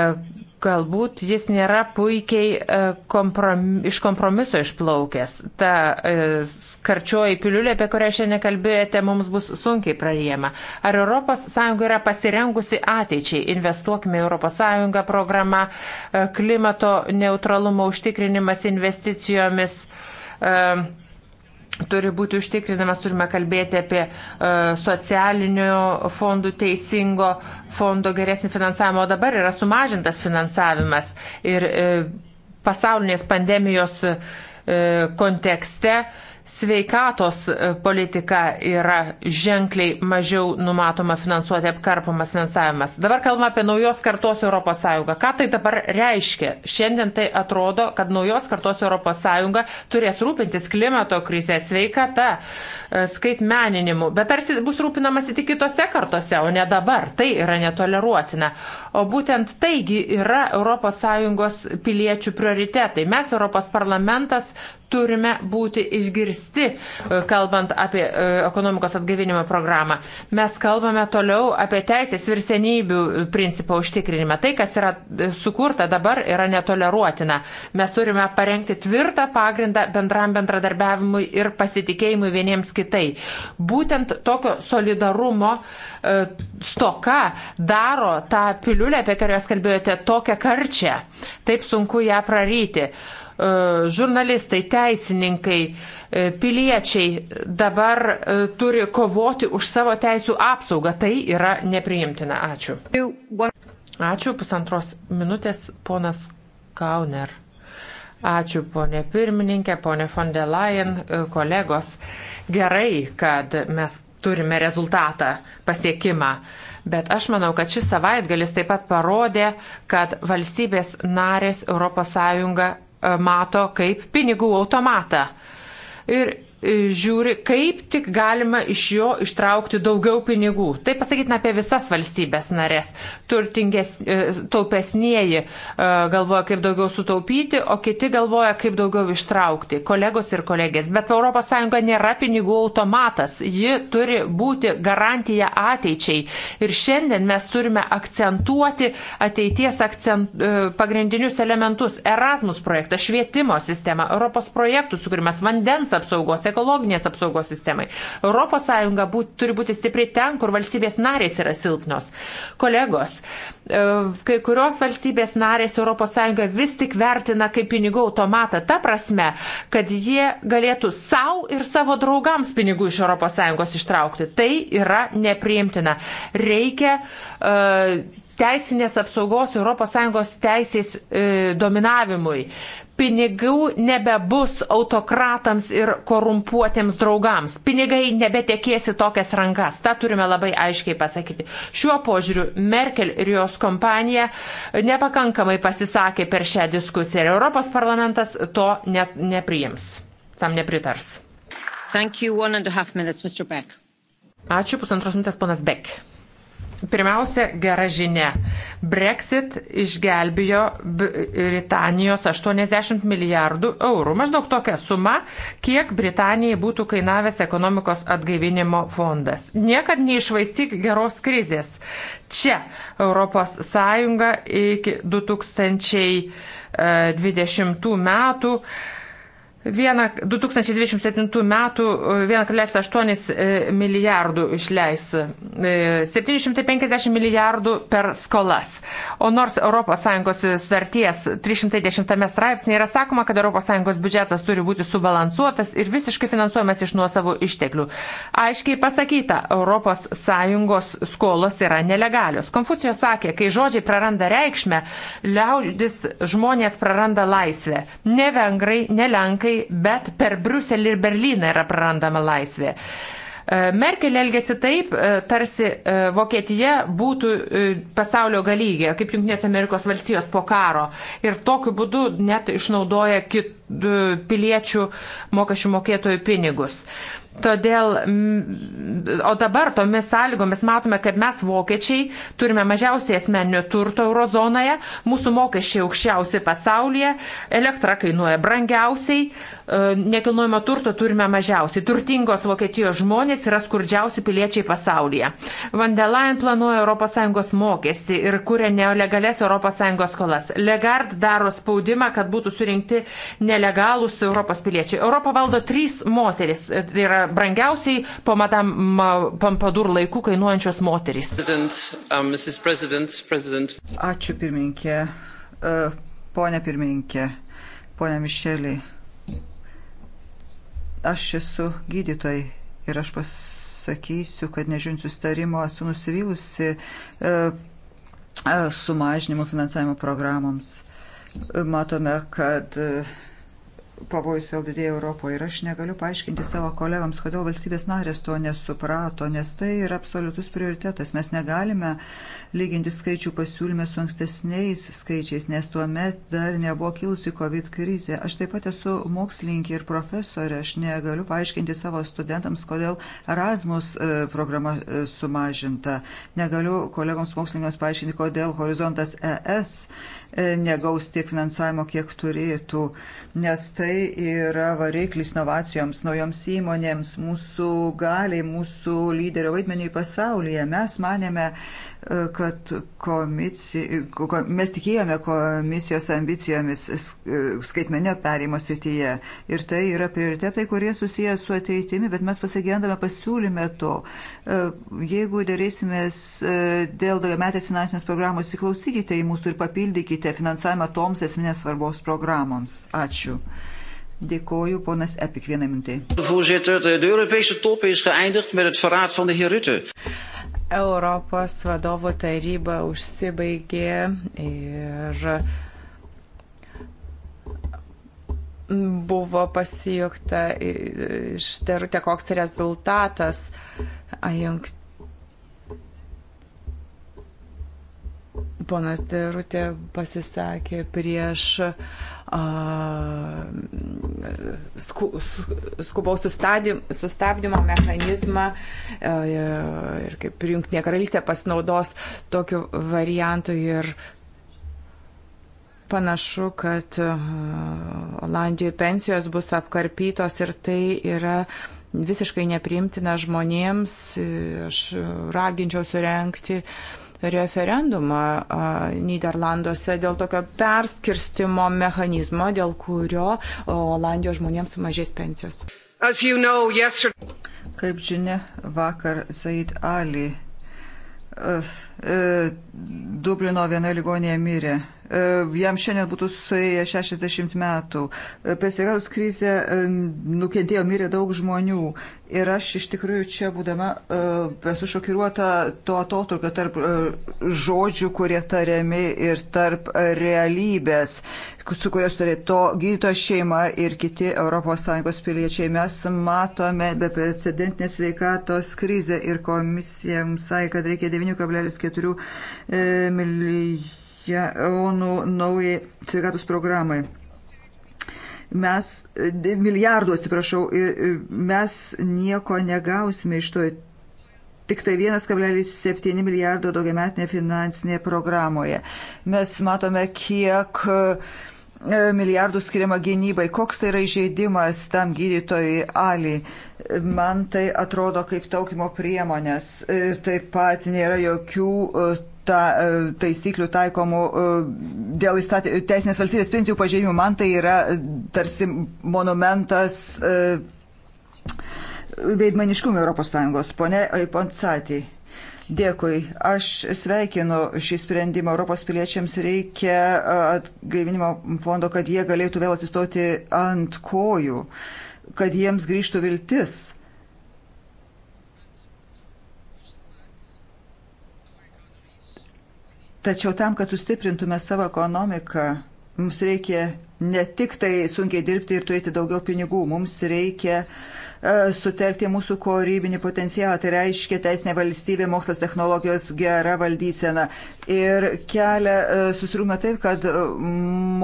Galbūt jis nėra puikiai e, komprom, iš kompromiso išplaukęs. Ta e, skarčioji piliulė, apie kurią šiandien kalbėjote, mums bus sunkiai prarijama. Ar ES yra pasirengusi ateičiai? Investuokime ES programą, e, klimato neutralumo užtikrinimas investicijomis. Uh, turi būti užtikrinamas, turime kalbėti apie e, socialinių fondų teisingo fondo geresnį finansavimą, o dabar yra sumažintas finansavimas ir e, pasaulinės pandemijos e, kontekste sveikatos e, politika yra ženkliai mažiau numatoma finansuoti apkarpomas finansavimas. Dabar kalbame apie naujos kartos ES. Ką tai dabar reiškia? Šiandien tai atrodo, kad naujos kartos ES turės rūpintis klimato krize, sveikata, e, skaitmeninimu, bet tarsi bus rūpinamasi tik kitose kartose, o ne dabar. Tai yra netoleruotina. O būtent taigi yra ES piliečių prioritetai. Mes, Europos parlamentas, turime būti išgirsti, e, kalbant apie e, ekonomikos atgavinimo programą. Mes kalbame toliau apie teisės virsenybių e, principą užtikrinimą. Tai, kas yra sukurta dabar, yra netoleruotina. Mes turime parengti tvirtą pagrindą bendram bendradarbiavimui ir pasitikėjimui vieniems kitai. Būtent tokio solidarumo stoka daro tą piliulę, apie kurią jūs kalbėjote, tokią karčią. Taip sunku ją praryti. Uh, E, žurnalistai, teisininkai, e, piliečiai dabar e, turi kovoti už savo teisų apsaugą. Tai yra nepriimtina. Ačiū. Ačiū pusantros minutės, ponas Kauner. Ačiū, ponė pirmininkė, ponė von der Leyen, kolegos. Gerai, kad mes turime rezultatą, pasiekimą. Bet aš manau, kad šis savaitgalis taip pat parodė, kad valstybės narės ES mato kaip pinigų automatą. Ir žiūri, kaip tik galima iš jo ištraukti daugiau pinigų. Tai pasakytina apie visas valstybės narės. Turtingės, e, taupesnieji e, galvoja, kaip daugiau sutaupyti, o kiti galvoja, kaip daugiau ištraukti. Kolegos ir kolegės. Bet ES nėra pinigų automatas. Ji turi būti garantija ateičiai. Ir šiandien mes turime akcentuoti ateities akcent, e, pagrindinius elementus. Erasmus projektą, švietimo sistemą, Europos projektų sukūrimas, vandens apsaugos, ekologinės apsaugos sistemai. ES būt, turi būti stipri ten, kur valstybės narės yra silpnos. Kolegos, e, kai kurios valstybės narės ES vis tik vertina kaip pinigų automatą, ta prasme, kad jie galėtų savo ir savo draugams pinigų iš ES ištraukti. Tai yra nepriimtina. Reikia uh, teisinės apsaugos ES teisės e, dominavimui. Pinigų nebebus autokratams ir korumpuotiems draugams. Pinigai nebetekėsi tokias rankas. Ta turime labai aiškiai pasakyti. Šiuo požiūriu Merkel ir jos kompanija nepakankamai pasisakė per šią diskusiją ir Europos parlamentas to net nepriims. Tam nepritars. You, minutes, Ačiū pusantros minutės, ponas Beck. Pirmiausia, gera žinia. Brexit išgelbėjo Britanijos 80 milijardų eurų. Maždaug tokia suma, kiek Britanijai būtų kainavęs ekonomikos atgaivinimo fondas. Niekad neišvaistyk geros krizės. Čia ES iki 2020 e, metų 2027 metų 1,8 e, e, milijardų išleis 750 e, milijardų per skolas. O nors ES sutarties 310 straipsnėje yra sakoma, kad ES biudžetas turi būti subalansuotas ir visiškai finansuojamas iš nuosavų išteklių. Aiškiai pasakyta, ES skolos yra nelegalios. Konfucijos sakė, kai žodžiai praranda reikšmę, liaudis žmonės praranda laisvę. Ne vengrai, ne lenkai laisvai, bet per Bruselį ir Berliną yra prarandama laisvė. E, Merkel elgėsi taip, e, tarsi e, Vokietija būtų pasaulio galygė, kaip Junktinės Amerikos valstijos po karo. Ir tokiu būdu net išnaudoja kit, piliečių mokesčių mokėtojų pinigus. Uh, Todėl, o dabar tomis sąlygomis matome, kad mes vokiečiai turime mažiausiai asmeninio turto eurozonoje, mūsų mokesčiai aukščiausi pasaulyje, elektra kainuoja brangiausiai, e, nekilnojimo turto turime mažiausiai. Turtingos Vokietijos žmonės yra skurdžiausi piliečiai pasaulyje. Vandelain planuoja ES mokestį ir kuria nelegales ES skolas. Legard daro spaudimą, kad būtų surinkti nelegalūs Europos piliečiai. Europą valdo trys moteris. E, tai yra yra brangiausiai po Madame Pompadour laikų kainuojančios moterys. President, um, President, President. Ačiū pirmininkė. Uh, e, Pone pirmininkė, pone Mišeliai, aš esu gydytojai ir aš pasakysiu, kad nežiūrint sustarimo esu nusivylusi uh, sumažinimo finansavimo programoms. Matome, kad uh, pavojus vėl didėja Europoje. Ir aš negaliu paaiškinti savo kolegams, kodėl valstybės narės to nesuprato, nes tai yra absoliutus prioritetas. Mes negalime lyginti skaičių pasiūlymę su ankstesniais skaičiais, nes tuo met dar nebuvo kilusi COVID krizė. Aš taip pat esu mokslininkė ir profesorė. Aš negaliu paaiškinti savo studentams, kodėl Erasmus e, programa e, sumažinta. Negaliu kolegoms mokslininkams paaiškinti, kodėl horizontas ES negaus tiek finansavimo, kiek turėtų, nes tai yra variklis inovacijoms, naujoms įmonėms, mūsų galiai, mūsų lyderio vaidmeniui pasaulyje. Mes manėme, kad komisija, mes tikėjome komisijos ambicijomis skaitmenio perėjimo srityje ir tai yra prioritetai, kurie susiję su ateitimi, bet mes pasigendame pasiūlyme to. E, jeigu dėrėsimės e, dėl daugiametės finansinės programos, įklausykite į mūsų ir papildykite finansavimą toms esminės svarbos programoms. Ačiū. Dėkoju, ponas Epik, vieną minutę. Voorzitter, de Europese top is geëindigd met het verraad van de heer Rutte. Europos vadovų taryba užsibaigė ir buvo pasijukta iš terutė koks rezultatas. Jungt Ponas Terutė pasisakė prieš sku, skubaus sustabdymo mechanizmą e, ir kaip Junktinė karalystė pasinaudos tokiu variantu ir panašu, kad Olandijoje pensijos bus apkarpytos ir tai yra visiškai nepriimtina žmonėms. Aš raginčiau surenkti uh, referendumą Niderlanduose dėl tokio perskirstimo mechanizmo, dėl kurio Olandijos žmonėms sumažės pensijos. You know, yesterday... Kaip žinia, vakar Said Ali uh, uh, Dublino vienoje ligonėje mirė E, jam šiandien būtų suėję 60 metų. E, per sveikatos krizę e, nukentėjo, mirė daug žmonių. Ir aš iš tikrųjų čia būdama esu šokiruota to atotrukio tarp žodžių, kurie tariami ir tarp realybės, su kurios turi to gydytojo šeima ir kiti ES piliečiai. Mes matome beprecedentinę sveikatos krizę ir komisija mums sakė, kad reikia 9,4 milijonų ja, ONU naujai sveikatos programai mes, milijardų atsiprašau, ir e, mes nieko negausime iš to. Tik tai 1,7 milijardo daugiametinė finansinė programoje. Mes matome, kiek e, milijardų skiriama gynybai. Koks tai yra įžeidimas tam gydytojui Ali? Man tai atrodo kaip taukimo priemonės. Ir taip pat nėra jokių e, ta, e, taisyklių taikomų e, dėl įstatė, teisinės valstybės principų pažeidimų. Man tai yra tarsi monumentas e, veidmaniškumui Europos Sąjungos. Pone Ponsatį. Dėkui. Aš sveikinu šį sprendimą. Europos piliečiams reikia atgaivinimo fondo, kad jie galėtų vėl atsistoti ant kojų, kad jiems grįžtų viltis Tačiau tam, kad sustiprintume savo ekonomiką, mums reikia ne tik tai sunkiai dirbti ir turėti daugiau pinigų, mums reikia uh, E, sutelkti mūsų kūrybinį potencialą, tai reiškia teisinė valstybė, mokslas, technologijos, gera valdysena. Ir kelia e, susirūmė taip, kad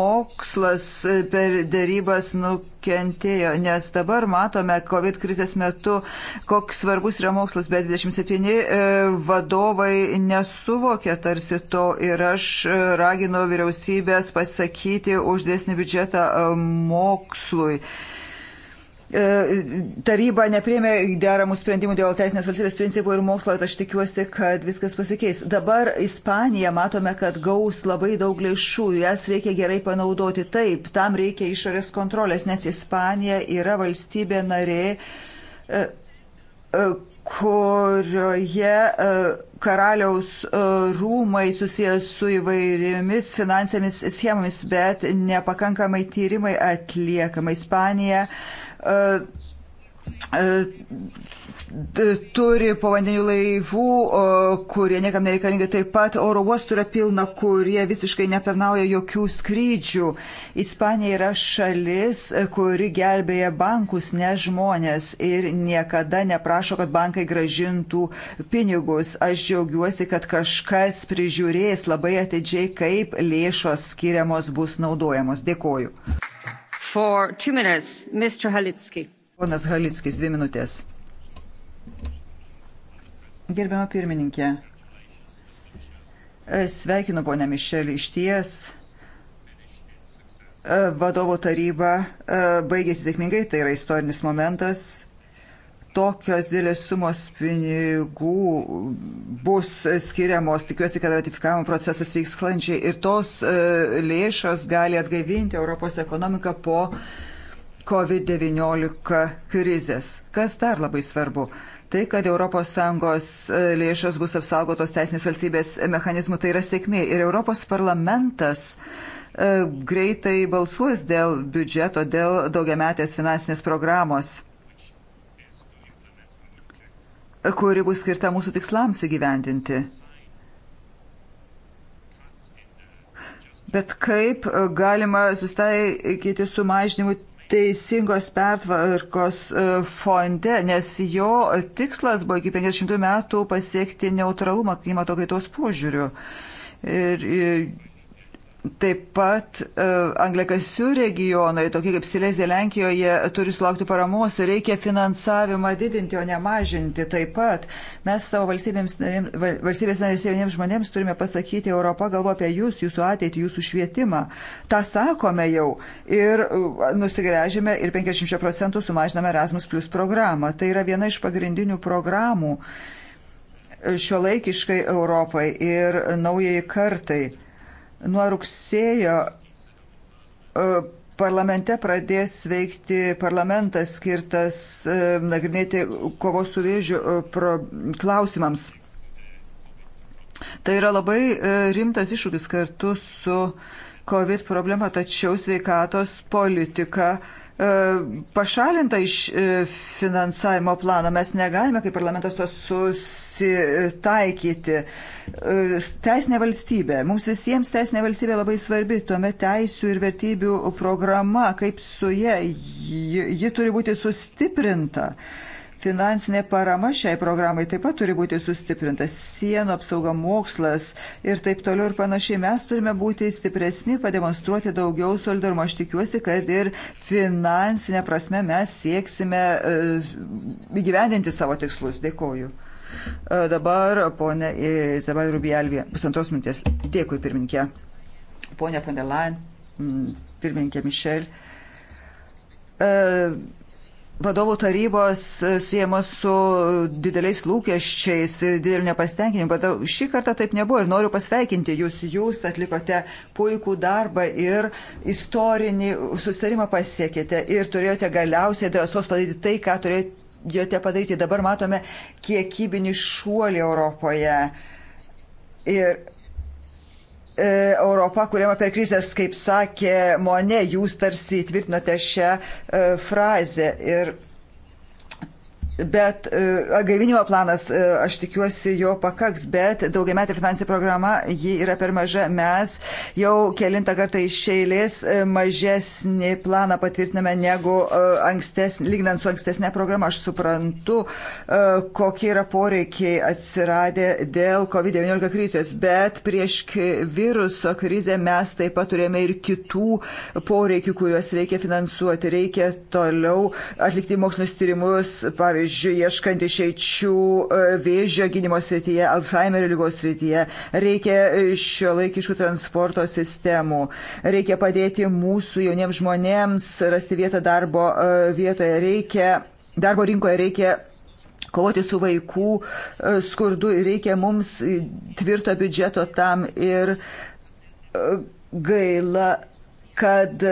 mokslas per dėrybas nukentėjo, nes dabar matome COVID krizės metu, koks svarbus yra mokslas, bet 27 e, vadovai nesuvokia tarsi to ir aš raginu vyriausybės pasakyti už dėsnį biudžetą mokslui. E, taryba neprėmė deramų sprendimų dėl teisinės valstybės principų ir mokslo, aš tikiuosi, kad viskas pasikeis. Dabar Ispanija matome, kad gaus labai daug lėšų, jas reikia gerai panaudoti. Taip, tam reikia išorės kontrolės, nes Ispanija yra valstybė narė, e, e, kurioje karaliaus rūmai susijęs su įvairiomis finansiamis schemomis, bet nepakankamai tyrimai atliekama. Ispanija uh, E, e, turi povandeninių laivų, kurie niekam nereikalingi. Taip pat oro uostų yra pilna, kurie visiškai netarnauja jokių skrydžių. Ispanija yra šalis, kuri gelbėja bankus, ne žmonės ir niekada neprašo, kad bankai gražintų pinigus. Aš džiaugiuosi, kad kažkas prižiūrės labai atidžiai, kaip lėšos skiriamos bus naudojamos. Dėkoju for two minutes, Mr. Halitski. Ponas Halitskis, dvi minutės. Gerbiama pirmininkė, e, sveikinu ponę Mišelį iš ties e, vadovų taryba e, baigėsi sėkmingai, tai yra istorinis momentas tokios dėlės sumos pinigų bus skiriamos. Tikiuosi, kad ratifikavimo procesas vyks sklandžiai ir tos e, lėšos gali atgaivinti Europos ekonomiką po COVID-19 krizės. Kas dar labai svarbu? Tai, kad ES e, lėšos bus apsaugotos teisinės valstybės mechanizmų, tai yra sėkmė. Ir Europos parlamentas e, greitai balsuos dėl biudžeto, dėl daugiametės finansinės programos kuri bus skirta mūsų tikslams įgyvendinti. Bet kaip galima sustaikyti su mažinimu teisingos pertvarkos e, fonde, nes jo tikslas buvo iki 50 metų pasiekti neutralumą klimato kaitos požiūriu. Ir, ir e, Taip pat uh, e, anglikasių regionai, tokie kaip Silezija Lenkijoje, turi sulaukti paramos ir reikia finansavimą didinti, o ne mažinti. Taip pat mes savo valstybės narės jauniems žmonėms turime pasakyti, Europą galvo apie jūs, jūsų ateitį, jūsų švietimą. Ta sakome jau ir uh, nusigręžime ir 50 procentų sumažiname Erasmus Plus programą. Tai yra viena iš pagrindinių programų šiuolaikiškai Europai ir naujai kartai Nuo rugsėjo e, parlamente pradės veikti parlamentas skirtas e, nagrinėti kovos su vėžiu e, klausimams. Tai yra labai rimtas iššūkis kartu su COVID problema, tačiau sveikatos politika uh, E, pašalinta iš e, finansavimo plano. Mes negalime kaip parlamentas to susitaikyti. E, teisinė valstybė. Mums visiems teisinė valstybė labai svarbi. Tuomet teisų ir vertybių programa, kaip su jie, ji, ji turi būti sustiprinta. Uh, Finansinė parama šiai programai taip pat turi būti sustiprinta, sienų apsauga, mokslas ir taip toliau ir panašiai. Mes turime būti stipresni, pademonstruoti daugiau solidarumo. Aš tikiuosi, kad ir finansinė prasme mes sieksime e, įgyvendinti savo tikslus. Dėkoju. E, dabar ponė Izabai Rubielvė, pusantros minties. Dėkui, pirmininkė. Ponė Fondelain, pirmininkė Mišel. Uh, e, vadovų tarybos e, siejamos su dideliais lūkesčiais ir dideliu nepasitenkinimu, bet šį kartą taip nebuvo ir noriu pasveikinti jūs. Jūs atlikote puikų darbą ir istorinį susitarimą pasiekėte ir turėjote galiausiai drąsos padaryti tai, ką turėjote padaryti. Dabar matome kiekybinį šuolį Europoje. Ir E, Europa kuriama per krizės, kaip sakė Mone, jūs tarsi įtvirtinote šią e, frazę. Ir Bet e, gaivinimo planas, e, aš tikiuosi, jo pakaks, bet daugiametė finansinė programa, ji yra per maža. Mes jau kelintą kartą iš eilės e, mažesnį planą patvirtiname negu ankstesnį, lygnant su ankstesnė programa. Aš suprantu, kokie yra poreikiai atsiradę dėl COVID-19 krizės, bet prieš viruso krizę mes taip pat turėjome ir kitų poreikių, kuriuos reikia finansuoti. Reikia toliau atlikti mokslinius tyrimus, pavyzdžiui, pavyzdžiui, ieškant išeičių e, vėžio gynimo srityje, Alzheimerio lygos srityje. Reikia e, šio laikiškų transporto sistemų. Reikia padėti mūsų jauniems žmonėms rasti vietą darbo e, vietoje. Reikia, darbo rinkoje reikia kovoti su vaikų skurdu ir reikia mums tvirto biudžeto tam ir gaila, kad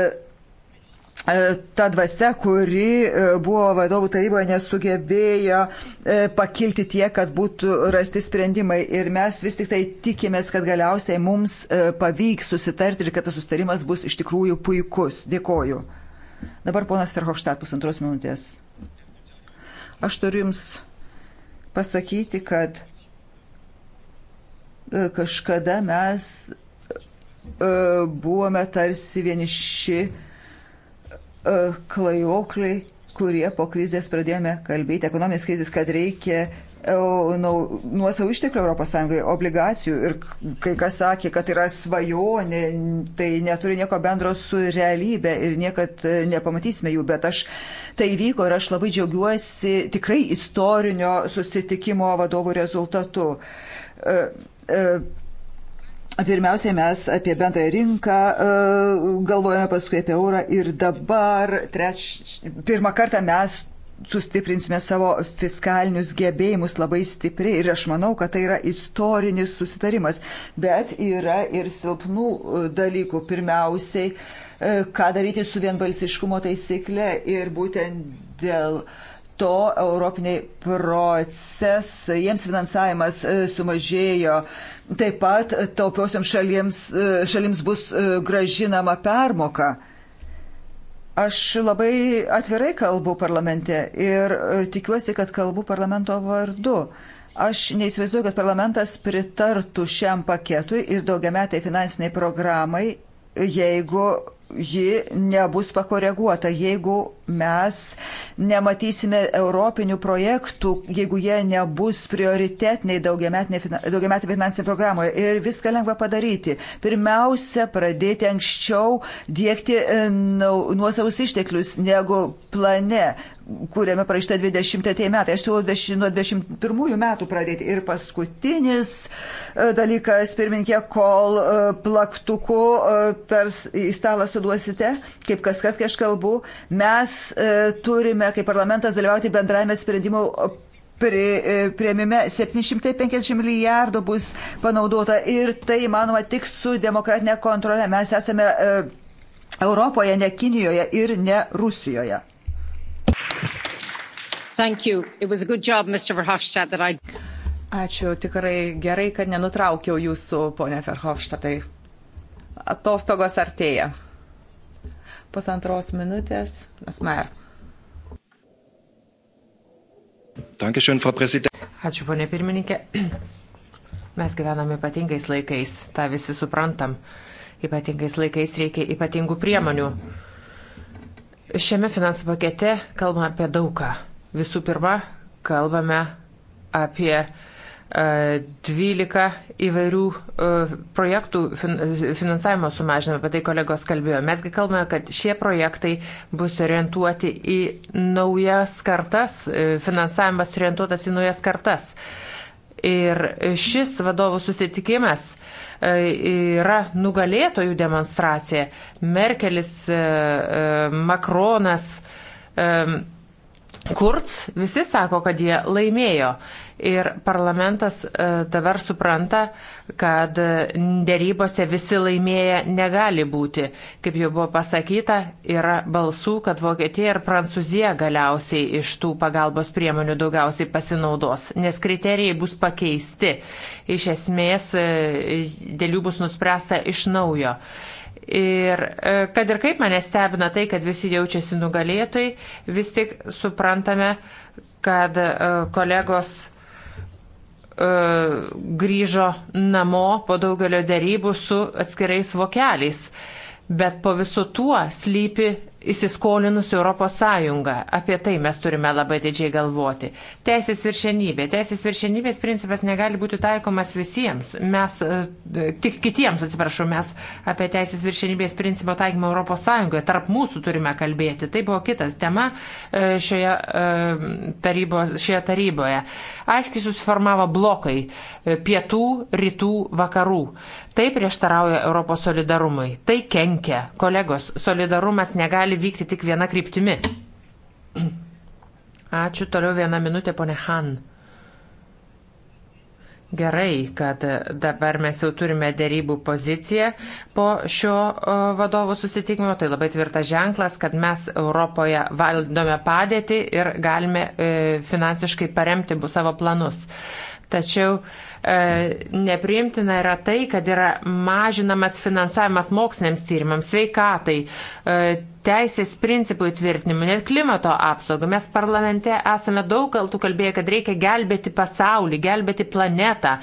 E, ta dvasia, kuri e, buvo vadovų taryboje, nesugebėjo e, pakilti tie, kad būtų rasti sprendimai. Ir mes vis tik tai tikimės, kad galiausiai mums pavyks susitarti ir kad tas sustarimas bus iš tikrųjų puikus. Dėkoju. Dabar ponas Ferhofštat pusantros minutės. Aš turiu Jums pasakyti, kad kažkada mes buvome tarsi vieniši E, klajokliai, kurie po krizės pradėjome kalbėti, ekonominės krizės, kad reikia e, nuosavų išteklių ES, obligacijų ir kai kas sakė, kad yra svajonė, tai neturi nieko bendro su realybė ir niekad e, nepamatysime jų, bet aš tai vyko ir aš labai džiaugiuosi tikrai istorinio susitikimo vadovų rezultatu. Pirmiausiai mes apie bendrąją rinką e, galvojame, paskui apie eurą ir dabar treč, pirmą kartą mes sustiprinsime savo fiskalinius gebėjimus labai stipriai ir aš manau, kad tai yra istorinis susitarimas, bet yra ir silpnų e, dalykų. Pirmiausiai, e, ką daryti su vienbalsiškumo taisykle ir būtent dėl to europiniai procesai, jiems finansavimas sumažėjo Taip pat taupiosiam šalims, e, šalims bus e, gražinama permoka. Aš labai atvirai kalbu parlamente ir e, tikiuosi, kad kalbu parlamento vardu. Aš neįsivaizduoju, kad parlamentas pritartų šiam paketui ir daugiametai finansiniai programai, jeigu ji nebus pakoreguota, jeigu mes nematysime europinių projektų, jeigu jie nebus prioritetiniai daugiametė finansinė programoje. Ir viską lengva padaryti. Pirmiausia, pradėti anksčiau dėkti e, nuosavus išteklius negu plane kuriame parašyta 23 metai. Aš siūlau nuo 21 metų pradėti. Ir paskutinis e, dalykas, pirmininkė, kol e, plaktuku e, per stalą suduosite, kaip kas kart, kai aš kalbu, mes turime kaip parlamentas dalyvauti bendraime sprendimo prieimime 750 milijardų bus panaudota ir tai manoma tik su demokratinė kontrolė. Mes esame Europoje, ne Kinijoje ir ne Rusijoje. Job, Verhofstadt, I... Ačiū, tikrai gerai, kad nenutraukiau jūsų, ponė Verhofštatai. Atostogos artėja. Pusantros minutės, Asmer. Ačiū, ponė pirmininkė. Mes gyvename ypatingais laikais, tą visi suprantam. Ypatingais laikais reikia ypatingų priemonių. Mm -hmm Šiame finansų pakete kalbame apie daugą. Visų pirma, kalbame apie 12 e, įvairių e, projektų finansavimo sumažinimą, apie tai kolegos kalbėjo. Mesgi kalbame, kad šie projektai bus orientuoti į naujas kartas, e, finansavimas orientuotas į naujas kartas. Ir šis vadovų susitikimas uh, E, yra nugalėtojų demonstracija. Merkelis, e, e, Makronas, Kurz visi sako, kad jie laimėjo ir parlamentas e, dabar supranta, kad e, dėrybose visi laimėję negali būti. Kaip jau buvo pasakyta, yra balsų, kad Vokietija ir Prancūzija galiausiai iš tų pagalbos priemonių daugiausiai pasinaudos, nes kriterijai bus pakeisti. Iš esmės e, dėl jų bus nuspręsta iš naujo. Ir e, kad ir kaip mane stebina tai, kad visi jaučiasi nugalėtojai, vis tik suprantame, kad e, kolegos e, grįžo namo po daugelio dėrybų su atskirais vokeliais. Bet po viso tuo slypi įsiskolinusi Europos Sąjunga. Apie tai mes turime labai didžiai galvoti. Teisės viršenybė. Teisės viršenybės principas negali būti taikomas visiems. Mes, e, tik kitiems, atsiprašau, mes apie teisės viršenybės principo taikymą Europos Sąjungoje tarp mūsų turime kalbėti. Tai buvo kitas tema e, šioje, e, tarybo, šioje taryboje. Aiškiai susiformavo blokai - pietų, rytų, vakarų. Tai prieštarauja Europos solidarumui. Tai kenkia. Kolegos, solidarumas negali vykti tik viena kryptimi. Ačiū, toliau vieną minutę, ponė Han. Gerai, kad dabar mes jau turime dėrybų poziciją po šio vadovų susitikimo. Tai labai tvirtas ženklas, kad mes Europoje valdome padėtį ir galime e, finansiškai paremti savo planus. Tačiau E, nepriimtina yra tai, kad yra mažinamas finansavimas moksliniams tyrimams, sveikatai, e, teisės principų įtvirtinimu, net klimato apsaugu. Mes parlamente esame daug kaltų kalbėję, kad reikia gelbėti pasaulį, gelbėti planetą.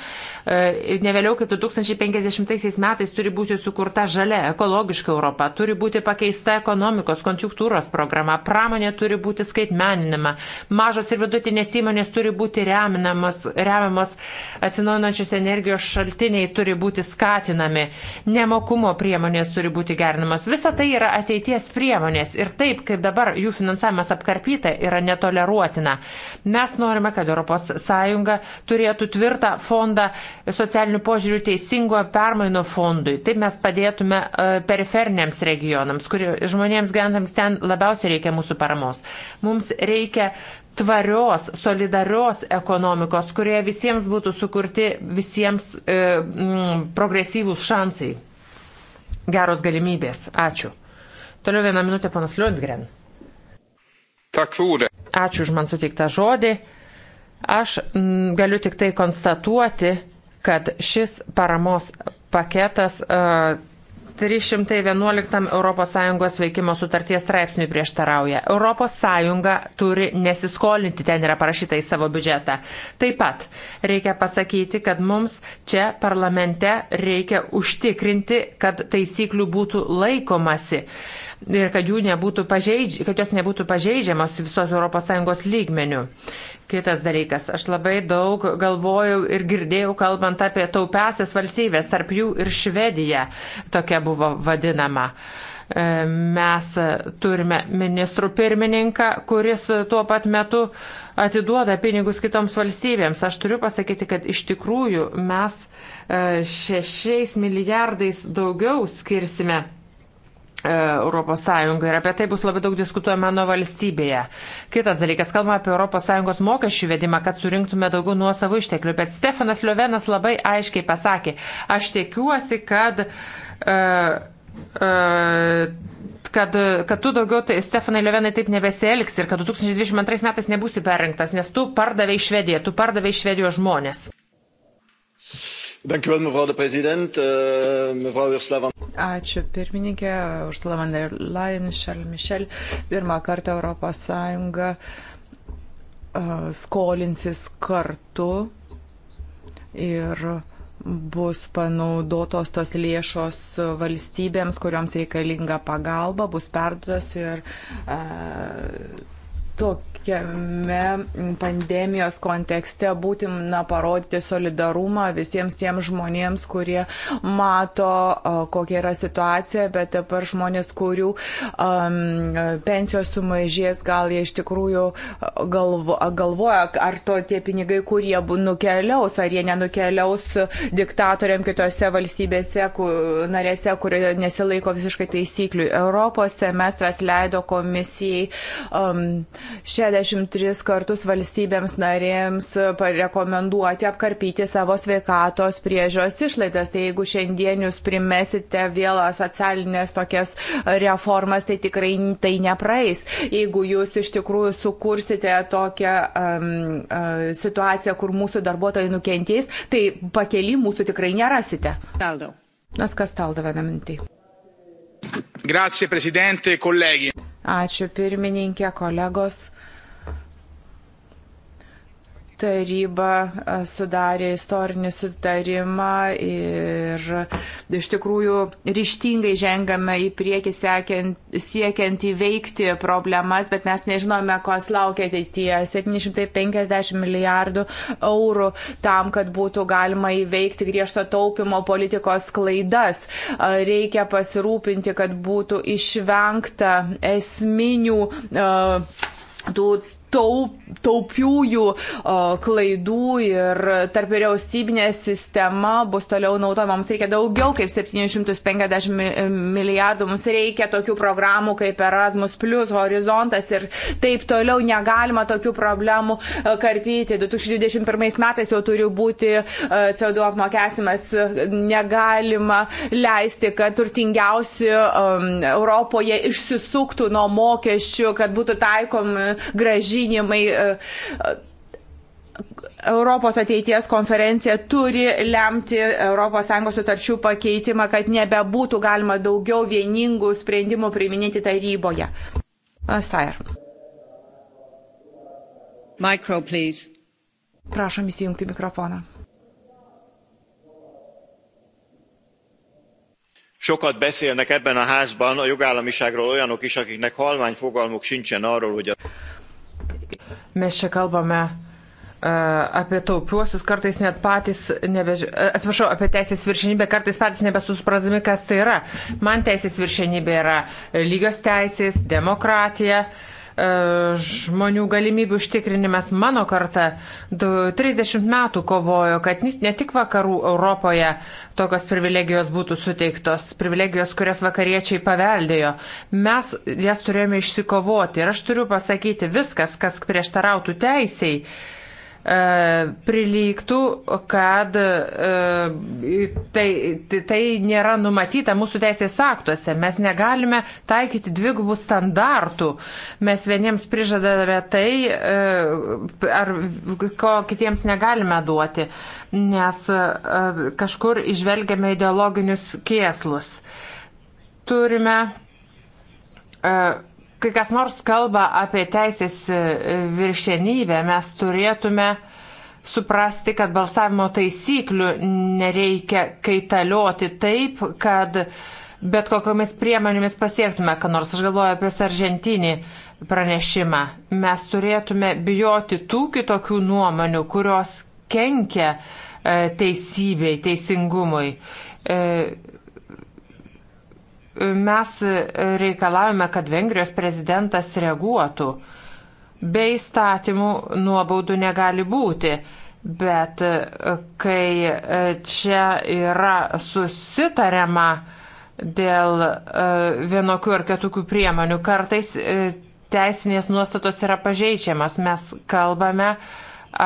E, ne vėliau kaip 2050 metais turi būti sukurta žalia, ekologiška Europa, turi būti pakeista ekonomikos, konjunktūros programa, pramonė turi būti skaitmeninama, mažos ir vidutinės įmonės turi būti reminamos, remiamos, atsinaujinančios energijos šaltiniai turi būti skatinami, nemokumo priemonės turi būti gerinamos. Visa tai yra ateities priemonė priemonės ir taip, kaip dabar jų finansavimas apkarpyta, yra netoleruotina. Mes norime, kad ES turėtų tvirtą fondą socialinių požiūrių teisingo permaino fondui. Taip mes padėtume e, periferiniams regionams, kurie žmonėms gyventams ten labiausiai reikia mūsų paramos. Mums reikia tvarios, solidarios ekonomikos, kurioje visiems būtų sukurti visiems e, m, progresyvūs šansai, geros galimybės. Ačiū. Toliau vieną minutę panas Liundgren. Ačiū už man suteiktą žodį. Aš galiu tik tai konstatuoti, kad šis paramos paketas uh, 311 ES veikimo sutarties straipsniui prieštarauja. ES turi nesiskolinti, ten yra parašyta į savo biudžetą. Taip pat reikia pasakyti, kad mums čia parlamente reikia užtikrinti, kad taisyklių būtų laikomasi ir kad, pažeidži, kad jos nebūtų pažeidžiamos visos ES lygmenių. Kitas dalykas, aš labai daug galvojau ir girdėjau kalbant apie taupesias valstybės, tarp jų ir Švedija tokia buvo vadinama. E, mes turime ministrų pirmininką, kuris tuo pat metu atiduoda pinigus kitoms valstybėms. Aš turiu pasakyti, kad iš tikrųjų mes e, šešiais milijardais daugiau skirsime ES ir apie tai bus labai daug diskutuojama mano valstybėje. Kitas dalykas, kalbame apie ES mokesčių vedimą, kad surinktume daugiau nuosavų išteklių, bet Stefanas Liovenas labai aiškiai pasakė, aš tikiuosi, kad, uh, uh, kad, kad tu daugiau, tai, Stefanai Liovenai, taip nebesielgs ir kad 2022 metais nebūsi perrinktas, nes tu pardavai Švediją, tu pardavai Švedijos žmonės. Eh, Ačiū pirmininkė Ursula von der Leyen, Charles Michel. Pirmą kartą ES e, skolinsis kartu ir bus panaudotos tos lėšos valstybėms, kurioms reikalinga pagalba, bus perduotas ir a, e, tokia tokiame pandemijos kontekste būtina parodyti solidarumą visiems tiems žmonėms, kurie mato, kokia yra situacija, bet dabar žmonės, kurių um, pensijos sumažės, gal jie iš tikrųjų galvo, galvoja, ar to tie pinigai, kurie nukeliaus, ar jie nenukeliaus diktatoriam kitose valstybėse, kur, narėse, kurie nesilaiko visiškai taisyklių. Europos semestras leido komisijai um, šią 43 kartus valstybėms narėms rekomenduoti apkarpyti savo sveikatos priežios išlaidas. Tai jeigu šiandien jūs primesite vėl socialinės tokias reformas, tai tikrai tai nepraeis. Jeigu jūs iš tikrųjų sukursite tokią um, uh, situaciją, kur mūsų darbuotojai nukentės, tai pakeli mūsų tikrai nerasite. Taldo. Nas kas taldo vieną mintį. Grazie, Presidente, kolegi. Ačiū pirmininkė, kolegos taryba sudarė istorinį sutarimą ir iš tikrųjų ryštingai žengame į priekį siekiant, siekiant įveikti problemas, bet mes nežinome, kas laukia ateityje. 750 milijardų eurų tam, kad būtų galima įveikti griežto taupimo politikos klaidas. Reikia pasirūpinti, kad būtų išvengta esminių uh, tų taup, taupiųjų o, klaidų ir tarp vyriausybinė sistema bus toliau naudojama. Mums reikia daugiau kaip 750 milijardų, mums reikia tokių programų kaip Erasmus, Horizontas ir taip toliau. Negalima tokių problemų karpyti. 2021 metais jau turi būti CO2 apmokesimas. Negalima leisti, kad turtingiausi um, Europoje išsisuktų nuo mokesčių, kad būtų taikomi gražiai ketinimai. E, Europos ateities konferencija turi lemti ES sutarčių pakeitimą, kad nebebūtų galima daugiau vieningų sprendimų priiminėti taryboje. Sair. Micro, please. Prašom įsijungti mikrofoną. sokat beszélnek ebben a házban a jogállamiságról olyanok is akiknek halvány fogalmuk sincsen arról hogy a. Mes čia kalbame e, apie taupiuosius, kartais net patys, nebež... E, atsiprašau, apie teisės viršinybę, kartais patys nebesusprasdami, kas tai yra. Man teisės viršinybė yra lygios teisės, demokratija. Uh, E, žmonių galimybių užtikrinimas. Mano karta 30 metų kovojo, kad ne tik vakarų Europoje tokios privilegijos būtų suteiktos, privilegijos, kurias vakariečiai paveldėjo. Mes jas turėjome išsikovoti ir aš turiu pasakyti viskas, kas prieštarautų teisiai E, prilygtų, kad e, tai, tai, tai nėra numatyta mūsų teisės aktuose. Mes negalime taikyti dvigubų standartų. Mes vieniems prižadame tai, e, ar ko kitiems negalime duoti, nes kažkur išvelgiame ideologinius kieslus. Turime uh, kai kas nors kalba apie teisės e, viršenybę, mes turėtume suprasti, kad balsavimo taisyklių nereikia kaitalioti taip, kad bet kokiamis priemonėmis pasiektume, kad nors aš galvoju apie Sargentinį pranešimą, mes turėtume bijoti tų kitokių nuomonių, kurios kenkia e, teisybei, teisingumui e, Mes reikalavome, kad Vengrijos prezidentas reaguotų. Be įstatymų nuobaudų negali būti. Bet e, kai e, čia yra susitariama dėl e, vienokių ar kitokių priemonių, kartais teisinės nuostatos yra pažeidžiamas. Mes kalbame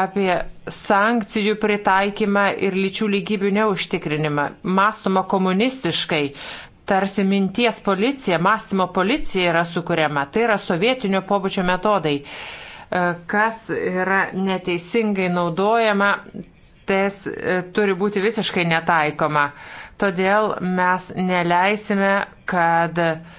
apie sankcijų pritaikymą ir lyčių lygybių neužtikrinimą. Mastoma komunistiškai, tarsi minties policija, mąstymo policija yra sukuriama. Tai yra sovietinio pobūdžio metodai, e, kas yra neteisingai naudojama, tas e, turi būti visiškai netaikoma. Todėl mes neleisime, kad uh,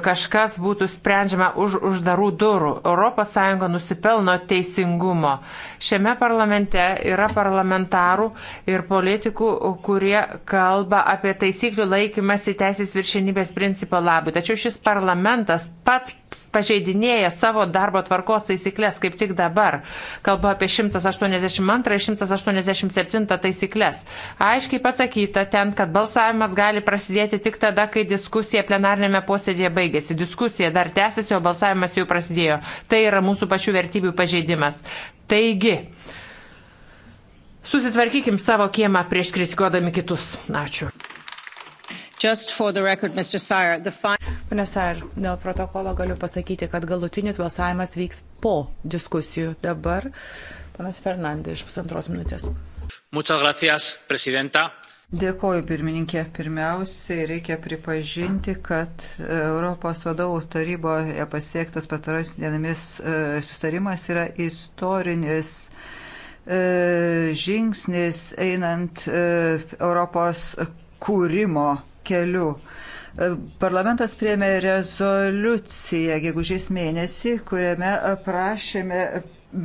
kažkas būtų sprendžiama už uždarų durų. ES nusipelno teisingumo. Šiame parlamente yra parlamentarų ir politikų, kurie kalba apie taisyklių laikymasi teisės viršinybės principo labui. Tačiau šis parlamentas pats pažeidinėja savo darbo tvarkos taisyklės kaip tik dabar. Kalbu apie 182 ir 187 taisyklės. Aiškiai pasakyta ten, kad balsavimas gali prasidėti tik tada, kai diskusija plenarnėme posėdėje baigėsi. Diskusija dar tęsiasi, o balsavimas jau prasidėjo. Tai yra mūsų pačių vertybių pažeidimas. Taigi, susitvarkykim savo kiemą prieš kritikuodami kitus. Ačiū. Record, Pane Sair, dėl protokolo galiu pasakyti, kad galutinis balsavimas vyks po diskusijų. Dabar panas Fernandė iš pusantros minutės. Gracias, Dėkoju, pirmininkė. Pirmiausiai reikia pripažinti, kad e, Europos vadovų taryboje pasiektas patarais dienomis e, sustarimas yra istorinis e, žingsnis einant Europos kūrimo keliu. E, Parlamentas priemė rezoliuciją gegužės mėnesį, kuriame prašėme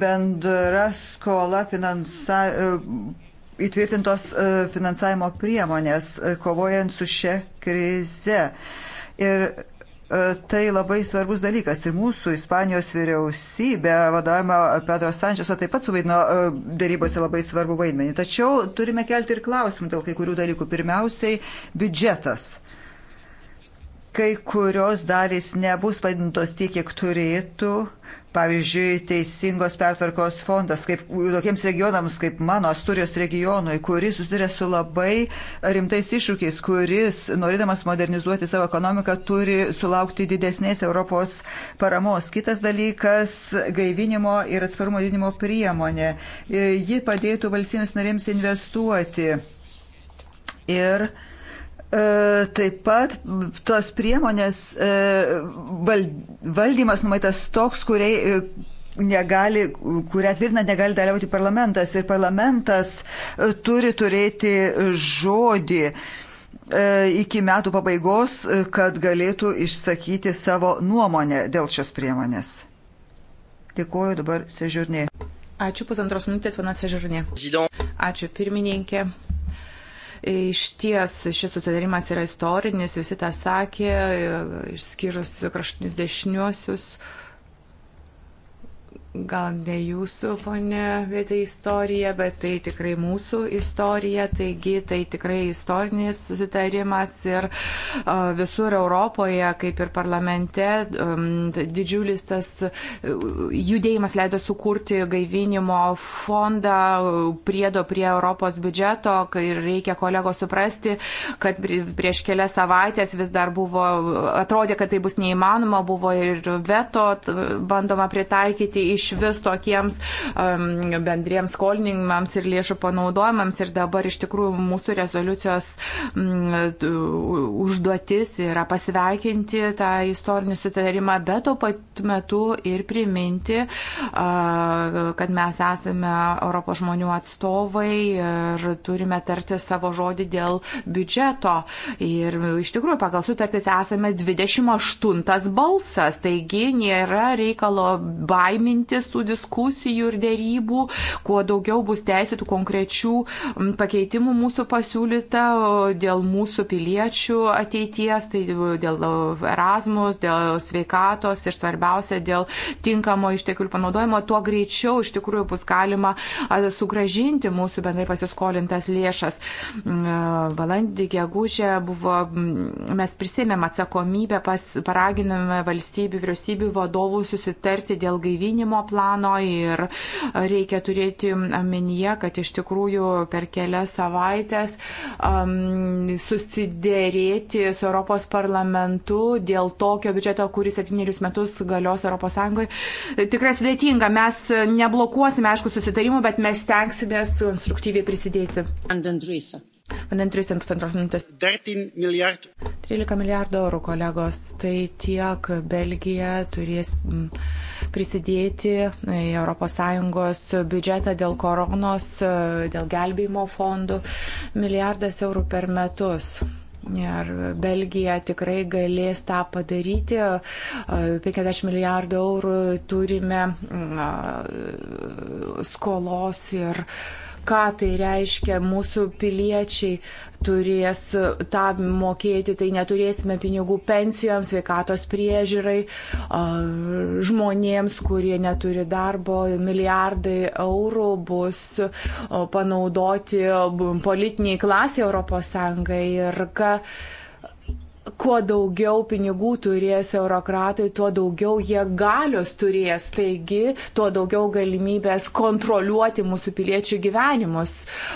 bendra skola finansa, e, įtvirtintos e, finansavimo priemonės kovojant su šia krize. Ir E, tai labai svarbus dalykas ir mūsų Ispanijos vyriausybė, vadovama Pedro Sančeso, taip pat suvaidino e, darybose labai svarbu vaidmenį. Tačiau turime kelti ir klausimų dėl kai kurių dalykų. Pirmiausiai, biudžetas kai kurios dalys nebus padintos tiek, kiek turėtų, Pavyzdžiui, teisingos pertvarkos fondas, kaip tokiems regionams kaip mano Asturijos regionui, kuris susiduria su labai rimtais iššūkiais, kuris, norėdamas modernizuoti savo ekonomiką, turi sulaukti didesnės Europos paramos. Kitas dalykas - gaivinimo ir atsparumo didinimo priemonė. Ji padėtų valstybėms narėms investuoti. Ir uh, E, taip pat tos priemonės e, valdymas numaitas toks, kuriai e, negali, kurią tvirtina negali dalyvauti parlamentas ir parlamentas turi turėti žodį iki metų pabaigos, kad galėtų išsakyti savo nuomonę dėl šios priemonės. Dėkuoju dabar Sežurnė. Ačiū pusantros minutės, viena Sežurnė. Ačiū pirmininkė. Iš ties šis sutarimas yra istorinis, visi tą sakė, išskyrus kraštinius dešiniuosius. Uh, gal ne jūsų, ponė, vietą istorija, bet tai tikrai mūsų istorija, taigi tai tikrai istorinis susitarimas ir visur Europoje, kaip ir parlamente, didžiulis tas judėjimas leido sukurti gaivinimo fondą priedo prie Europos biudžeto ir reikia kolego suprasti, kad prieš kelias savaitės vis dar buvo, atrodė, kad tai bus neįmanoma, buvo ir veto bandoma pritaikyti išvis tokiems um, bendriems skolinimams ir lėšų panaudojimams. Ir dabar iš tikrųjų mūsų rezoliucijos um, užduotis yra pasveikinti tą istorinį sutarimą, bet tuo pat metu ir priminti, uh, kad mes esame Europos žmonių atstovai ir turime tarti savo žodį dėl biudžeto. Ir iš tikrųjų pagal sutartis esame 28 balsas, taigi nėra reikalo baiminti imtis tų diskusijų ir dėrybų, kuo daugiau bus teisėtų konkrečių pakeitimų mūsų pasiūlyta dėl mūsų piliečių ateities, tai dėl Erasmus, dėl sveikatos ir svarbiausia dėl tinkamo išteklių panaudojimo, tuo greičiau iš tikrųjų bus galima sugražinti mūsų bendrai pasiskolintas lėšas. Balandį, gegužę buvo, mes prisėmėm atsakomybę, pas, paraginame valstybių, vyriausybių vadovų susitarti dėl gaivinimo mobilumo plano ir reikia turėti omenyje, kad iš tikrųjų per kelias savaitės um, susidėrėti su Europos parlamentu dėl tokio biudžeto, kuris septynerius metus galios Europos Sąjungoje. Tikrai sudėtinga. Mes neblokuosime, aišku, susitarimų, bet mes tenksimės konstruktyviai prisidėti. Andandrysa. Vandien 3,5 minutės. 13 milijardų. 13 milijardų eurų, kolegos. Tai tiek Belgija turės mm, prisidėti į ES biudžetą dėl koronos, dėl gelbėjimo fondų. Milijardas eurų per metus. Ir Belgija tikrai galės tą padaryti. 50 milijardų eurų turime mm, skolos ir. Uh, ką tai reiškia mūsų piliečiai turės tą mokėti, tai neturėsime pinigų pensijoms, sveikatos priežiūrai, žmonėms, kurie neturi darbo, milijardai eurų bus panaudoti politiniai klasiai ES ir ką. Ka kuo daugiau pinigų turės eurokratai, tuo daugiau jie galios turės, taigi tuo daugiau galimybės kontroliuoti mūsų piliečių gyvenimus.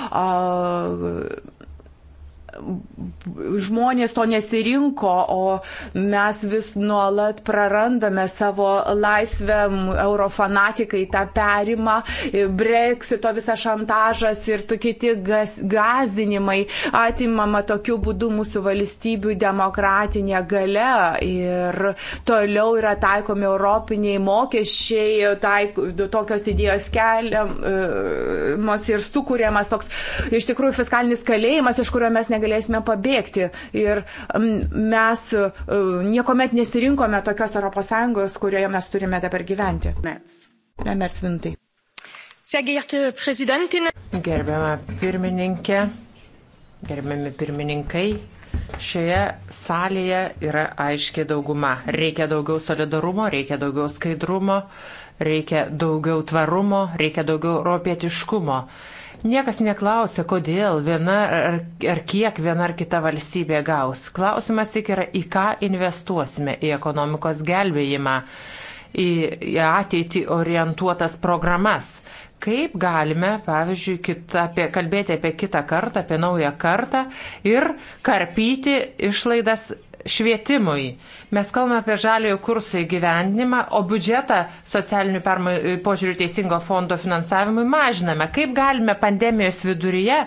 Uh, žmonės to nesirinko, o mes vis nuolat prarandame savo laisvę, eurofanatikai tą perima, breksito visas šantažas ir kiti gazdinimai atimama tokiu būdu mūsų valstybių demokratinė gale ir toliau yra taikomi europiniai mokesčiai, taik, tokios idėjos keliamos e, ir sukūriamas toks iš tikrųjų fiskalinis kalėjimas, iš kurio mes negalime galėsime pabėgti. Ir mes e, niekuomet nesirinkome tokios ES, kurioje mes turime dabar gyventi. Remers Vintai. Gerbiama pirmininkė, gerbiami pirmininkai, šioje salėje yra aiškiai dauguma. Reikia daugiau solidarumo, reikia daugiau skaidrumo, reikia daugiau tvarumo, reikia daugiau europietiškumo. Niekas neklausia, kodėl viena ar, ar kiek viena ar kita valstybė gaus. Klausimas tik yra, į ką investuosime - į ekonomikos gelbėjimą, į, į ateitį orientuotas programas. Kaip galime, pavyzdžiui, kita, apie, kalbėti apie kitą kartą, apie naują kartą ir karpyti išlaidas švietimui. Mes kalbame apie žaliojo kurso įgyvendinimą, o biudžetą socialinių požiūrių teisingo fondo finansavimui mažiname. Kaip galime pandemijos viduryje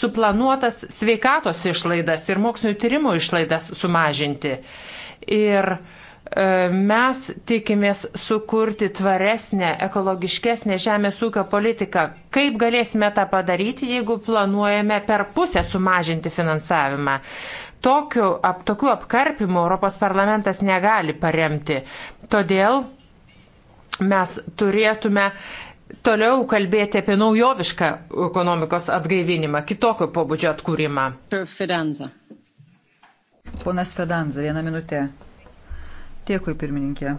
suplanuotas sveikatos išlaidas ir mokslinio tyrimų išlaidas sumažinti? Ir e, mes tikimės sukurti tvaresnę, ekologiškesnę žemės ūkio politiką. Kaip galėsime tą padaryti, jeigu planuojame per pusę sumažinti finansavimą? Tokiu, ap, tokių apkarpimų Europos parlamentas negali paremti. Todėl mes turėtume toliau kalbėti apie naujovišką ekonomikos atgaivinimą, kitokio pobūdžio atkūrimą. Fidanza. Ponas Fedanza, vieną minutę. Dėkui, pirmininkė.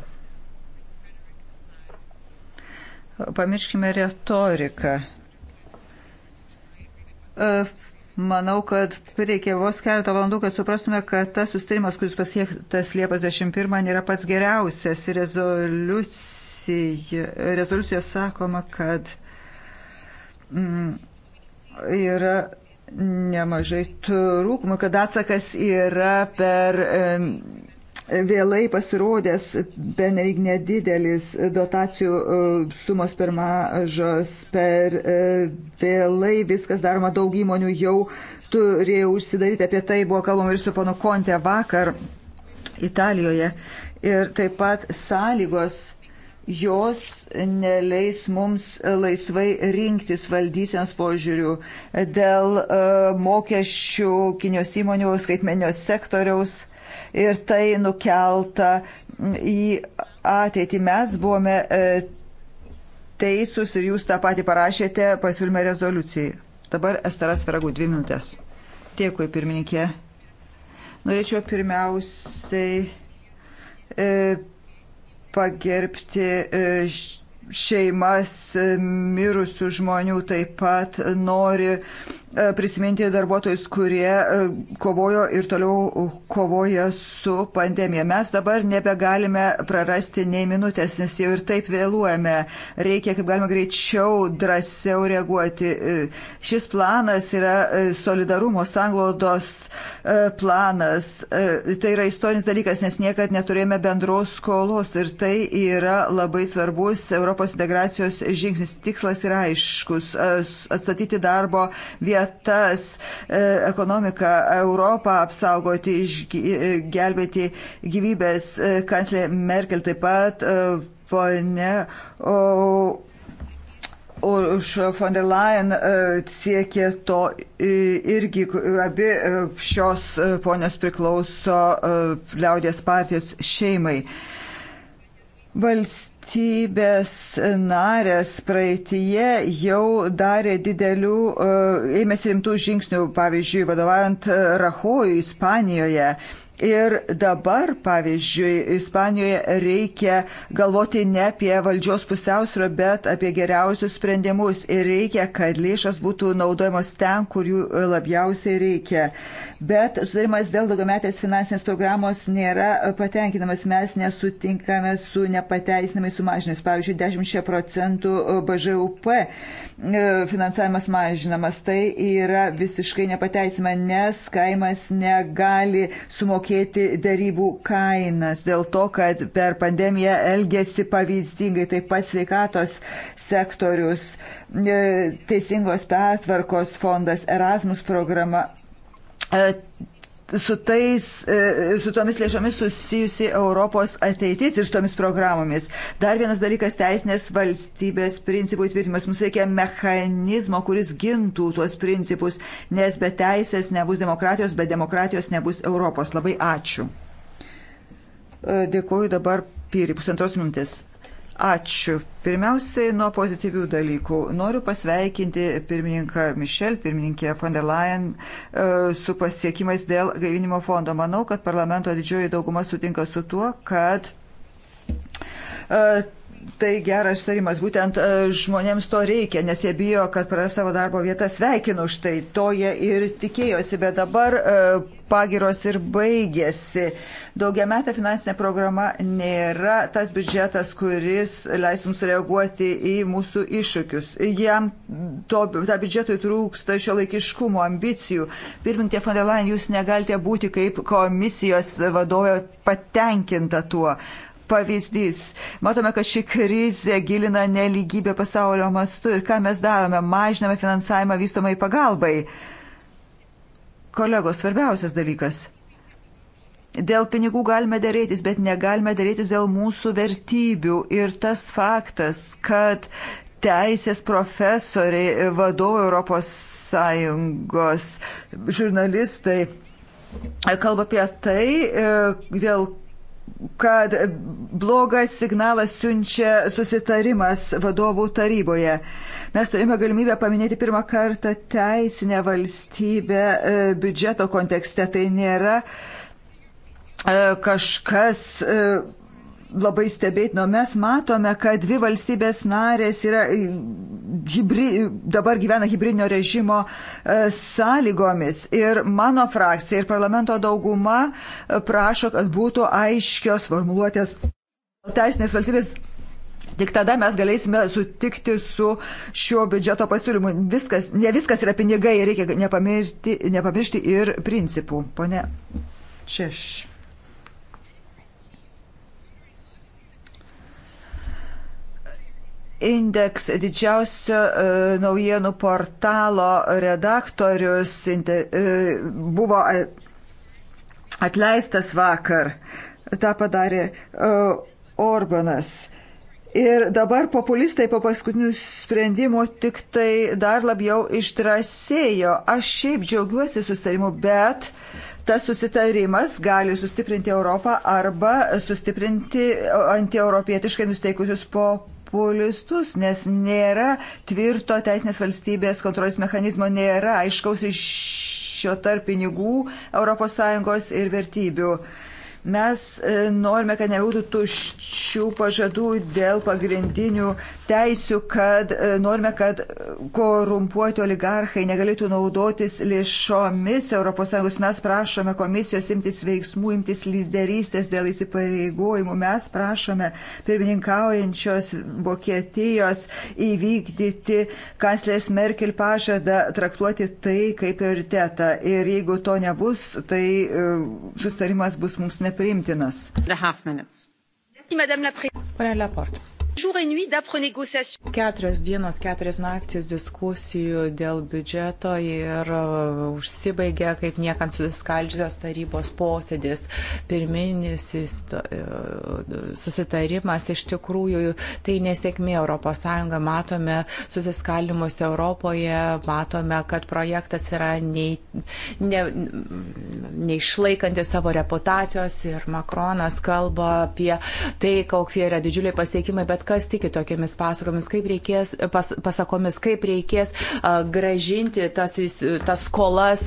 Pamirškime retoriką. E, Manau, kad reikia vos keletą valandų, kad suprastume, kad tas sustarimas, kuris pasiektas Liepos 21, nėra pats geriausias. Rezoliucijoje sakoma, kad mm, yra nemažai trūkumų, kad atsakas yra per. Mm, vėlai pasirodęs benelik nedidelis dotacijų e, sumos per mažos, per e, vėlai viskas daroma, daug įmonių jau turėjo užsidaryti, apie tai buvo kalbama ir su ponu Konte vakar Italijoje. Ir taip pat sąlygos jos neleis mums laisvai rinktis valdysenos požiūrių dėl e, mokesčių Kinijos įmonių skaitmenio sektoriaus ir tai nukelta į ateitį. Mes buvome e, teisūs ir jūs tą patį parašėte pasiūlymę rezoliucijai. Dabar Estaras Feragų, dvi minutės. Dėkui, pirmininkė. Norėčiau pirmiausiai e, pagerbti e, šeimas mirusių žmonių, taip pat nori E, prisiminti darbuotojus, kurie e, kovojo ir toliau kovoja su pandemija. Mes dabar nebegalime prarasti nei minutės, nes jau ir taip vėluojame. Reikia kaip galima greičiau, drąsiau reaguoti. E, šis planas yra solidarumo sanglodos planas. Tai yra istorinis dalykas, nes niekad neturėjome bendros skolos ir tai yra labai svarbus Europos integracijos žingsnis. Tikslas yra aiškus - atstatyti darbo vietą vietas, e, ekonomiką, Europą apsaugoti, e, gelbėti gyvybės. E, Kanclė Merkel taip pat, ponė. Uršula von der Leyen siekė to irgi, abi šios ponios priklauso liaudės partijos šeimai. Valst valstybės narės praeitie jau darė didelių, e, ėmėsi rimtų žingsnių, pavyzdžiui, vadovaujant e, Rahojui Ispanijoje. Ir dabar, pavyzdžiui, Ispanijoje reikia galvoti ne apie valdžios pusiausvyrą, bet apie geriausius sprendimus ir reikia, kad lėšas būtų naudojamos ten, kur jų labiausiai reikia bet sutarimas dėl daugiametės finansinės programos nėra patenkinamas. Mes nesutinkame su nepateisinamai sumažinimais. Pavyzdžiui, 10 procentų BŽUP e, finansavimas mažinamas. Tai yra visiškai nepateisinama, nes kaimas negali sumokėti darybų kainas dėl to, kad per pandemiją elgesi pavyzdingai, taip pat sveikatos sektorius, e, teisingos pertvarkos fondas, Erasmus programa E, su, tais, e, su tomis lėšomis susijusi Europos ateitis ir su tomis programomis. Dar vienas dalykas - teisinės valstybės principų įtvirtimas. Mums reikia mechanizmo, kuris gintų tuos principus, nes be teisės nebus demokratijos, be demokratijos nebus Europos. Labai ačiū. E, Dėkuoju dabar Pyri, pusantros minutės. Ačiū. Pirmiausiai nuo pozityvių dalykų. Noriu pasveikinti pirmininką Mišel, pirmininkę von der Leyen e, su pasiekimais dėl gaivinimo fondo. Manau, kad parlamento didžioji dauguma sutinka su tuo, kad e, tai geras sutarimas, būtent e, žmonėms to reikia, nes jie bijo, kad praras savo darbo vietą, sveikinu už tai, to jie ir tikėjosi, bet dabar e, pagiros ir baigėsi. Daugiametė finansinė programa nėra tas biudžetas, kuris leis mums reaguoti į mūsų iššūkius. Jam to, tą biudžetui trūksta šio laikiškumo, ambicijų. Pirmintė von der Leyen, jūs negalite būti kaip komisijos vadovė patenkinta tuo. Uh, pavyzdys. Matome, kad ši krizė gilina neligybę pasaulio mastu ir ką mes darome, mažiname finansavimą vystomai pagalbai. Kolegos, svarbiausias dalykas. Dėl pinigų galime dėrėtis, bet negalime dėrėtis dėl mūsų vertybių. Ir tas faktas, kad teisės profesoriai, vadovai Europos Sąjungos, žurnalistai kalba apie tai, e, dėl kad blogas signalas siunčia susitarimas vadovų taryboje. Mes turime galimybę paminėti pirmą kartą teisinę valstybę e, biudžeto kontekste. Tai nėra e, kažkas e, labai stebėtino. Nu, mes matome, kad dvi valstybės narės yra, e, hybri, dabar gyvena hybridinio režimo e, sąlygomis. Ir mano frakcija ir parlamento dauguma e, prašo, kad būtų aiškios formuluotės teisinės valstybės Tik tada mes galėsime sutikti su šiuo biudžeto pasiūlymu. Viskas, ne viskas yra pinigai, reikia nepamiršti, nepamiršti ir principų. Pone Češ. Indeks didžiausio e, naujienų portalo redaktorius inter, e, buvo atleistas vakar. Ta padarė e, Orbanas. Ir dabar populistai po paskutinių sprendimų tik tai dar labiau ištrasėjo. Aš šiaip džiaugiuosi susitarimu, bet tas susitarimas gali sustiprinti Europą arba sustiprinti antieuropietiškai nusteikusius populistus populistus, nes nėra tvirto teisinės valstybės kontrolės mechanizmo, nėra aiškaus iš šio tarp pinigų ES ir vertybių. Uh, Mes e, norime, kad nebūtų tuščių pažadų dėl pagrindinių teisių, kad e, norime, kad korumpuoti oligarchai negalėtų naudotis lėšomis ES. Mes prašome komisijos imtis veiksmų, imtis lyderystės dėl įsipareigojimų. Mes prašome pirmininkaujančios Vokietijos įvykdyti kanclerės Merkel pažadą traktuoti tai kaip prioritetą. Ir jeigu to nebus, tai e, sustarimas bus mums ne nepriimtinas. Pane Leport. Keturios dienos, keturias naktis diskusijų dėl biudžeto ir uh, užsibaigė kaip niekant susiskaldžiusios tarybos posėdis. Pirminis uh, susitarimas iš tikrųjų tai nesėkmė ES. Matome susiskaldimus Europoje, matome, kad projektas yra nei, ne, neišlaikantis savo reputacijos ir Makronas kalba apie tai, kokie yra didžiuliai pasiekimai, bet kas tiki tokiamis pasakomis, kaip reikės, pas, pasakomis, kaip reikės uh, gražinti tas, tas skolas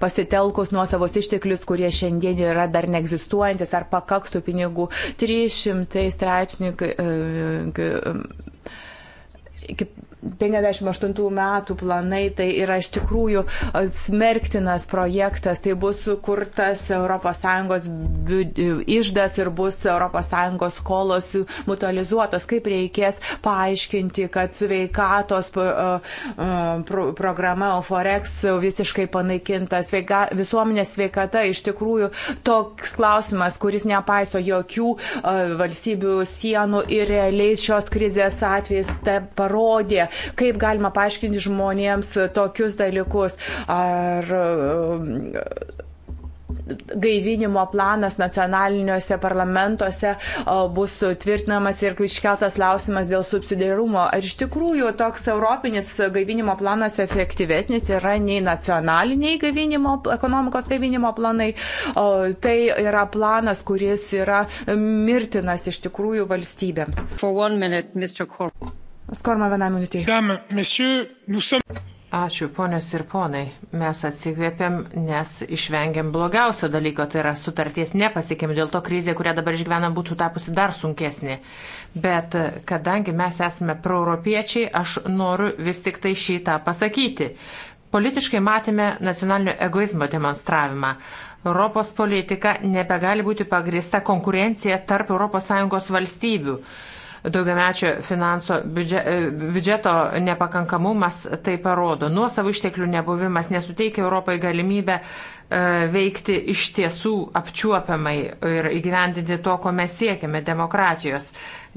pasitelkus nuo savos išteklius, kurie šiandien yra dar neegzistuojantis, ar pakakstų pinigų. 300 straipsnių. Uh, uh, iki 58 metų planai, tai yra iš tikrųjų smerktinas projektas, tai bus sukurtas ES išdas e, ir bus ES skolos mutualizuotos, kaip reikės paaiškinti, kad sveikatos programa Euforex visiškai panaikinta, Sveika, visuomenės sveikata iš tikrųjų toks klausimas, kuris nepaiso jokių valstybių sienų ir realiai šios krizės atvejais parodė, Kaip galima paaiškinti žmonėms tokius dalykus? Ar um, gaivinimo planas nacionaliniuose parlamentuose bus tvirtinamas ir iškeltas klausimas dėl subsidiarumo. Ar iš tikrųjų toks europinis gaivinimo planas efektyvesnis yra nei nacionaliniai gaivinimo, ekonomikos gaivinimo planai? O, tai yra planas, kuris yra mirtinas iš tikrųjų valstybėms. Minute, Skorma vienam minutį. Ačiū, ponios ir ponai. Mes atsikvėpėm, nes išvengėm blogiausio dalyko, tai yra sutarties nepasiekėm. Dėl to krizė, kurią dabar išgyvenam, būtų tapusi dar sunkesnė. Bet kadangi mes esame proeuropiečiai, aš noriu vis tik tai šitą pasakyti. Politiškai matėme nacionalinio egoizmo demonstravimą. Europos politika nebegali būti pagrįsta konkurencija tarp ES valstybių daugiamečio finanso biudžet, e, biudžeto nepakankamumas tai parodo. Nuosavų išteklių nebuvimas nesuteikia Europai galimybę E, veikti iš tiesų apčiuopiamai ir įgyvendinti to, ko mes siekiame - demokratijos.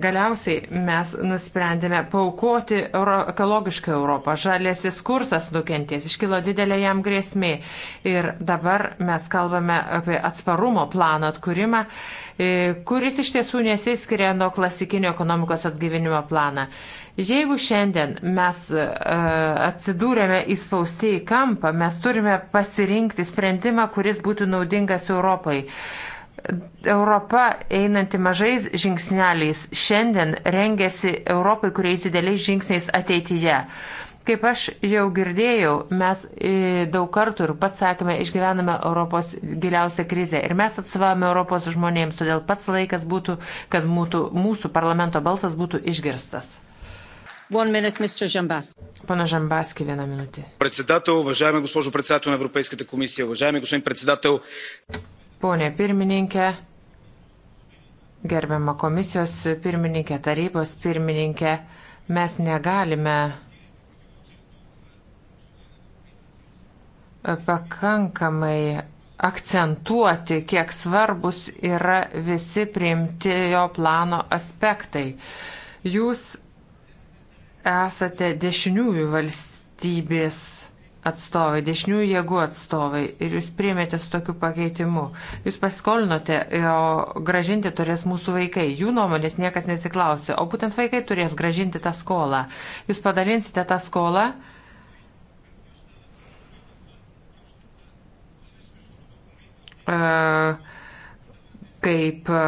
Galiausiai mes nusprendėme paukoti euro, ekologišką Europą. Žalėsis kursas nukentės, iškilo didelė jam grėsmė. Ir dabar mes kalbame apie atsparumo plano atkūrimą, e, kuris iš tiesų nesiskiria nuo klasikinio ekonomikos atgyvinimo planą. Jeigu šiandien mes e, atsidūrėme įspausti į kampą, mes turime pasirinkti sprendimą, kuris būtų naudingas Europai. Europa einanti mažais žingsneliais šiandien rengiasi Europai, kuriais dideliais žingsniais ateityje. Kaip aš jau girdėjau, mes e, daug kartų ir pats sakėme, išgyvename Europos giliausią krizę ir mes atsivavome Europos žmonėms, todėl pats laikas būtų, kad mūsų, mūsų parlamento balsas būtų išgirstas. Пана Жамбаски, една минута. Председател, уважаема госпожо председател на Европейската комисия, уважаеми господин председател. Pone pirmininkė, gerbiama komisijos pirmininkė, tarybos pirmininkė, mes negalime pakankamai akcentuoti, kiek svarbus yra visi priimti jo plano aspektai. Jūs esate dešiniųjų valstybės atstovai, dešiniųjų jėgų atstovai ir jūs priemėte su tokiu pakeitimu. Jūs paskolinote, e, o gražinti turės mūsų vaikai. Jų nuomonės niekas nesiklausė, o būtent vaikai turės gražinti tą skolą. Jūs padalinsite tą skolą. E, kaip e,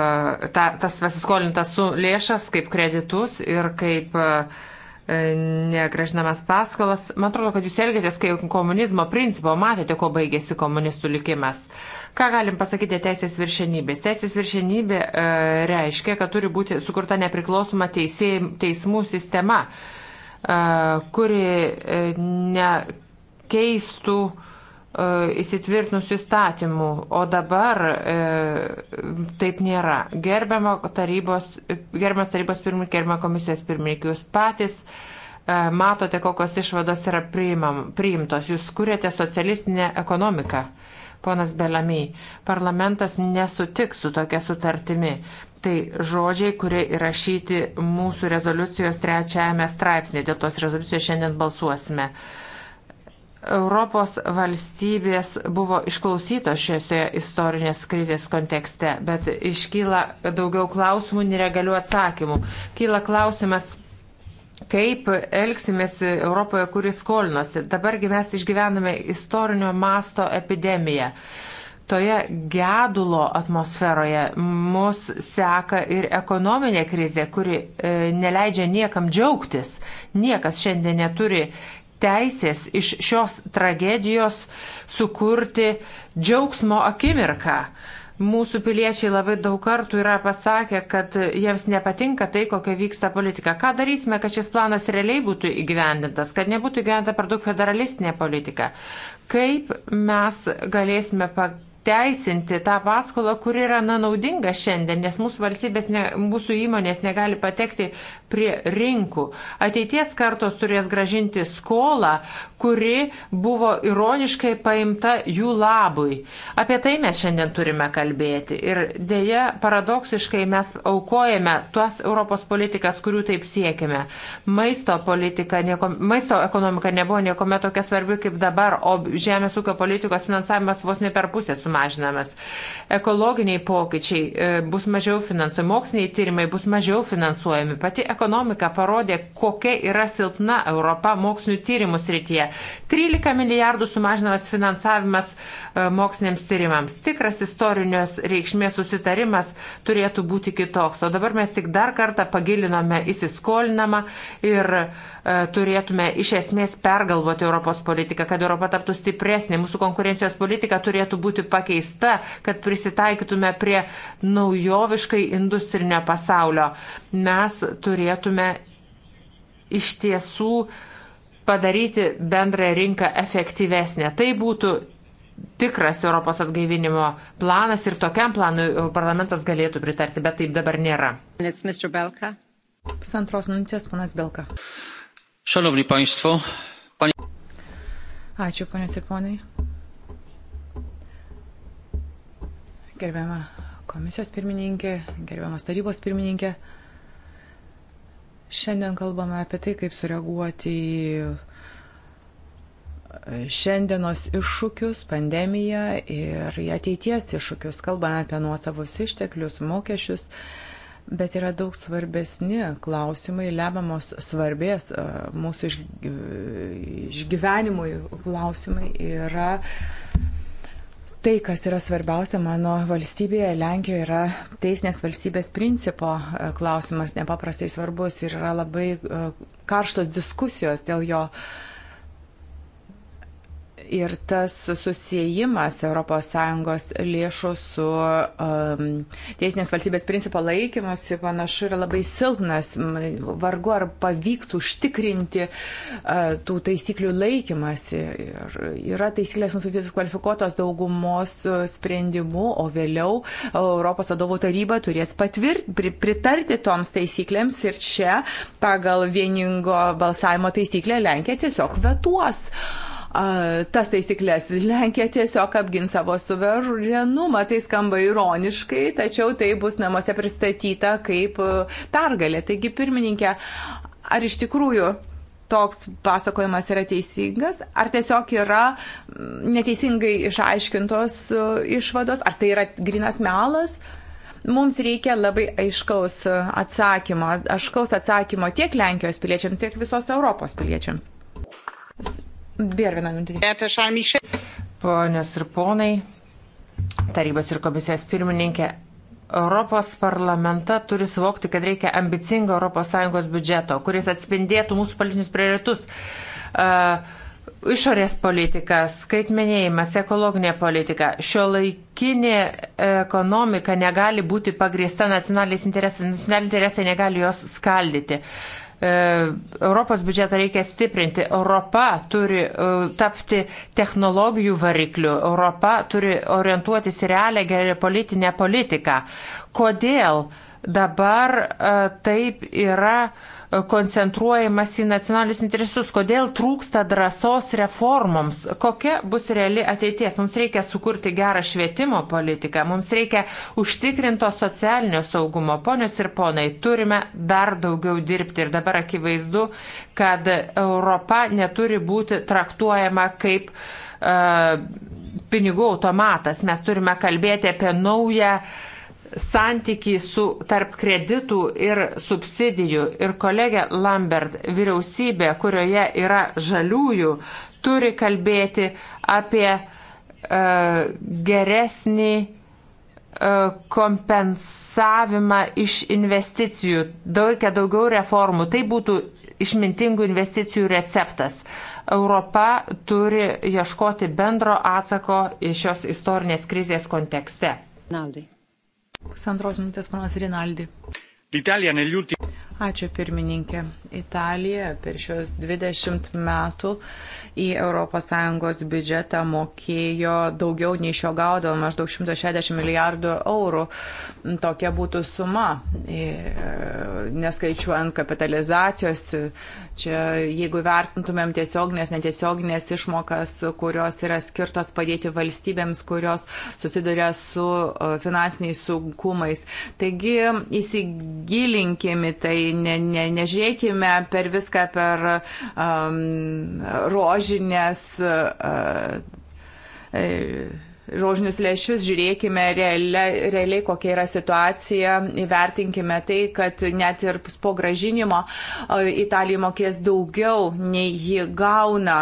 ta, tas pasiskolintas su lėšas, kaip kreditus ir kaip uh, E, negražinamas paskolas. Man atrodo, kad jūs elgėtės kaip komunizmo principo, matėte, ko baigėsi komunistų likimas. Ką galim pasakyti teisės viršenybės? Teisės viršenybė e, reiškia, kad turi būti sukurta nepriklausoma teisė, teismų sistema, e, kuri e, nekeistų e, E, įsitvirtinusių įstatymų, o dabar e, taip nėra. Gerbiamo tarybos, gerbiamas tarybos pirmininkas, gerbiamas komisijos pirmininkas, jūs patys e, matote, kokios išvados yra priimam, priimtos. Jūs kuriate socialistinę ekonomiką. Ponas Belamy, parlamentas nesutiks su tokia sutartimi. Tai žodžiai, kurie įrašyti mūsų rezoliucijos trečiajame straipsnėje, dėl tos rezoliucijos šiandien balsuosime. Uh, Europos valstybės buvo išklausytos šiose istorinės krizės kontekste, bet iškyla daugiau klausimų, neregalių atsakymų. Kyla klausimas, kaip elgsimės Europoje, kuris skolinosi. Dabargi mes išgyvename istorinio masto epidemiją. Toje gedulo atmosferoje mus seka ir ekonominė krizė, kuri e, neleidžia niekam džiaugtis. Niekas šiandien neturi teisės iš šios tragedijos sukurti džiaugsmo akimirką. Mūsų piliečiai labai daug kartų yra pasakę, kad jiems nepatinka tai, kokia vyksta politika. Ką darysime, kad šis planas realiai būtų įgyvendintas, kad nebūtų įgyvendinta per daug federalistinė politika? Kaip mes galėsime išteisinti tą paskolą, kuri yra na, naudinga šiandien, nes mūsų valstybės, ne, mūsų įmonės negali patekti prie rinkų. Ateities kartos turės gražinti skolą, kuri buvo ironiškai paimta jų labui. Apie tai mes šiandien turime kalbėti. Ir dėja, paradoksiškai mes aukojame tuos Europos politikas, kurių taip siekime. Maisto, politika, nieko, maisto ekonomika nebuvo niekuomet tokia svarbi kaip dabar, o žemės ūkio politikos finansavimas vos ne per pusę sumažintas mažinamas. Ekologiniai pokyčiai e, bus mažiau finansuojami, moksliniai tyrimai bus mažiau finansuojami. Pati ekonomika parodė, kokia yra silpna Europa mokslinių tyrimų srityje. 13 milijardų sumažinamas finansavimas e, moksliniams tyrimams. Tikras istorinės reikšmės susitarimas turėtų būti kitoks. O dabar mes tik dar kartą pagilinome įsiskolinamą ir e, turėtume iš esmės pergalvoti Europos politiką, kad Europa taptų stipresnė. Mūsų konkurencijos politika turėtų būti pakeista pakeista, kad prisitaikytume prie naujoviškai industrinio pasaulio. Mes turėtume iš tiesų padaryti bendrąją rinką efektyvesnę. Tai būtų tikras Europos atgaivinimo planas ir tokiam planui parlamentas galėtų pritarti, bet taip dabar nėra. Pusantros minutės, panas Belka. Szanowni Państwo, Pani... Ačiū, ponios ir ponai. gerbiama komisijos pirmininkė, gerbiamas tarybos pirmininkė. Šiandien kalbame apie tai, kaip sureaguoti į e, šiandienos iššūkius, pandemiją ir į ateities iššūkius. Kalbame apie nuosavus išteklius, mokesčius, bet yra daug svarbesni klausimai, lemiamos svarbės e, mūsų e, išgyvenimui klausimai yra Tai, kas yra svarbiausia mano valstybėje, Lenkijoje, yra teisinės valstybės principo e, klausimas nepaprastai svarbus ir yra labai e, karštos diskusijos dėl jo. Uh, ir tas susijimas ES lėšų su um, teisinės valstybės principo laikymusi panašu yra labai silpnas. Vargu ar pavyktų užtikrinti uh, tų taisyklių laikymasi. Ir yra taisyklės nustatytos kvalifikuotos daugumos sprendimu, o vėliau Europos vadovų taryba turės patvirt, pritarti toms taisyklėms ir čia pagal vieningo balsavimo taisyklę Lenkija tiesiog vetuos. Uh, tas taisyklės. Lenkija tiesiog apgins savo suverenumą. Tai skamba ironiškai, tačiau tai bus namuose pristatyta kaip e, pergalė. Taigi, pirmininkė, ar iš tikrųjų toks pasakojimas yra teisingas, ar tiesiog yra mm, neteisingai išaiškintos e, išvados, ar tai yra grinas melas. Mums reikia labai aiškaus atsakymo, aiškaus atsakymo tiek Lenkijos piliečiams, tiek visos Europos piliečiams. Bėr vieną minutę. Ponios ir ponai, tarybos ir komisijos pirmininkė, Europos parlamentą turi suvokti, kad reikia ambicingo ES biudžeto, kuris atspindėtų mūsų politinius prioritus. Uh, išorės politika, skaitmenėjimas, ekologinė politika, šio laikinė ekonomika negali būti pagrįsta nacionaliniais interesais, nacionaliniai interesai negali jos skaldyti. Uh, E, Europos biudžetą reikia stiprinti. Europa turi e, tapti technologijų varikliu. Europa turi orientuotis į realią gerą politinę politiką. Kodėl dabar e, taip yra? koncentruojamas į nacionalinius interesus, kodėl trūksta drąsos reformoms, kokia bus reali ateities. Mums reikia sukurti gerą švietimo politiką, mums reikia užtikrinto socialinio saugumo. Ponios ir ponai, turime dar daugiau dirbti ir dabar akivaizdu, kad Europa neturi būti traktuojama kaip uh, pinigų automatas. Mes turime kalbėti apie naują uh, santykį su tarp kreditų ir subsidijų. Ir kolegė Lambert, vyriausybė, kurioje yra žaliųjų, turi kalbėti apie e, geresnį e, kompensavimą iš investicijų. Daugia daugiau reformų. Tai būtų išmintingų investicijų receptas. Europa turi ieškoti bendro atsako į šios istorinės krizės kontekste. Naudai. Pusantros minutės, panas Rinaldi. Italija negli ultimi. Ačiū pirmininkė. Italija per šios 20 metų į ES biudžetą mokėjo daugiau nei šio gaudo, maždaug 160 milijardų eurų. Tokia būtų suma, e, neskaičiuojant kapitalizacijos Čia, jeigu vertintumėm tiesioginės, netiesioginės išmokas, kurios yra skirtos padėti valstybėms, kurios susiduria su e, finansiniais sunkumais. Taigi įsigilinkime tai, ne, ne, nežiūrėkime per viską per um, rožinės. Uh, uh, rožinius lešius, žiūrėkime realiai, realiai kokia yra situacija, įvertinkime tai, kad net ir po gražinimo Italija mokės daugiau, nei ji gauna.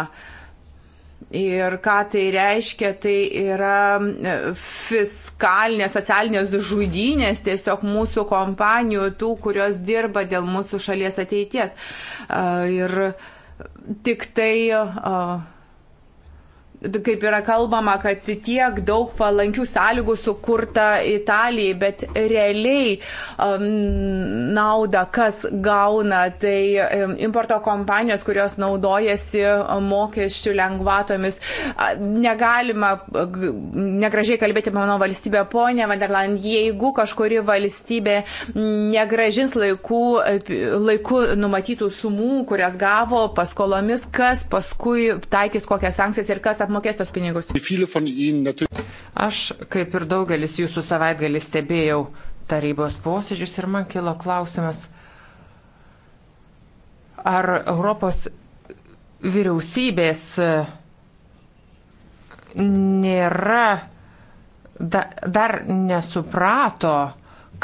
Ir ką tai reiškia, tai yra e, fiskalinės, socialinės žudynės tiesiog mūsų kompanijų, tų, kurios dirba dėl mūsų šalies ateities. Ir tik tai uh, kaip yra kalbama, kad tiek daug palankių sąlygų sukurta Italijai, bet realiai um, naudą kas gauna, tai um, importo kompanijos, kurios naudojasi um, mokesčių lengvatomis. Negalima negražiai kalbėti mano valstybė, ponė Vanderland, jeigu kažkuri valstybė negražins laikų, laikų numatytų sumų, kurias gavo paskolomis, kas paskui taikys kokias sankcijas ir kas apmokės tos pinigus. Aš, kaip ir daugelis jūsų savaitgalį, stebėjau tarybos posėdžius ir man kilo klausimas, ar Europos vyriausybės e, nėra, da, dar nesuprato,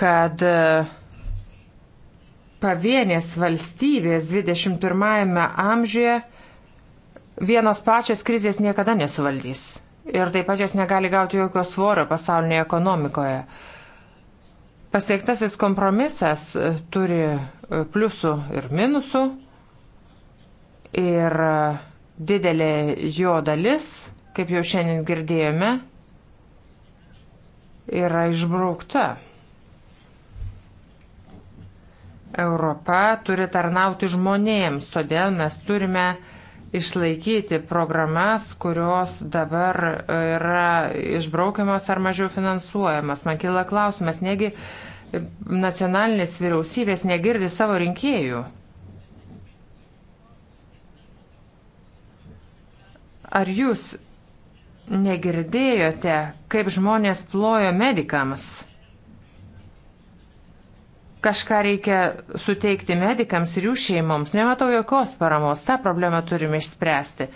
kad e, pavienės valstybės 21-ame amžiuje Vienos pačios krizės niekada nesuvaldys. Ir taip pat jos negali gauti jokio svorio pasaulinėje ekonomikoje. Pasiektasis kompromisas e, turi e, pliusų ir minusų. Ir e, didelė jo dalis, kaip jau šiandien girdėjome, yra išbraukta. Europa turi tarnauti žmonėms, todėl mes turime uh, išlaikyti programas, kurios dabar yra išbraukiamas ar mažiau finansuojamas. Man kila klausimas, negi nacionalinės vyriausybės negirdi savo rinkėjų. Ar jūs negirdėjote, kaip žmonės plojo medikams? Kažką reikia suteikti medikams ir jų šeimoms. Nematau jokios paramos. Ta problema turime išspręsti.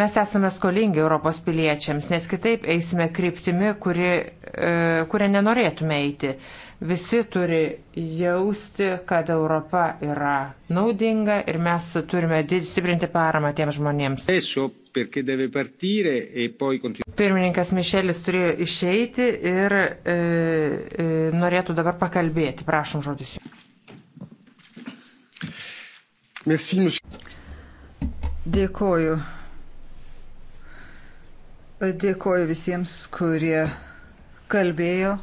Mes esame skolingi Europos piliečiams, nes kitaip eisime kryptimi, kuri, e, kurią nenorėtume eiti. E, Visi turi jausti, kad Europa yra naudinga ir mes turime stiprinti paramą tiems žmonėms. E Pirmininkas Mišelis turėjo išeiti ir e, e, norėtų dabar pakalbėti. Prašom žodis. Dėkoju. Dėkoju visiems, kurie kalbėjo.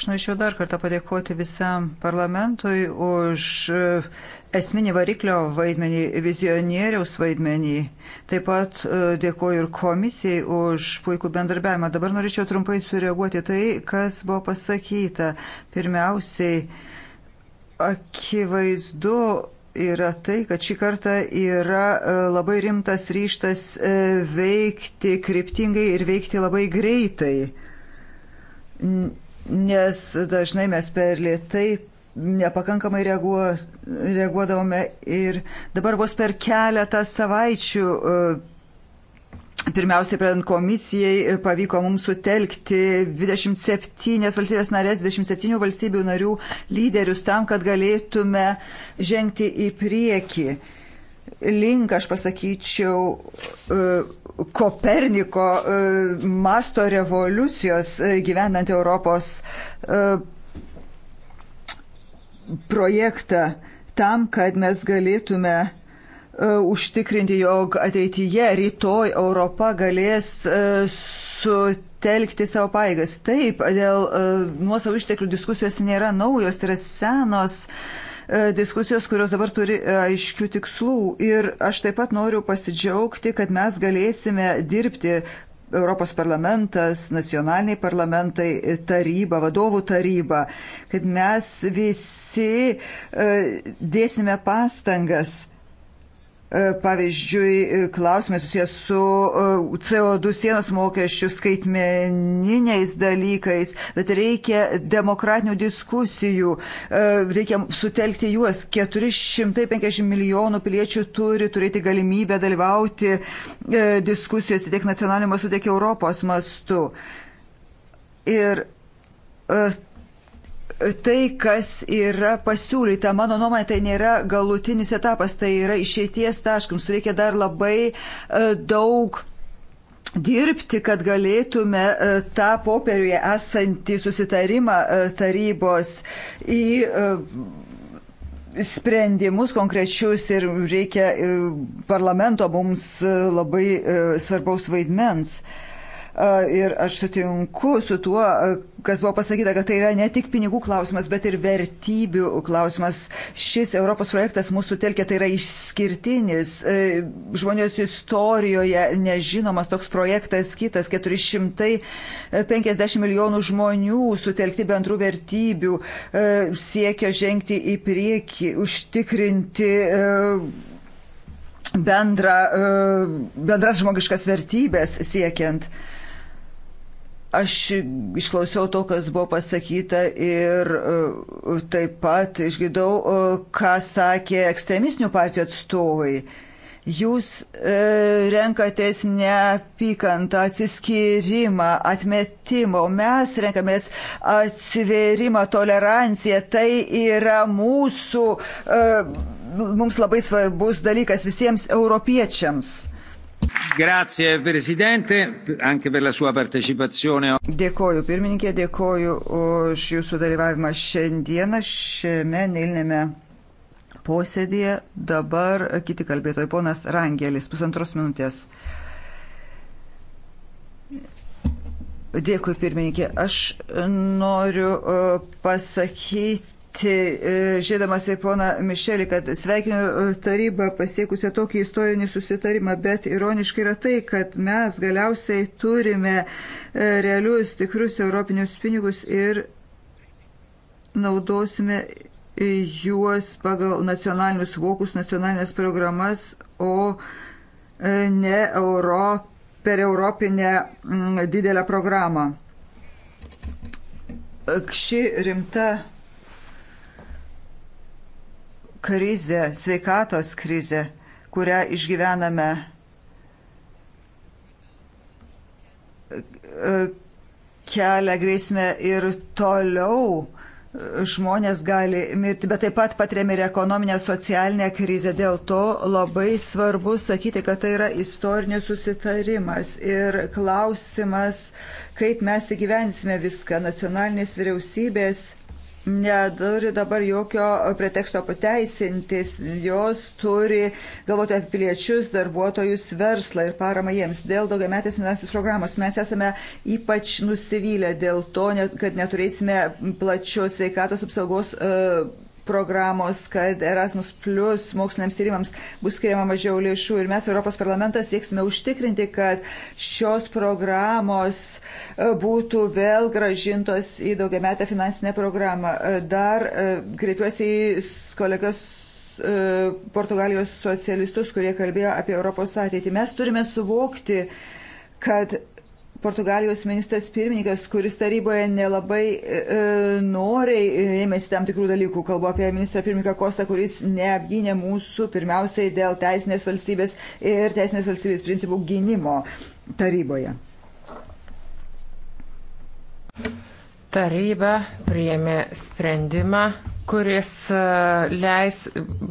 Aš norėčiau dar kartą padėkoti visam parlamentui už e, esminį variklio vaidmenį, vizionieriaus vaidmenį. Taip pat e, dėkoju ir komisijai už puikų bendarbiavimą. Dabar norėčiau trumpai sureaguoti tai, kas buvo pasakyta. Pirmiausiai, akivaizdu yra tai, kad šį kartą yra e, labai rimtas ryštas veikti kryptingai ir veikti labai greitai nes dažnai mes per lietai nepakankamai reaguo, reaguodavome ir dabar vos per keletą savaičių e, Pirmiausiai, pradant komisijai, e, pavyko mums sutelkti 27 valstybės narės, 27 valstybių narių lyderius tam, kad galėtume žengti į priekį. Link, aš pasakyčiau, e, Koperniko e, masto revoliucijos e, gyvenant Europos e, projektą tam, kad mes galėtume užtikrinti, jog ateityje rytoj Europa galės sutelkti savo paėgas. Taip, dėl nuosavų išteklių diskusijos nėra naujos, tai yra senos. Uh, E, diskusijos, kurios dabar turi e, aiškių tikslų. Ir aš taip pat noriu pasidžiaugti, kad mes galėsime dirbti. Europos parlamentas, nacionaliniai parlamentai, e, taryba, vadovų taryba, kad mes visi dėsime pastangas E, pavyzdžiui, e, klausimai susijęs su e, CO2 sienos mokesčių skaitmeniniais dalykais, bet reikia demokratinių diskusijų, reikia sutelkti juos. 450 milijonų piliečių turi turėti galimybę dalyvauti diskusijose tiek nacionaliniu mastu, tiek Europos mastu. Ir tai, kas yra pasiūlyta, mano nuomonė, tai nėra galutinis etapas, tai yra išeities taškams. Reikia dar labai e, daug dirbti, kad galėtume e, tą popieriuje esantį susitarimą e, tarybos į sprendimus konkrečius ir reikia parlamento mums labai svarbaus vaidmens ir aš sutinku su tuo, kas buvo pasakyta, kad tai yra ne tik pinigų klausimas, bet ir vertybių klausimas. Šis Europos projektas mūsų telkia, tai yra išskirtinis e, žmonijos istorijoje nežinomas toks projektas, kitas 450 milijonų žmonių sutelkti bendrų vertybių, e, siekia žengti į priekį, užtikrinti e, bendra, bendras žmogiškas vertybės siekiant. Uh, Aš išklausiau to, kas buvo pasakyta ir e, taip pat išgirdau, e, ką sakė ekstremistinių partijų atstovai. Jūs e, renkatės neapykantą, atsiskyrimą, atmetimą, o mes renkamės atsiverimą, toleranciją. Tai yra mūsų, mums labai svarbus dalykas visiems europiečiams. Grazie, Presidente, anche per la sua partecipazione. Dėkoju, pirmininkė, dėkoju už jūsų dalyvavimą šiandieną šiame neilinėme posėdėje. Dabar kiti kalbėtojai, ponas Rangelis, pusantros minutės. Dėkui, pirmininkė. Aš noriu e, pasakyti E, žiūrėdamas į poną Mišelį, kad sveikinu e, tarybą pasiekusią tokį istorinį susitarimą, bet ironiškai yra tai, kad mes galiausiai turime e, realius, tikrus europinius pinigus ir naudosime juos pagal nacionalinius vokus, nacionalinės programas, o ne Euro, per europinę m, didelę programą. Ši rimta krizę, sveikatos krizę, kurią išgyvename. kelia grėsmę ir toliau žmonės gali mirti, bet taip pat patiriame ir ekonominę, socialinę krizę. Dėl to labai svarbu sakyti, kad tai yra istorinis susitarimas ir klausimas, kaip mes įgyvensime viską. Nacionalinės vyriausybės neturi dabar jokio preteksto pateisintis, jos turi galvoti apie piliečius, darbuotojus, verslą ir paramą jiems. Dėl daugiametės finansinės programos mes esame ypač nusivylę dėl to, kad neturėsime plačios sveikatos apsaugos. Uh, programos, kad Erasmus Plus moksliniams tyrimams bus skiriama mažiau lėšų ir mes Europos parlamentas sieksime užtikrinti, kad šios programos e, būtų vėl gražintos į daugiametę finansinę programą. E, dar e, kreipiuosi į kolegas Portugalijos socialistus, kurie kalbėjo apie Europos ateitį. Mes turime suvokti, kad Portugalijos ministras pirmininkas, kuris taryboje nelabai e, e noriai e, ėmėsi tam tikrų dalykų. Kalbu apie ministrą pirmininką Kostą, kuris neapgynė mūsų pirmiausiai dėl teisinės valstybės ir teisinės valstybės principų gynimo taryboje. Taryba priėmė sprendimą, kuris e, leis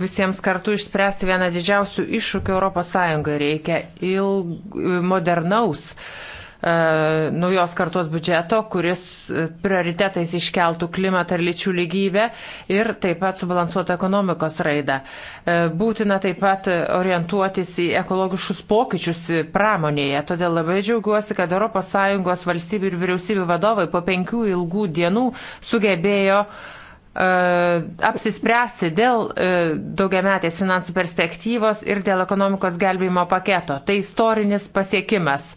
visiems kartu išspręsti vieną didžiausių iššūkių ES. Reikia ilg, modernaus uh, E, naujos kartos biudžeto, kuris e, prioritetais iškeltų klimatą ir lyčių lygybę ir taip pat subalansuotą ekonomikos raidą. E, būtina taip pat orientuotis į ekologiškus pokyčius pramonėje. Todėl labai džiaugiuosi, kad ES valstybių ir vyriausybių vadovai po penkių ilgų dienų sugebėjo uh, E, apsispręsti dėl e, daugiametės finansų perspektyvos ir dėl ekonomikos gelbėjimo paketo. Tai istorinis pasiekimas.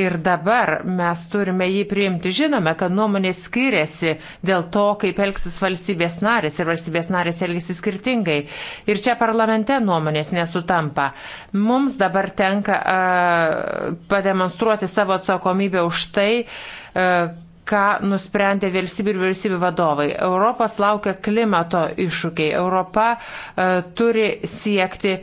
Ir dabar mes turime jį priimti. Žinome, kad nuomonės skiriasi dėl to, kaip elgsis valstybės narės ir valstybės narės elgsis skirtingai. Ir čia parlamente nuomonės nesutampa. Mums dabar tenka uh, pademonstruoti savo atsakomybę už tai, uh, ką nusprendė vyriausybė ir vyriausybių vadovai. Europos laukia klimato iššūkiai. Europa e, turi siekti e,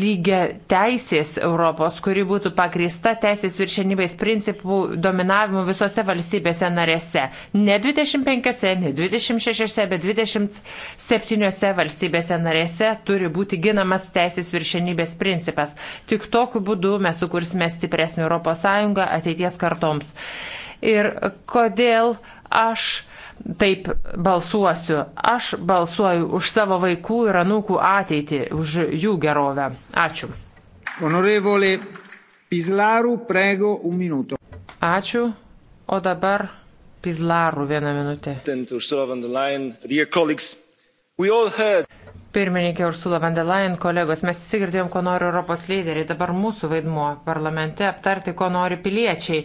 lygia teisės Europos, kuri būtų pagrįsta teisės viršenybės principų dominavimu visose valstybėse narėse. Ne 25, ne 26, bet 27 valstybėse narėse turi būti ginamas teisės viršenybės principas. Tik tokiu būdu mes sukursime stipresnį ES ateities kartoms ir kodėl aš taip balsuosiu. Aš balsuoju už savo vaikų ir anūkų ateitį, už jų gerovę. Ačiū. Honorevole Pizlaru, prego un minuto. Ačiū. O dabar Pizlaru vieną minutę. Pirmininkė Ursula von der Leyen, kolegos, mes įsigirdėjom, ko nori Europos lyderiai, dabar mūsų vaidmuo parlamente aptarti, ko nori piliečiai.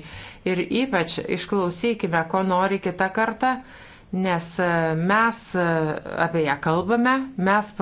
Ir ypač išklausykime, ko nori kitą kartą nes e, mes e, apie ją kalbame, mes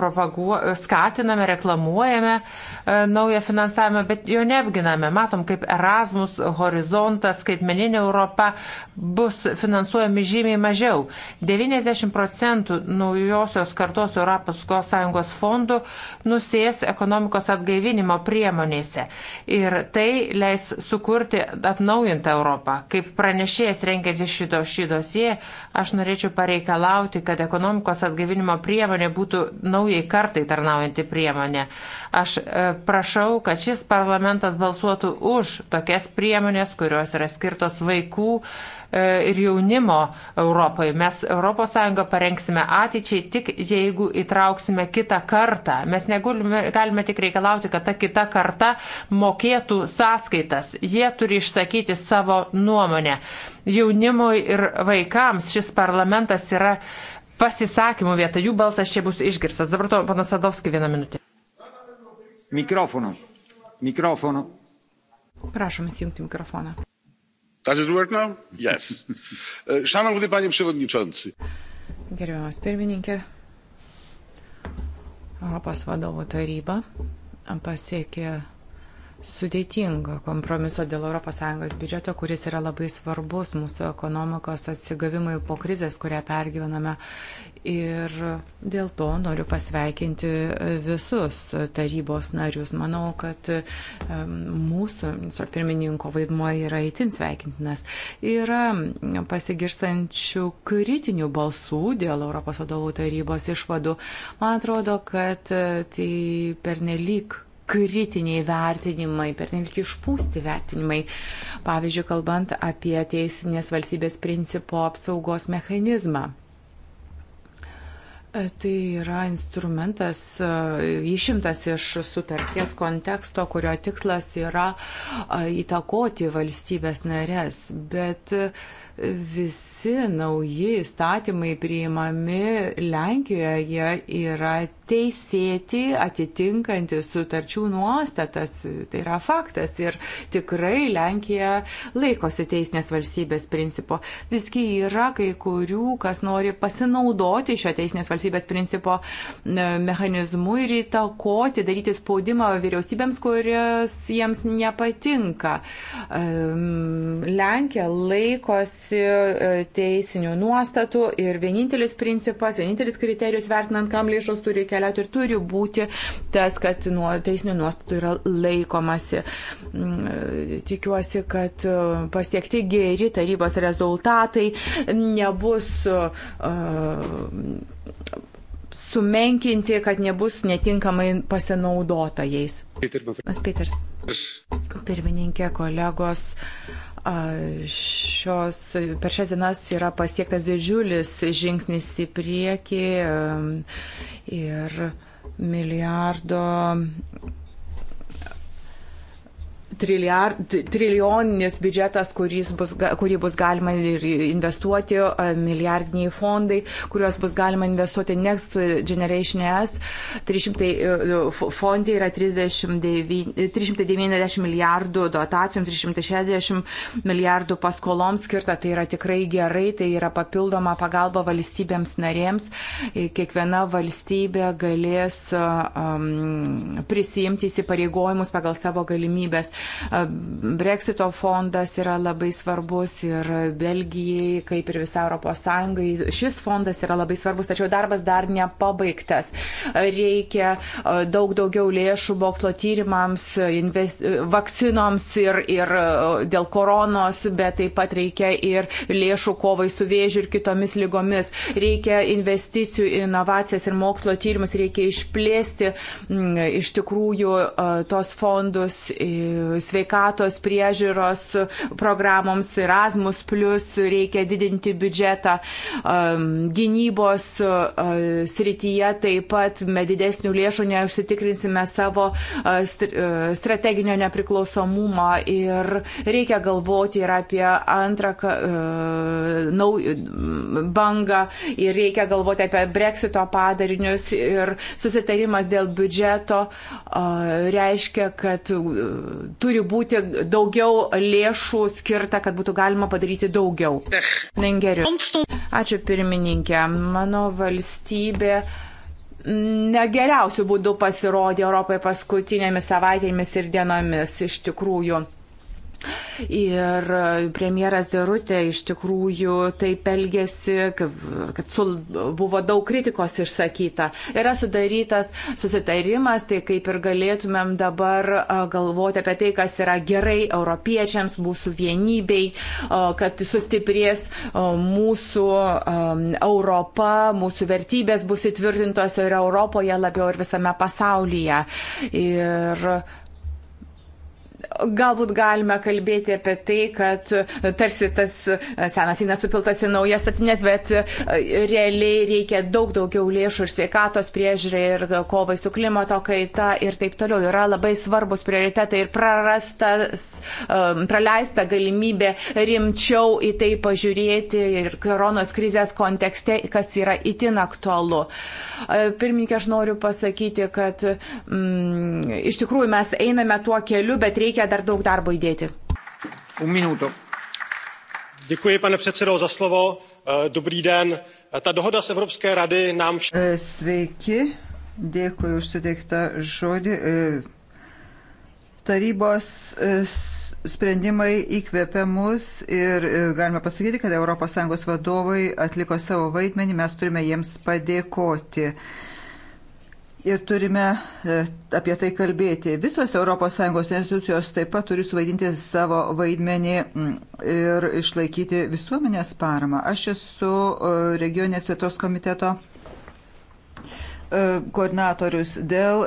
skatiname, reklamuojame e, naują finansavimą, bet jo neapginame. Matom, kaip Erasmus, Horizontas, skaitmeninė Europa bus finansuojami žymiai mažiau. 90 procentų naujosios kartos ES fondų nusės ekonomikos atgaivinimo priemonėse. Ir tai leis sukurti atnaujintą Europą. Kaip pranešėjas rengiantis šito šį dosiją, aš norėčiau norėčiau pareikalauti, kad ekonomikos atgaivinimo priemonė būtų naujai kartai tarnaujanti priemonė. Aš e, prašau, kad šis parlamentas balsuotų už tokias priemonės, kurios yra skirtos vaikų E, ir jaunimo Europai. Mes ES parengsime ateičiai tik jeigu įtrauksime kitą kartą. Mes negulime, galime tik reikalauti, kad ta kita karta mokėtų sąskaitas. Jie turi išsakyti savo nuomonę. Jaunimui ir vaikams šis parlamentas yra pasisakymų vieta, jų balsas čia bus išgirstas. Dabar to panas Sadovski vieną minutę. Mikrofono. Mikrofono. Prašom įsijungti mikrofoną. Yes. Šanovni e, panie prevodničiansi. Gerbiamas pirmininkė, Europos vadovų taryba pasiekė sudėtingo kompromiso dėl ES biudžeto, kuris yra labai svarbus mūsų ekonomikos atsigavimui po krizės, kurią pergyvename. Ir dėl to noriu pasveikinti visus tarybos narius. Manau, kad mūsų pirmininko vaidmuo yra itin sveikintinas. Yra pasigirstančių kritinių balsų dėl ES tarybos išvadų. Man atrodo, kad e, tai pernelyg kritiniai vertinimai, pernelik išpūsti vertinimai. Pavyzdžiui, kalbant apie teisinės valstybės principo apsaugos mechanizmą. E, tai yra instrumentas e, išimtas iš sutarties konteksto, kurio tikslas yra e, įtakoti valstybės narės, bet uh, visi nauji įstatymai priimami Lenkijoje, jie yra teisėti, atitinkantys sutarčių nuostatas. Tai yra faktas. Ir tikrai Lenkija laikosi teisinės valstybės principo. Visgi yra kai kurių, kas nori pasinaudoti šio teisinės valstybės principo e, mechanizmu ir įtakoti, daryti spaudimą vyriausybėms, kurios jiems nepatinka. Lenkija laikosi pozicijų, e, teisinių nuostatų ir vienintelis principas, vienintelis kriterijus vertinant, kam lėšos turi keliauti ir turi būti tas, kad nuo teisinių nuostatų yra laikomasi. Mm, e, tikiuosi, kad e, pasiekti geri tarybos rezultatai nebus. Uh, sumenkinti, kad nebus netinkamai pasinaudota jais. Peters. Pirmininkė, kolegos. Uh, Šios, per šias dienas yra pasiektas didžiulis žingsnis į priekį ir milijardo trilijoninis biudžetas, bus, kurį bus galima ir investuoti, milijardiniai fondai, kuriuos bus galima investuoti Next Generation S, 300 e, e, fondai yra 39, 390 e, milijardų dotacijoms, 360 milijardų paskoloms skirta, tai yra tikrai gerai, tai yra papildoma pagalba valstybėms narėms, kiekviena valstybė galės um, prisijimti įsipareigojimus pagal savo galimybės Brexito fondas yra labai svarbus ir Belgijai, kaip ir visai ES. Šis fondas yra labai svarbus, tačiau darbas dar nepabaigtas. Reikia daug daugiau lėšų mokslo tyrimams, invest... vakcinoms ir, ir dėl koronos, bet taip pat reikia ir lėšų kovai su vėžiu ir kitomis lygomis. Reikia investicijų, inovacijas ir mokslo tyrimus, reikia išplėsti m, iš tikrųjų tos fondus. Ir sveikatos priežiūros programoms, Erasmus, reikia didinti biudžetą, um, gynybos uh, srityje taip pat didesnių lėšų neužsitikrinsime savo uh, uh, strateginio nepriklausomumo ir reikia galvoti ir apie antrą nau, bangą ir reikia galvoti apie breksito padarinius ir susitarimas dėl biudžeto reiškia, kad turi būti daugiau lėšų skirta, kad būtų galima padaryti daugiau. Lengeriu. Ačiū pirmininkė. Mano valstybė negeriausių būdų pasirodė Europoje paskutinėmis savaitėmis ir dienomis iš tikrųjų. Ir e, premjeras Derutė iš tikrųjų taip elgėsi, kad sul, buvo daug kritikos išsakyta. Yra sudarytas susitarimas, tai kaip ir galėtumėm dabar e, galvoti apie tai, kas yra gerai europiečiams, mūsų vienybei, e, kad sustiprės mūsų Europa, mūsų vertybės bus įtvirtintos ir Europoje labiau ir visame pasaulyje. Ir Galbūt galime kalbėti apie tai, kad tarsi tas senas įnas supiltas į naujas statinės, bet e, realiai reikia daug daugiau lėšų ir sveikatos priežiūrai ir kovai su klimato kaita ir taip toliau. Yra labai svarbus prioritetai ir prarastas, e, praleista galimybė rimčiau į tai pažiūrėti ir koronos krizės kontekste, kas yra itin aktualu. E, pirmininkė, aš noriu pasakyti, kad mm, iš tikrųjų mes einame tuo keliu, bet reikia reikia dar daug darbo įdėti. Un minuto. Děkuji, pane předsedo, za slovo. E, dobrý den. E, ta dohoda z Evropské rady nám... E, sveiki, dėkui už suteiktą žodį. Tarybos sprendimai įkvėpia mus ir galime pasakyti, kad ES vadovai atliko savo vaidmenį, mes turime jiems padėkoti ir turime e, apie tai kalbėti. Visos ES institucijos taip pat turi suvaidinti savo vaidmenį mm, ir išlaikyti visuomenės paramą. Aš esu e, regionės vietos komiteto e, koordinatorius dėl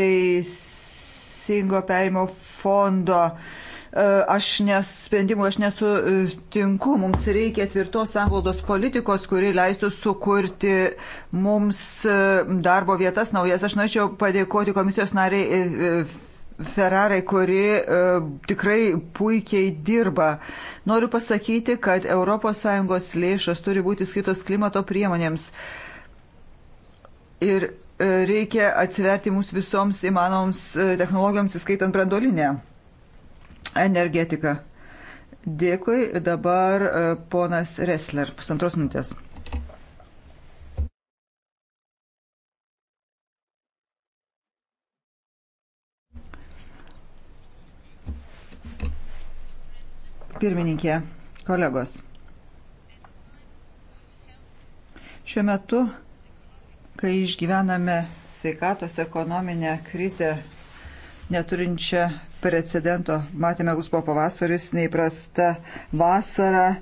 teisingo perimo fondo E, aš nes, sprendimų aš nesutinku, mums reikia tvirtos anglodos politikos, kuri leistų sukurti mums e, darbo vietas naujas. Aš norėčiau padėkoti komisijos nariai e, Ferrarai, kuri e, tikrai puikiai dirba. Noriu pasakyti, kad ES lėšas turi būti skirtos klimato priemonėms. Ir e, reikia atsiverti mūsų visoms įmanoms technologijoms, įskaitant brandolinę energetiką. Dėkui. Dabar e, ponas Resler, pusantros minutės. Pirmininkė, kolegos. Šiuo metu, kai išgyvename sveikatos ekonominę krizę, neturinčią precedento. Matėme, bus po pavasaris, neįprasta vasara.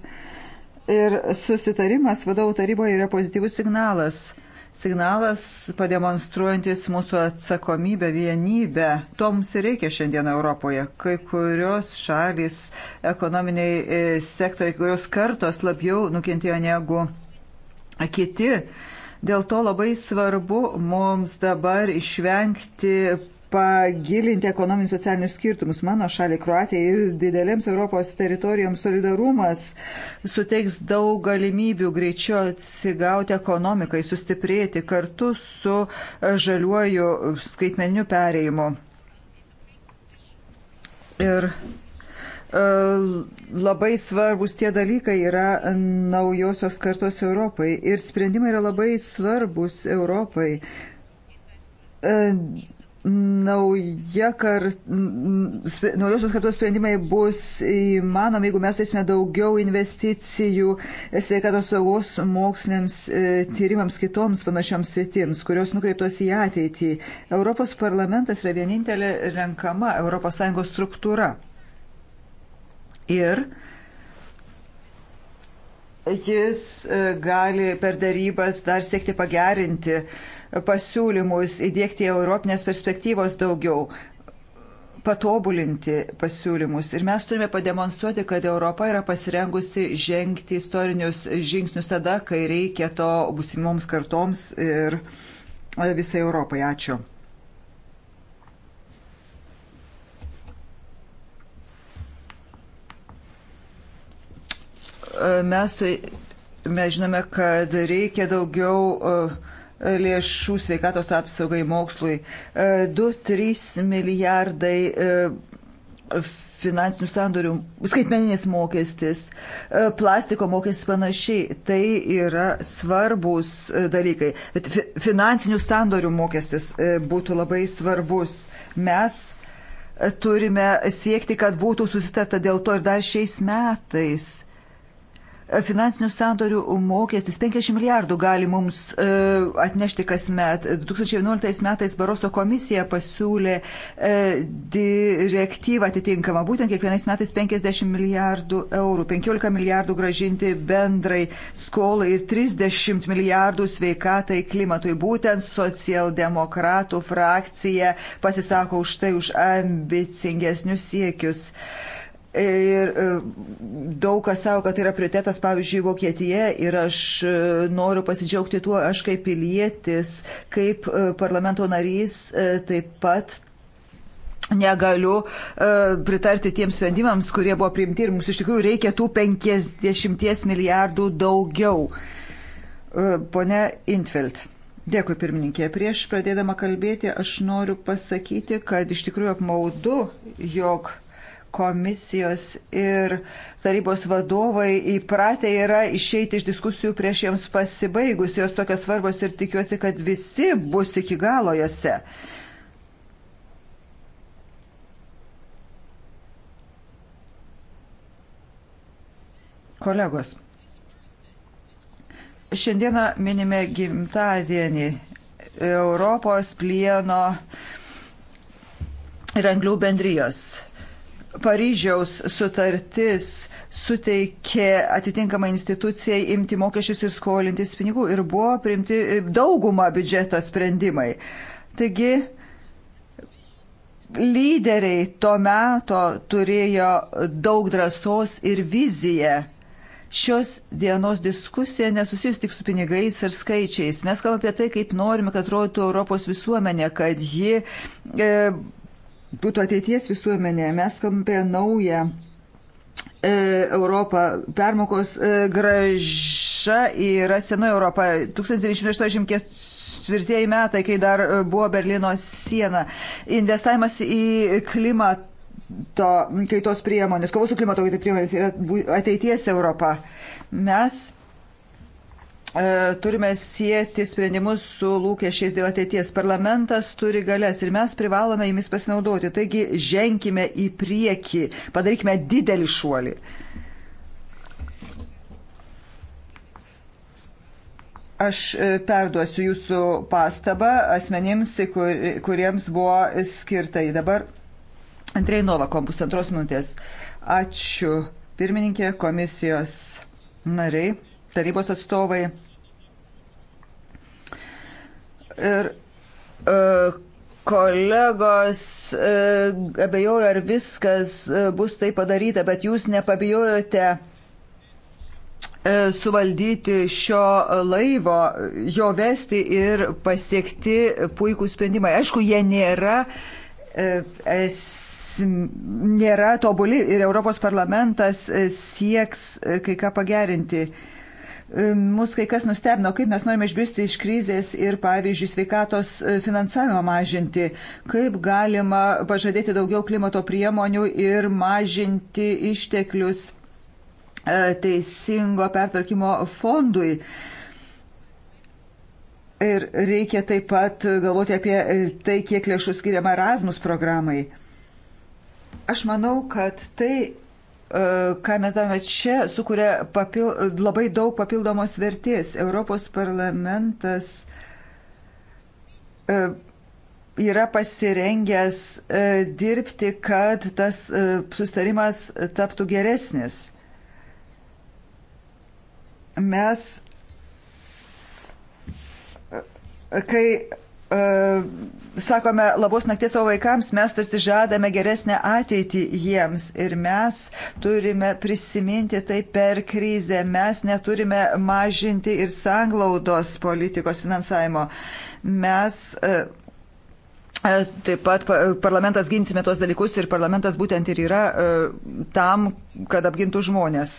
Ir susitarimas vadovų taryboje yra pozityvus signalas. Signalas pademonstruojantis mūsų atsakomybę, vienybę. To mums ir reikia šiandien Europoje. Kai kurios šalis, ekonominiai e, sektoriai, kurios kartos labiau nukentėjo negu kiti. Dėl to labai svarbu mums dabar išvengti pagilinti ekonominius socialinius skirtumus. Mano šaliai Kroatijai ir didelėms Europos teritorijoms solidarumas suteiks daug galimybių greičiau atsigauti ekonomikai, sustiprėti kartu su e, žaliuoju skaitmeniniu pereimu. Ir e, labai svarbus tie dalykai yra naujosios kartos Europai ir sprendimai yra labai svarbus Europai e, nauja kart, naujosios kartos sprendimai bus įmanomi, jeigu mes turėsime daugiau investicijų sveikatos saugos moksliniams e, tyrimams kitoms panašioms sritims, kurios nukreiptos į ateitį. Europos parlamentas yra vienintelė renkama ES struktūra. Ir jis e, gali per darybas dar siekti pagerinti uh, pasiūlymus, įdėkti Europinės perspektyvos daugiau, patobulinti pasiūlymus. Ir mes turime pademonstruoti, kad Europa yra pasirengusi žengti istorinius žingsnius tada, kai reikia to busimoms kartoms ir visai Europai. Ačiū. Mes, mes žinome, kad reikia daugiau uh, lėšų sveikatos apsaugai mokslui, 2-3 e, milijardai e, finansinių sandorių, skaitmeninis mokestis, e, plastiko mokestis panašiai. Tai yra svarbus dalykai. Bet finansinių sandorių mokestis būtų labai svarbus. Mes turime siekti, kad būtų susitarta dėl to ir dar šiais metais Finansinių sandorių mokestis 50 milijardų gali mums e, atnešti kasmet. 2011 metais Baroso komisija pasiūlė e, direktyvą atitinkamą, būtent kiekvienais metais 50 milijardų eurų, 15 milijardų gražinti bendrai skolai ir 30 milijardų sveikatai klimatui. Būtent socialdemokratų frakcija pasisako už tai, už ambicingesnius siekius. E, Ir e, daug kas savo, kad tai yra prioritetas, pavyzdžiui, Vokietija ir aš e, noriu pasidžiaugti tuo, aš kaip pilietis, kaip e, parlamento narys taip pat negaliu pritarti tiems sprendimams, kurie buvo priimti ir mums iš tikrųjų reikia tų 50 milijardų daugiau. Pone Intvild. Dėkui, pirmininkė. Prieš pradėdama kalbėti, aš noriu pasakyti, kad iš tikrųjų apmaudu, jog komisijos ir tarybos vadovai įpratę yra išeiti iš diskusijų prieš jiems pasibaigus. Jos tokios svarbos ir tikiuosi, kad visi bus iki galo jose. Kolegos, šiandieną minime gimtadienį Europos plieno ir anglių bendrijos. Paryžiaus sutartis suteikė atitinkamą institucijai imti mokesčius ir skolintis pinigų ir buvo priimti e, daugumą biudžeto sprendimai. Taigi, lyderiai to meto turėjo daug drąsos ir viziją. Šios dienos diskusija nesusijus tik su pinigais ir skaičiais. Mes kalbame apie tai, kaip norime, kad rodytų Europos visuomenė, kad ji e, būtų ateities visuomenė. Mes kalbame apie naują e, Europą. Permokos e, graža yra senoji Europa. 1984 metai, kai dar e, buvo Berlyno siena. Investavimas į klimatą. To, kaitos priemonės, kovos su klimato kaitos priemonės yra ateities Europa. Mes E, turime sieti sprendimus su lūkesčiais dėl ateities. Parlamentas turi galės ir mes privalome jomis pasinaudoti. Taigi ženkime į priekį, padarykime didelį šuolį. Aš e, perduosiu jūsų pastabą asmenims, kuriems buvo skirtai. Dabar Andrei Novakom pusantros minutės. Ačiū pirmininkė, komisijos nariai, tarybos atstovai. Ir uh, kolegos e, abejojo, ar viskas e, bus tai padaryta, bet jūs nepabijojote e, suvaldyti šio laivo, jo vesti ir pasiekti puikų sprendimą. Aišku, jie nėra, e, es, nėra tobuli ir Europos parlamentas e, sieks kai ką pagerinti mus kai kas nustebino, kaip mes norime išbristi iš krizės ir, pavyzdžiui, sveikatos e, finansavimą mažinti, kaip galima pažadėti daugiau klimato priemonių ir mažinti išteklius e, teisingo pertvarkymo fondui. Ir reikia taip pat galvoti apie e, tai, kiek lėšų skiriama Erasmus programai. Aš manau, kad tai E, ką mes darome čia, sukuria papil, labai daug papildomos vertės. Europos parlamentas e, yra pasirengęs e, dirbti, kad tas sustarimas taptų geresnis. Mes, kai E, sakome labos nakties savo vaikams, mes tarsi žadame geresnę ateitį jiems ir mes turime prisiminti tai per krizę, mes neturime mažinti ir sanglaudos politikos finansavimo. Mes e, e, Taip pat parlamentas ginsime tuos dalykus ir parlamentas būtent ir yra tam, kad apgintų žmonės.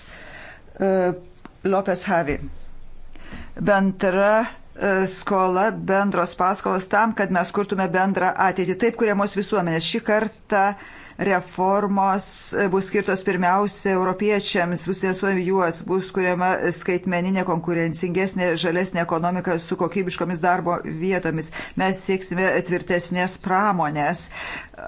Lopes Havi. Bendra E, skola, bendros paskolos tam, kad mes kurtume bendrą ateitį. Taip kuriamos visuomenės. Šį kartą reformos bus skirtos pirmiausia europiečiams, bus nesuojami juos, bus kuriama skaitmeninė, konkurencingesnė, žalesnė ekonomika su kokybiškomis darbo vietomis. Mes sieksime tvirtesnės pramonės.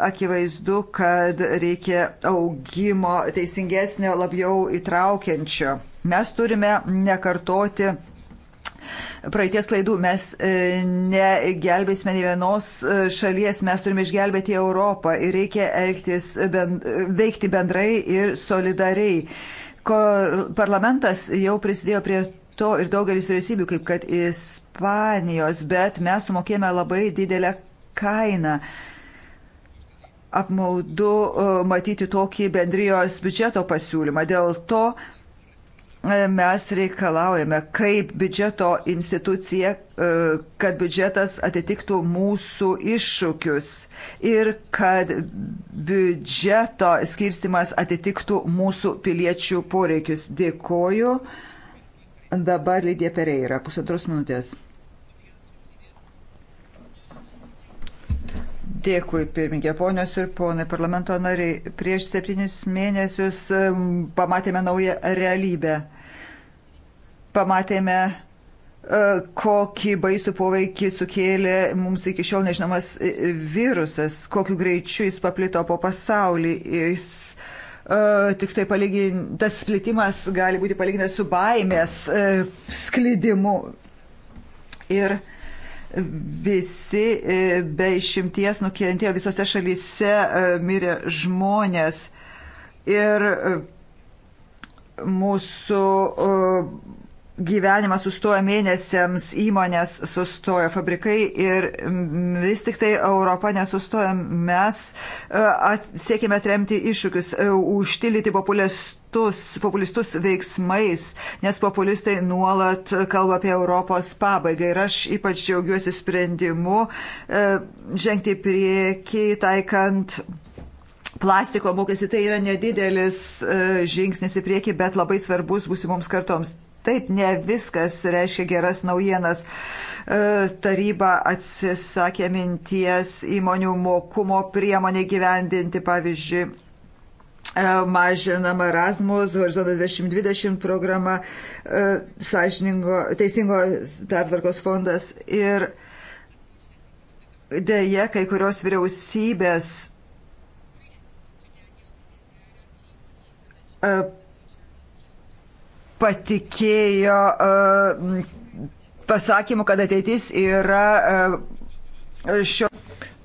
Akivaizdu, kad reikia augimo teisingesnio, labiau įtraukiančio. Mes turime nekartoti praeities klaidų. Mes e, negelbėsime ne vienos e, šalies, mes turime išgelbėti Europą ir reikia elgtis, bend, veikti bendrai ir solidariai. Ko, parlamentas jau prisidėjo prie to ir daugelis vyriausybių, kaip kad Ispanijos, bet mes sumokėme labai didelę kainą apmaudu e, matyti tokį bendrijos biudžeto pasiūlymą. Dėl to mes reikalaujame kaip biudžeto institucija, e, kad biudžetas atitiktų mūsų iššūkius ir kad biudžeto skirstimas atitiktų mūsų piliečių poreikius. Dėkoju. Dabar Lydija Pereira, pusantros minutės. Dėkui, pirmininkė, ponios ir ponai, parlamento nariai. Prieš septynis mėnesius pamatėme naują realybę. Pamatėme, e, kokį baisų poveikį sukėlė mums iki šiol nežinomas e, virusas, kokiu greičiu jis paplito po pasaulį. Jis, e, tik tai palygin, tas splitimas gali būti palygintas su baimės sklidimu. Ir uh, Visi e, be išimties nukentėjo, visose šalyse e, mirė žmonės ir e, mūsų gyvenimas sustoja mėnesiams, įmonės sustoja, fabrikai ir vis tik tai Europa nesustoja. Mes e, siekime atremti iššūkius, e, užtilyti populistus, populistus veiksmais, nes populistai nuolat kalba apie Europos pabaigą. Ir aš ypač džiaugiuosi sprendimu e, žengti prieki taikant plastiko mokestį tai yra nedidelis žingsnis į priekį, bet labai svarbus būsimoms kartoms. Taip, ne viskas reiškia geras naujienas. E, taryba atsisakė minties įmonių mokumo priemonė gyvendinti, pavyzdžiui, e, mažinama Erasmus, Horizontas 2020 programa, e, sąžiningo, teisingo pertvarkos fondas ir dėje kai kurios vyriausybės patikėjo e, pasakymu, kad ateitis yra e, šio.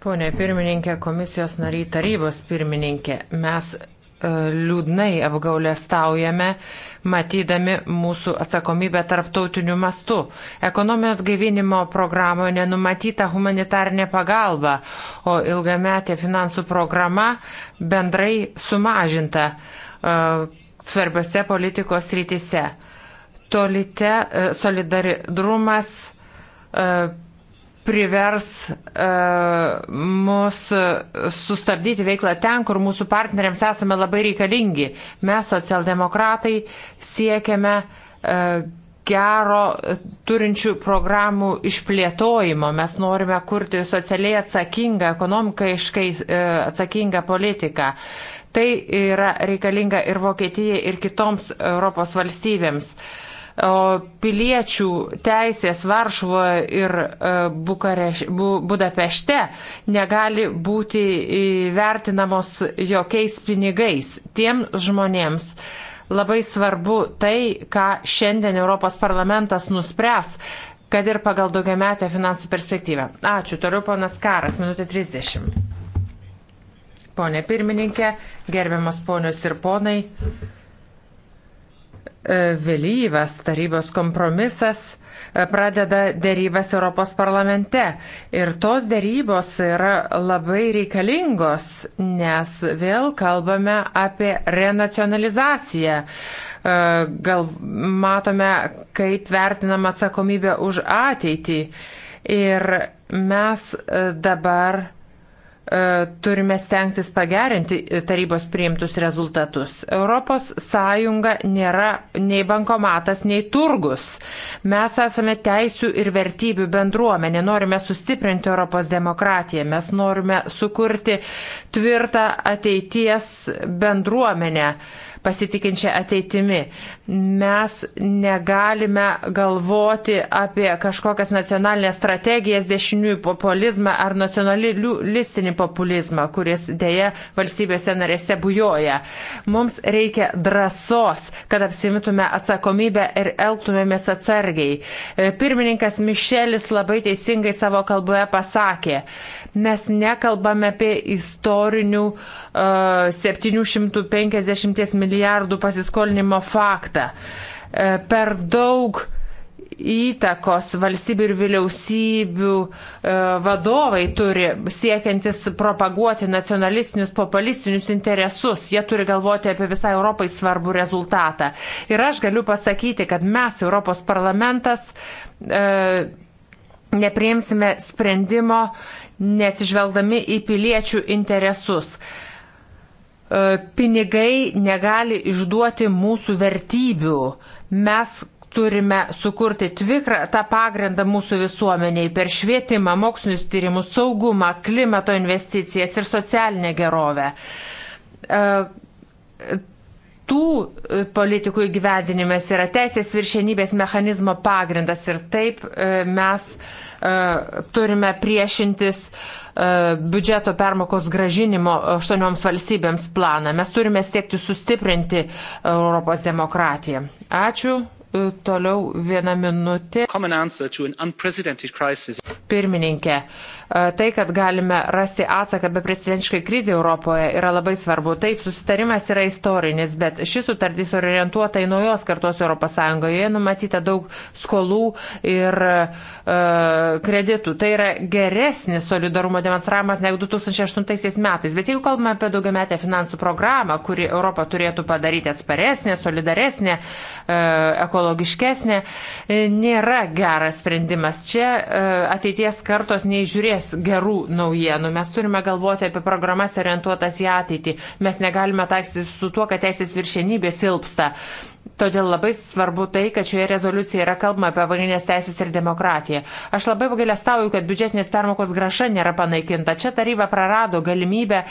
Pone pirmininkė, komisijos nariai tarybos pirmininkė, mes e, liūdnai apgaulę staujame, matydami mūsų atsakomybę tarptautiniu mastu. Ekonominio atgaivinimo programoje nenumatyta humanitarnė pagalba, o ilgametė finansų programa bendrai sumažinta svarbiose politikos rytise. Tolite e, solidarumas e, privers e, mus sustabdyti veiklą ten, kur mūsų partneriams esame labai reikalingi. Mes, socialdemokratai, siekiame gero turinčių programų išplėtojimo. Mes norime kurti socialiai atsakingą, ekonomikai atsakingą politiką. Tai yra reikalinga ir Vokietijai, ir kitoms Europos valstybėms. O piliečių teisės Varšuvoje ir e, Bukareš, Bu, Budapešte negali būti vertinamos jokiais pinigais tiems žmonėms labai svarbu tai, ką šiandien Europos parlamentas nuspręs, kad ir pagal daugiametę finansų perspektyvą. Ačiū. Toliau ponas Karas, minutė 30. Pone pirmininkė, gerbiamas ponios ir ponai, e, vėlyvas tarybos kompromisas e, pradeda dėrybas Europos parlamente. Ir tos dėrybos yra labai reikalingos, nes vėl kalbame apie renacionalizaciją. E, gal matome, kaip vertinama atsakomybė už ateitį. Ir mes dabar E, turime stengtis pagerinti tarybos priimtus rezultatus. ES nėra nei bankomatas, nei turgus. Mes esame teisių ir vertybių bendruomenė, norime sustiprinti Europos demokratiją, mes norime sukurti tvirtą ateities bendruomenę pasitikinčią ateitimi. Mes negalime galvoti apie kažkokias nacionalinės strategijas, dešiniųjų populizmą ar nacionalistinį populizmą, kuris dėja valstybėse narėse bujoja. Mums reikia drąsos, kad apsimitume atsakomybę ir elgtumėmės atsargiai. E, pirmininkas Mišelis labai teisingai savo kalboje pasakė, mes nekalbame apie istorinių uh, e, 750 milijardų pasiskolinimo faktą Penkta, e, per daug įtakos valstybių ir vyriausybių e, vadovai turi siekiantis propaguoti nacionalistinius, populistinius interesus. Jie turi galvoti apie visą Europai svarbų rezultatą. Ir aš galiu pasakyti, kad mes, Europos parlamentas, e, nepriimsime sprendimo, nesižvelgdami į piliečių interesus. E, pinigai negali išduoti mūsų vertybių. Mes turime sukurti tvikrą tą pagrindą mūsų visuomeniai per švietimą, mokslinius tyrimus, saugumą, klimato investicijas ir socialinę gerovę. E, tų e, politikų įgyvendinimas yra teisės viršenybės mechanizmo pagrindas ir taip e, mes e, turime priešintis biudžeto permokos gražinimo aštuonioms valstybėms planą. Mes turime siekti sustiprinti Europos demokratiją. Ačiū. Toliau viena minutė. Pirmininkė, E, tai, kad galime rasti atsaką beprecedentiškai krizė Europoje yra labai svarbu. Taip, susitarimas yra istorinis, bet ši sutartis orientuota į naujos kartos ES. Joje numatyta daug skolų ir e, kreditų. Tai yra geresnis solidarumo demonstravimas negu 2008 metais. Bet jeigu kalbame apie daugiametę finansų programą, kuri Europą turėtų padaryti atsparesnė, solidaresnė, e, ekologiškesnė, e, nėra geras sprendimas. Čia e, ateities kartos neižiūrės neturės gerų naujienų. Mes turime galvoti apie programas orientuotas į ateitį. Mes negalime taikstytis su tuo, kad teisės viršenybė silpsta. Todėl labai svarbu tai, kad šioje rezoliucijoje yra kalbama apie pagrindinės teisės ir demokratiją. Aš labai pagalėstauju, kad biudžetinės permokos graša nėra panaikinta. Čia taryba prarado galimybę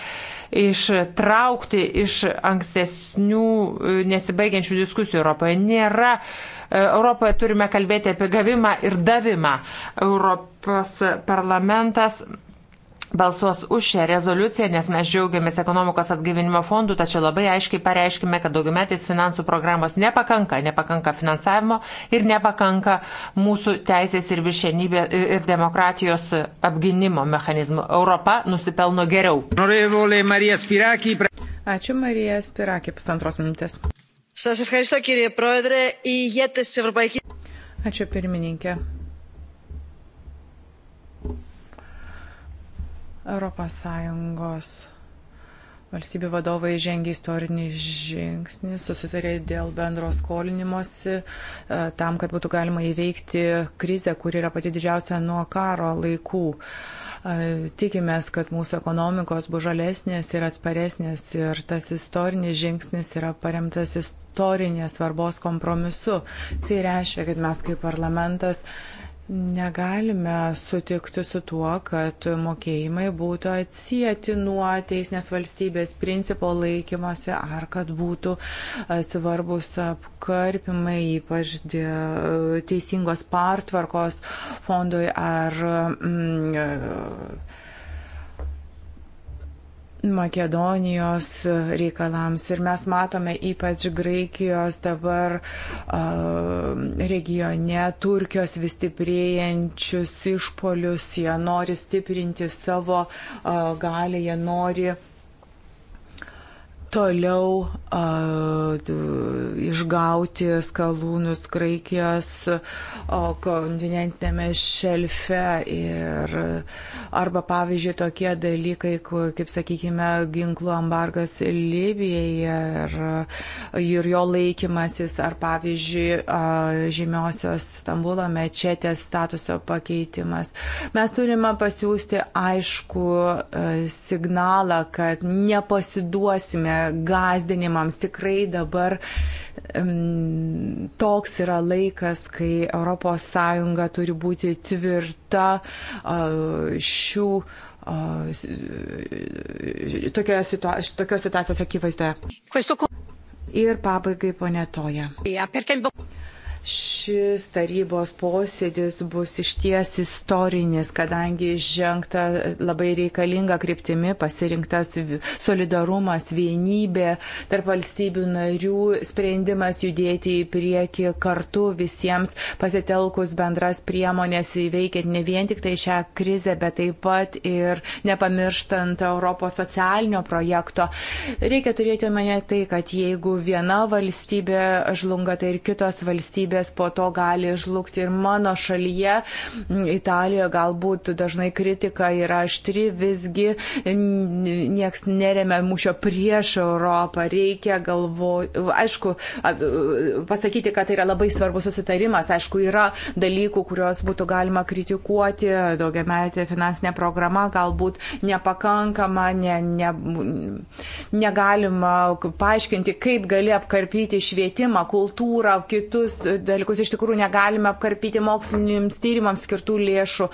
ištraukti iš ankstesnių nesibaigiančių diskusijų Europoje. Nėra uh, Europoje turime kalbėti apie gavimą ir davimą. Europos parlamentas balsuos už šią rezoliuciją, nes mes džiaugiamės ekonomikos atgyvinimo fondų, tačiau labai aiškiai pareiškime, kad daugiametės finansų programos nepakanka, nepakanka finansavimo ir nepakanka mūsų teisės ir viršienybė ir demokratijos apginimo mechanizmų. Europa nusipelno geriau. Ačiū Marija Spiraki, pusantros minutės. Ačiū pirmininkė. Europos Sąjungos Valstybių vadovai žengė istorinį žingsnį, susitarė dėl bendro skolinimuose tam, kad būtų galima įveikti krizę, kuri yra pati didžiausia nuo karo laikų. Uh, tikimės, kad mūsų ekonomikos bus žalesnės ir atsparesnės ir tas istorinis žingsnis yra paremtas istorinės svarbos kompromisu. Tai reiškia, kad mes kaip parlamentas Negalime sutikti su tuo, kad mokėjimai būtų atsijęti nuo teisinės valstybės principo laikymosi ar kad būtų e, svarbus apkarpimai, ypač teisingos partvarkos fondui ar. Mm, e, Makedonijos reikalams. Ir mes matome ypač Graikijos dabar regione, Turkijos vis stiprėjančius išpolius. Jie nori stiprinti savo galę, jie nori toliau a, išgauti skalūnus Graikijos kontinentinėme šelfe. Ir, arba, pavyzdžiui, tokie dalykai, kur, kaip sakykime, ginklų embargas Libijai ir, ir jo laikymasis, ar, pavyzdžiui, a, žymiosios Stambulo mečetės statuso pakeitimas. Mes turime pasiūsti aišku e, signalą, kad nepasiduosime gazdinimams. Tikrai dabar um, toks yra laikas, kai ES turi būti tvirta uh, šių uh, tokios situa situacijos akivaizdoje. Ir pabaigai, ponė Toja. Šis tarybos posėdis bus išties istorinis, kadangi žengta labai reikalinga kryptimi, pasirinktas solidarumas, vienybė tarp valstybių narių, sprendimas judėti į priekį kartu visiems pasitelkus bendras priemonės įveikiant ne vien tik tai šią krizę, bet taip pat ir nepamirštant Europos socialinio projekto. Reikia turėti omenyje tai, kad jeigu viena valstybė žlunga, tai ir kitos valstybės valstybės po to gali žlugti. Ir mano šalyje, Italijoje, galbūt dažnai kritika yra aštri, visgi nieks neremia mūšio prieš Europą. Reikia galvoti, aišku, pasakyti, kad tai yra labai svarbus susitarimas. Aišku, yra dalykų, kuriuos būtų galima kritikuoti. Daugiametė finansinė programa galbūt nepakankama, ne, ne, negalima paaiškinti, kaip gali apkarpyti švietimą, kultūrą, kitus dalykus iš tikrųjų negalime apkarpyti moksliniams tyrimams skirtų lėšų.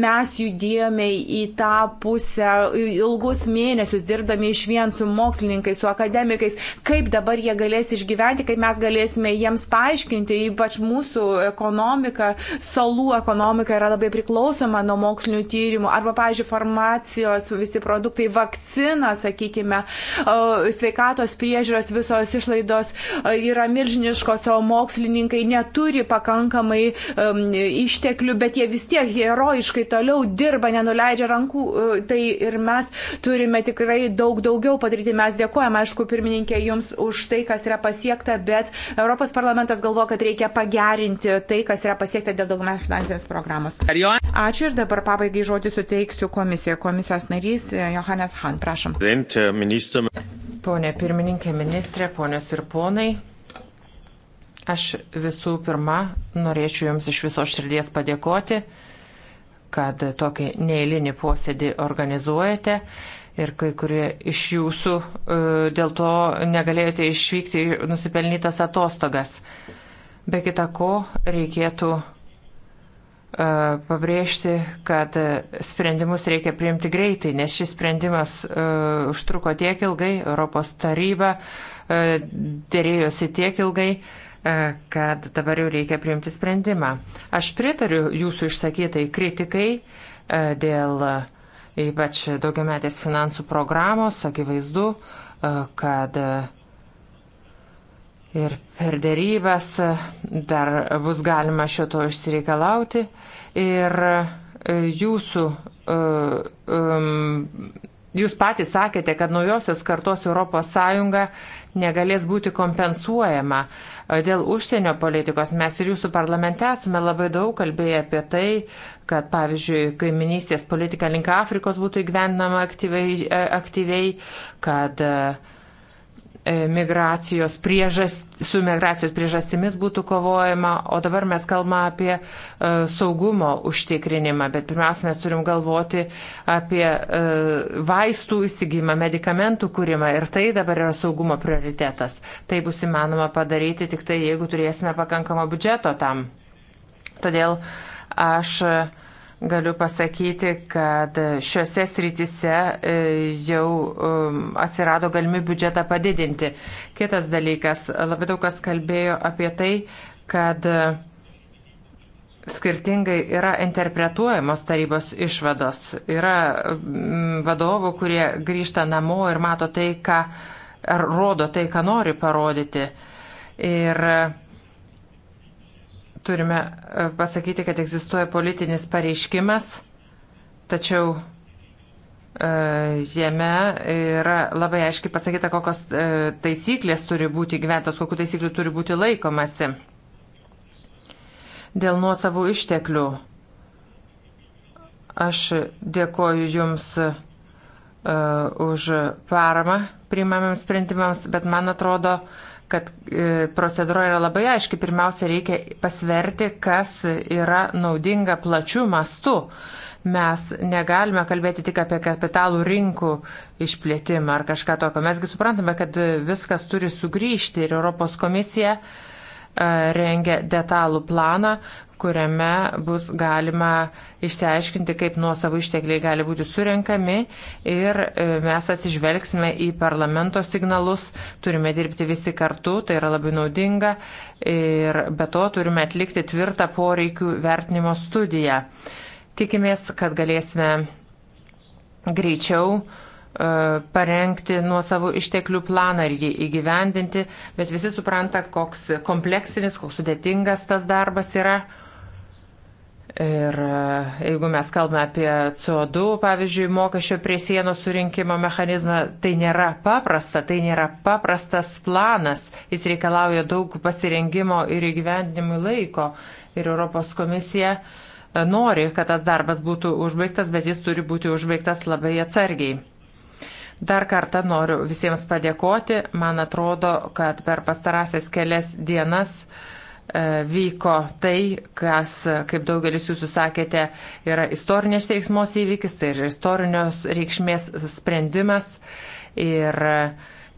Mes judėjome į tą pusę ilgus mėnesius, dirbdami iš vien su mokslininkais, su akademikais, kaip dabar jie galės išgyventi, kaip mes galėsime jiems paaiškinti, ypač mūsų ekonomika, salų ekonomika yra labai priklausoma nuo mokslinių tyrimų, arba, pavyzdžiui, farmacijos visi produktai, vakcina, sakykime, sveikatos priežiūros visos išlaidos yra milžiniškos, o mokslininkai neturi pakankamai um, išteklių, bet jie vis tiek herojiškai toliau dirba, nenuleidžia rankų. Uh, tai ir mes turime tikrai daug daugiau padaryti. Mes dėkojame, aišku, pirmininkė, jums už tai, kas yra pasiekta, bet Europos parlamentas galvoja, kad reikia pagerinti tai, kas yra pasiekta dėl daugumės finansinės programos. Ačiū ir dabar pabaigai žodį suteiksiu komisijai. Komisijos narys e, Johannes Han, prašom. Pone pirmininkė, ministrė, ponios ir ponai. Aš visų pirma norėčiau Jums iš viso širdies padėkoti, kad tokį neįlinį posėdį organizuojate ir kai kurie iš jūsų e, dėl to negalėjote išvykti į nusipelnytas atostogas. Be kita ko, reikėtų e, pabrėžti, kad sprendimus reikia priimti greitai, nes šis sprendimas e, užtruko tiek ilgai, Europos taryba dėrėjosi tiek ilgai E, kad dabar jau reikia priimti sprendimą. Aš pritariu jūsų išsakytai kritikai e, dėl e, ypač daugiametės finansų programos, akivaizdu, kad ir per dėrybęs dar bus galima šito išsireikalauti. Ir jūsų um, Jūs patys sakėte, kad naujosios kartos ES negalės būti kompensuojama. E, dėl užsienio politikos mes ir jūsų parlamente esame labai daug kalbėję apie tai, kad, pavyzdžiui, kaiminystės politika link Afrikos būtų įgyvendinama aktyviai, e, aktyviai kad uh, E, migracijos priežast, su migracijos priežastimis būtų kovojama, o dabar mes kalbame apie e, saugumo užtikrinimą, bet pirmiausia, mes turim galvoti apie e, vaistų įsigymą, medikamentų kūrimą ir tai dabar yra saugumo prioritetas. Tai bus įmanoma padaryti tik tai, jeigu turėsime pakankamą biudžeto tam. Todėl aš uh, Galiu pasakyti, kad šiuose srityse e, jau e, atsirado galimybių biudžetą padidinti. Kitas dalykas, labai daug kas kalbėjo apie tai, kad e, skirtingai yra interpretuojamos tarybos išvados. Yra vadovų, kurie grįžta namo ir mato tai, ką, ar rodo tai, ką nori parodyti. Ir turime e, pasakyti, kad egzistuoja politinis pareiškimas, tačiau e, jame yra labai aiškiai pasakyta, kokios e, taisyklės turi būti gyventos, kokiu taisykliu turi būti laikomasi. Dėl nuosavų išteklių. Aš dėkoju Jums uh, už paramą priimamiams sprendimams, bet man atrodo, uh, kad e, procedūra yra labai aiški. Pirmiausia, reikia pasverti, kas yra naudinga plačių mastų. Mes negalime kalbėti tik apie kapitalų rinkų išplėtimą ar kažką tokio. Mesgi suprantame, kad viskas turi sugrįžti ir Europos komisija e, rengia detalų planą, kuriame bus galima išsiaiškinti, kaip nuosavų ištekliai gali būti surinkami ir e, mes atsižvelgsime į parlamento signalus, turime dirbti visi kartu, tai yra labai naudinga ir be to turime atlikti tvirtą poreikių vertinimo studiją. Tikimės, kad galėsime greičiau e, parengti nuo savo išteklių planą ir jį įgyvendinti, bet visi supranta, koks kompleksinis, koks sudėtingas tas darbas yra. Ir e, jeigu mes kalbame apie CO2, pavyzdžiui, mokesčio prie sienos surinkimo mechanizmą, tai nėra paprasta, tai nėra paprastas planas, jis reikalauja daug pasirengimo ir įgyvendinimui laiko. Ir Europos komisija e, nori, kad tas darbas būtų užbaigtas, bet jis turi būti užbaigtas labai atsargiai. Dar kartą noriu visiems padėkoti. Man atrodo, kad per pastarąsias kelias dienas uh, E, vyko tai, kas, kaip daugelis jūsų sakėte, yra istorinės veiksmos įvykis, tai yra istorinios reikšmės sprendimas. Ir e,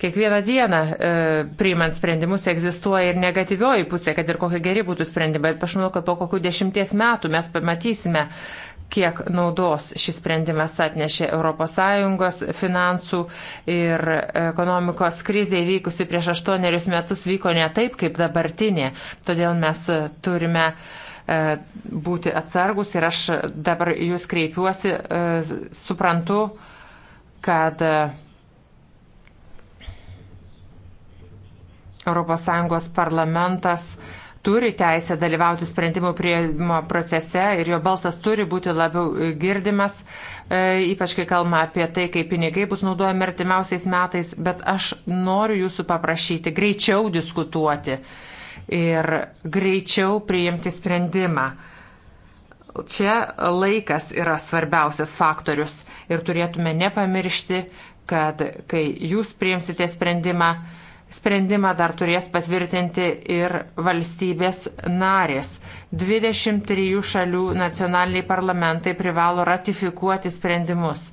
kiekvieną dieną e, priimant sprendimus egzistuoja ir negatyvioji pusė, kad ir kokie geri būtų sprendimai. Bet aš manau, kad po kokių dešimties metų mes pamatysime, kiek naudos šis sprendimas atnešė ES finansų ir ekonomikos krizė įvykusi prieš aštuonerius metus vyko ne taip, kaip dabartinė. Todėl mes turime e, būti atsargus ir aš dabar jūs kreipiuosi, e, suprantu, kad ES parlamentas uh, turi teisę dalyvauti sprendimų prieimo procese ir jo balsas turi būti labiau girdimas, e, ypač kai kalbame apie tai, kaip pinigai bus naudojami artimiausiais metais, bet aš noriu jūsų paprašyti greičiau diskutuoti ir greičiau priimti sprendimą. Čia laikas yra svarbiausias faktorius ir turėtume nepamiršti, kad kai jūs priimsite sprendimą, Sprendimą dar turės patvirtinti ir valstybės narės. 23 šalių nacionaliniai parlamentai privalo ratifikuoti sprendimus.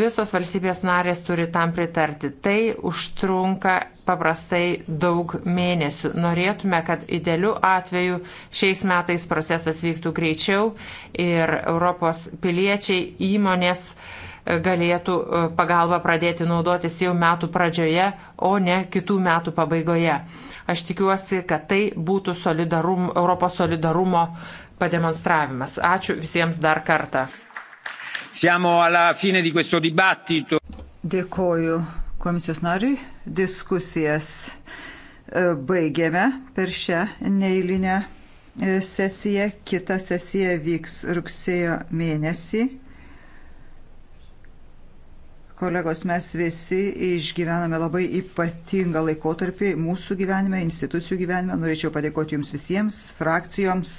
Visos valstybės narės turi tam pritarti. Tai užtrunka paprastai daug mėnesių. Norėtume, kad idealiu atveju šiais metais procesas vyktų greičiau ir Europos piliečiai, įmonės, uh, galėtų e, pagalbą pradėti naudotis jau metų pradžioje, o ne kitų metų pabaigoje. Aš tikiuosi, kad tai būtų solidarum, Europos solidarumo pademonstravimas. Ačiū visiems dar kartą. Dėkoju komisijos nariui. Diskusijas e, baigėme per šią neįlinę e, sesiją. Kita sesija vyks rugsėjo mėnesį. Kolegos, mes visi išgyvename labai ypatingą laikotarpį mūsų gyvenime, institucijų gyvenime. Norėčiau padėkoti jums visiems, frakcijoms.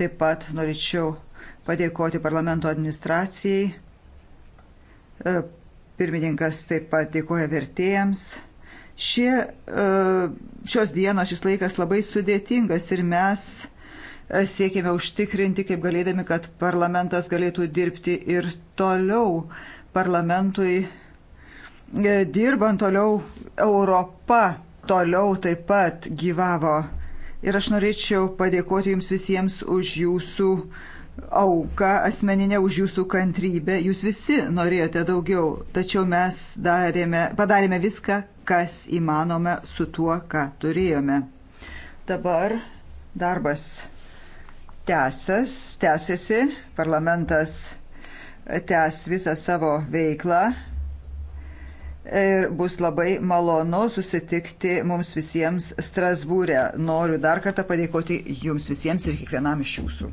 Taip pat norėčiau padėkoti parlamento administracijai. E, pirmininkas taip pat dėkoja vertėjams. Šie, e, šios dienos, šis laikas labai sudėtingas ir mes e, siekėme užtikrinti, kaip galėdami, kad parlamentas galėtų dirbti ir toliau parlamentui e, dirbant toliau Europa toliau taip pat gyvavo. Ir aš norėčiau padėkoti jums visiems už jūsų auką asmeninę, už jūsų kantrybę. Jūs visi norėjote daugiau, tačiau mes darėme, padarėme viską, kas įmanome su tuo, ką turėjome. Dabar darbas tęsas, tęsiasi, parlamentas tęs visą savo veiklą ir bus labai malonu susitikti mums visiems Strasbūrė. Noriu dar kartą padėkoti jums visiems ir kiekvienam iš jūsų.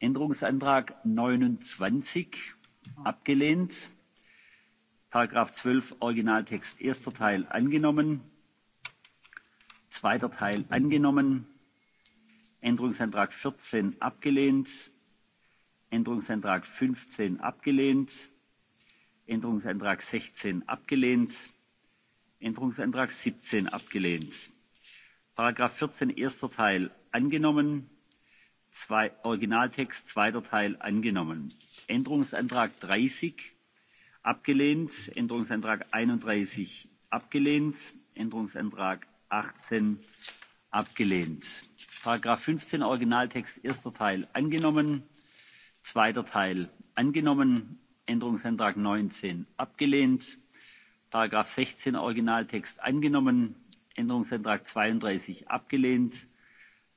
änderungsantrag neunundzwanzig abgelehnt; paragraph zwölf originaltext erster teil angenommen; zweiter teil angenommen; änderungsantrag vierzehn abgelehnt; änderungsantrag fünfzehn abgelehnt; änderungsantrag sechzehn abgelehnt; änderungsantrag siebzehn abgelehnt; paragraph vierzehn erster teil angenommen; zwei, Originaltext zweiter Teil angenommen. Änderungsantrag 30 abgelehnt, Änderungsantrag 31 abgelehnt, Änderungsantrag 18 abgelehnt. Paragraph 15 Originaltext erster Teil angenommen, zweiter Teil angenommen, Änderungsantrag 19 abgelehnt, Paragraph 16 Originaltext angenommen, Änderungsantrag 32 abgelehnt,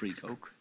freak ook.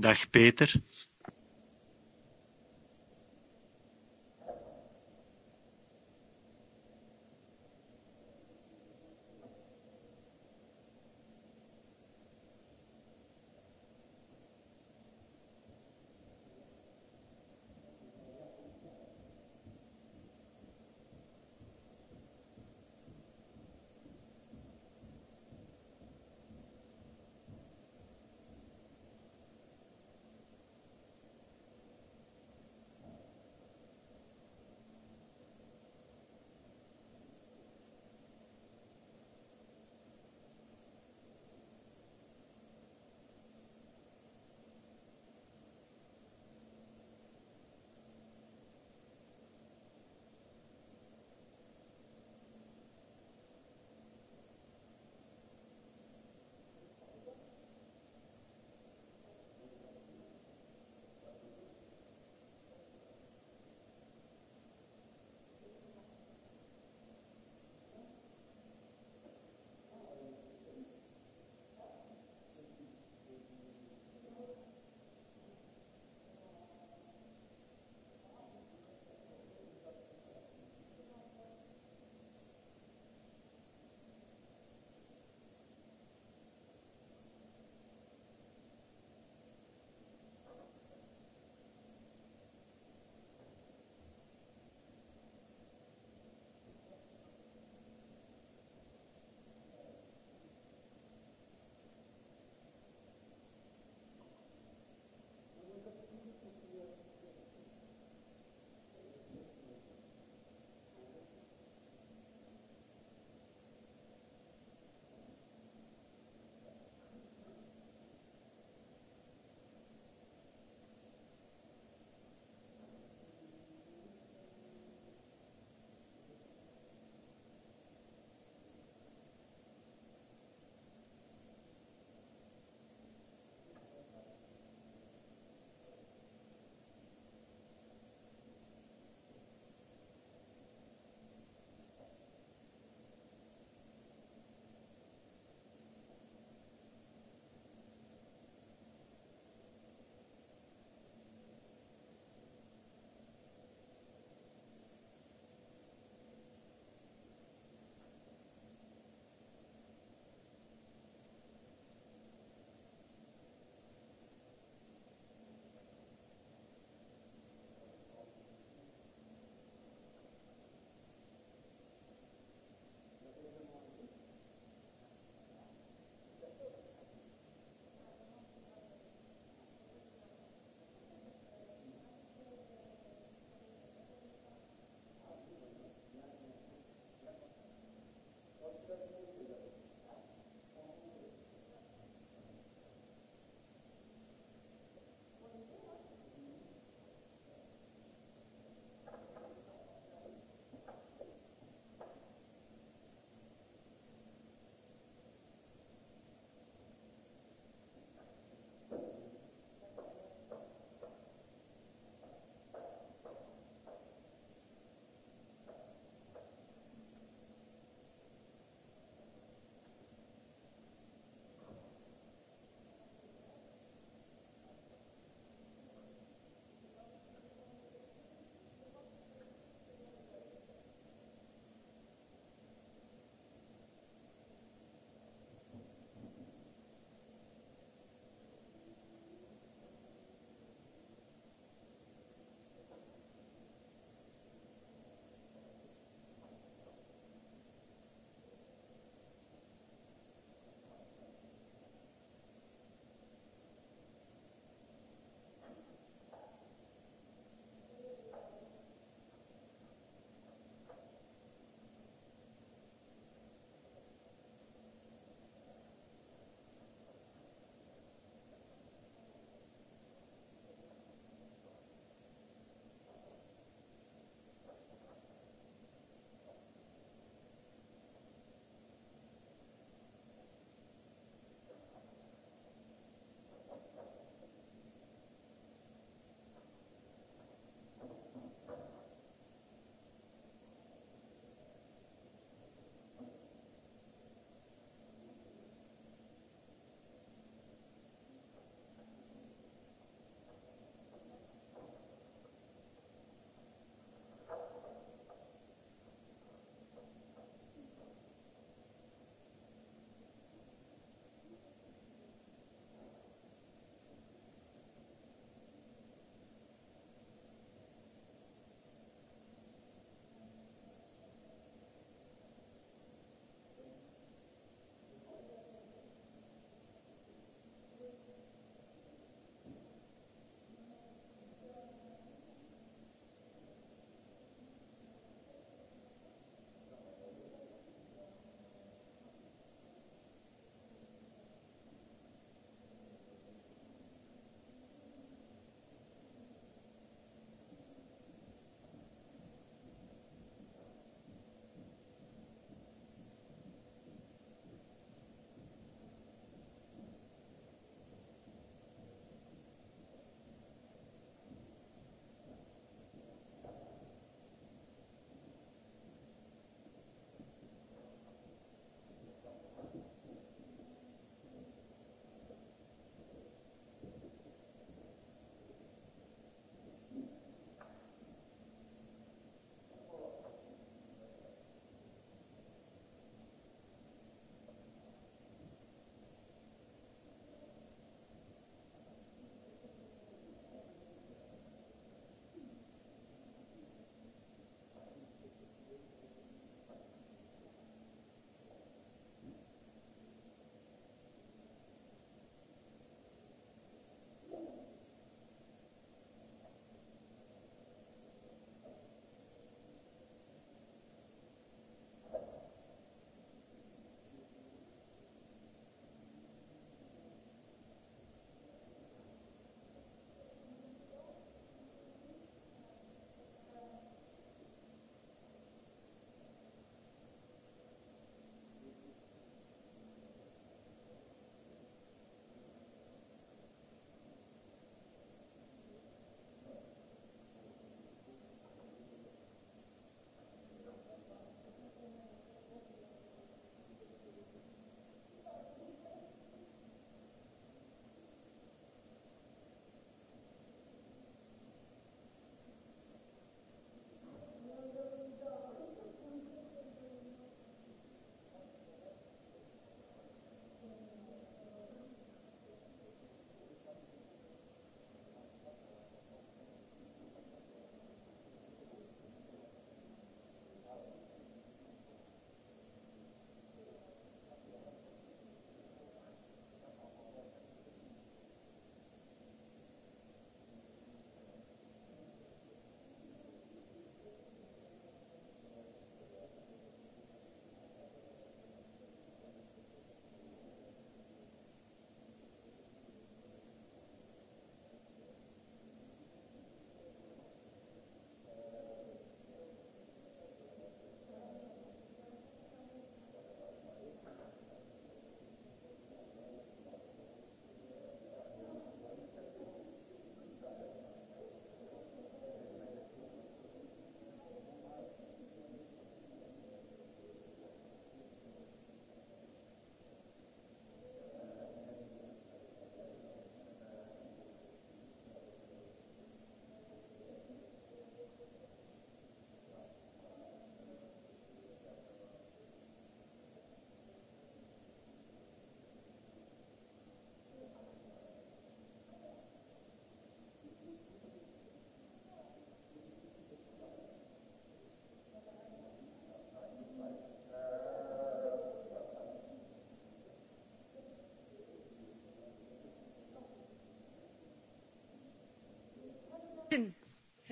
dag peter.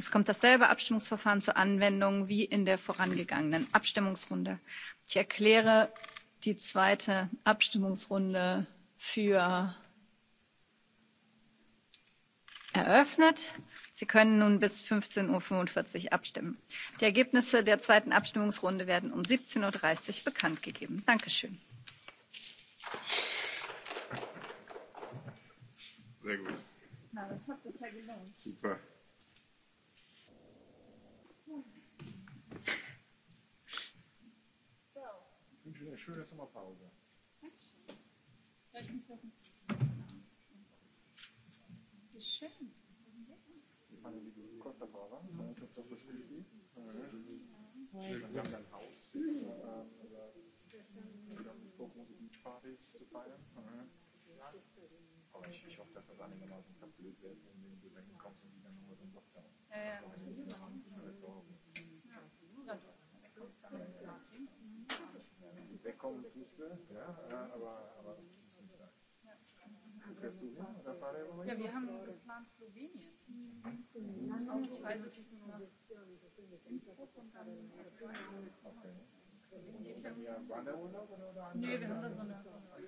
es kommt dasselbe abstimmungsverfahren zur anwendung wie in der vorangegangenen abstimmungsrunde. ich erkläre die zweite abstimmungsrunde für eröffnet. sie können nun bis. fünfzehn fünfundvierzig uhr abstimmen. die ergebnisse der zweiten abstimmungsrunde werden um. siebzehn dreißig uhr bekanntgegeben. danke schön. sehr gut. Na, das hat sich ja gelohnt. Super. eine schöne Sommerpause. Dankeschön. Soll ich mich noch Wie schön. Ich meine, die Costa Brava, das ist das Spiel. Wir haben ein Haus, wir haben große Beachpartys zu feiern. Aber ich, ich hoffe, dass das einigermaßen verblöd wird, wenn du dahin kommst und die dann nochmal so einen Lockdown. Ja, ja wegkommen müsste. Ja, aber, aber ist nicht sein. Fährst du hin? Das war der Moment? Ja, wir haben geplant Slowenien. Mhm. Auch die Reise nach Innsbruck und dann Okay. Geht er- ja. Wanderurlaub oder, oder Nee, wir haben da so eine,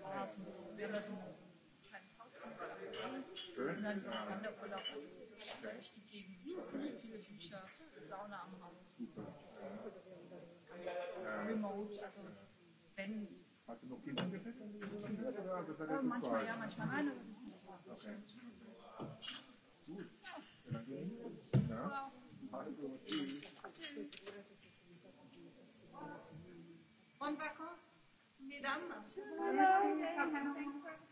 ja, so ein bisschen, wir haben da so ein kleines Haus mit Schön. Und dann ja. Wanderurlaub okay. durch die Gegend. Okay. Viele Bücher, Sauna am Haus. Super. Ja. Remote, also. Ja wenn. Hast du noch Kinder gefüttert? Oh, manchmal ja, manchmal nein. Okay. Gut. Ja. Also, tschüss. Bon vacances, mesdames. Hello. Hello.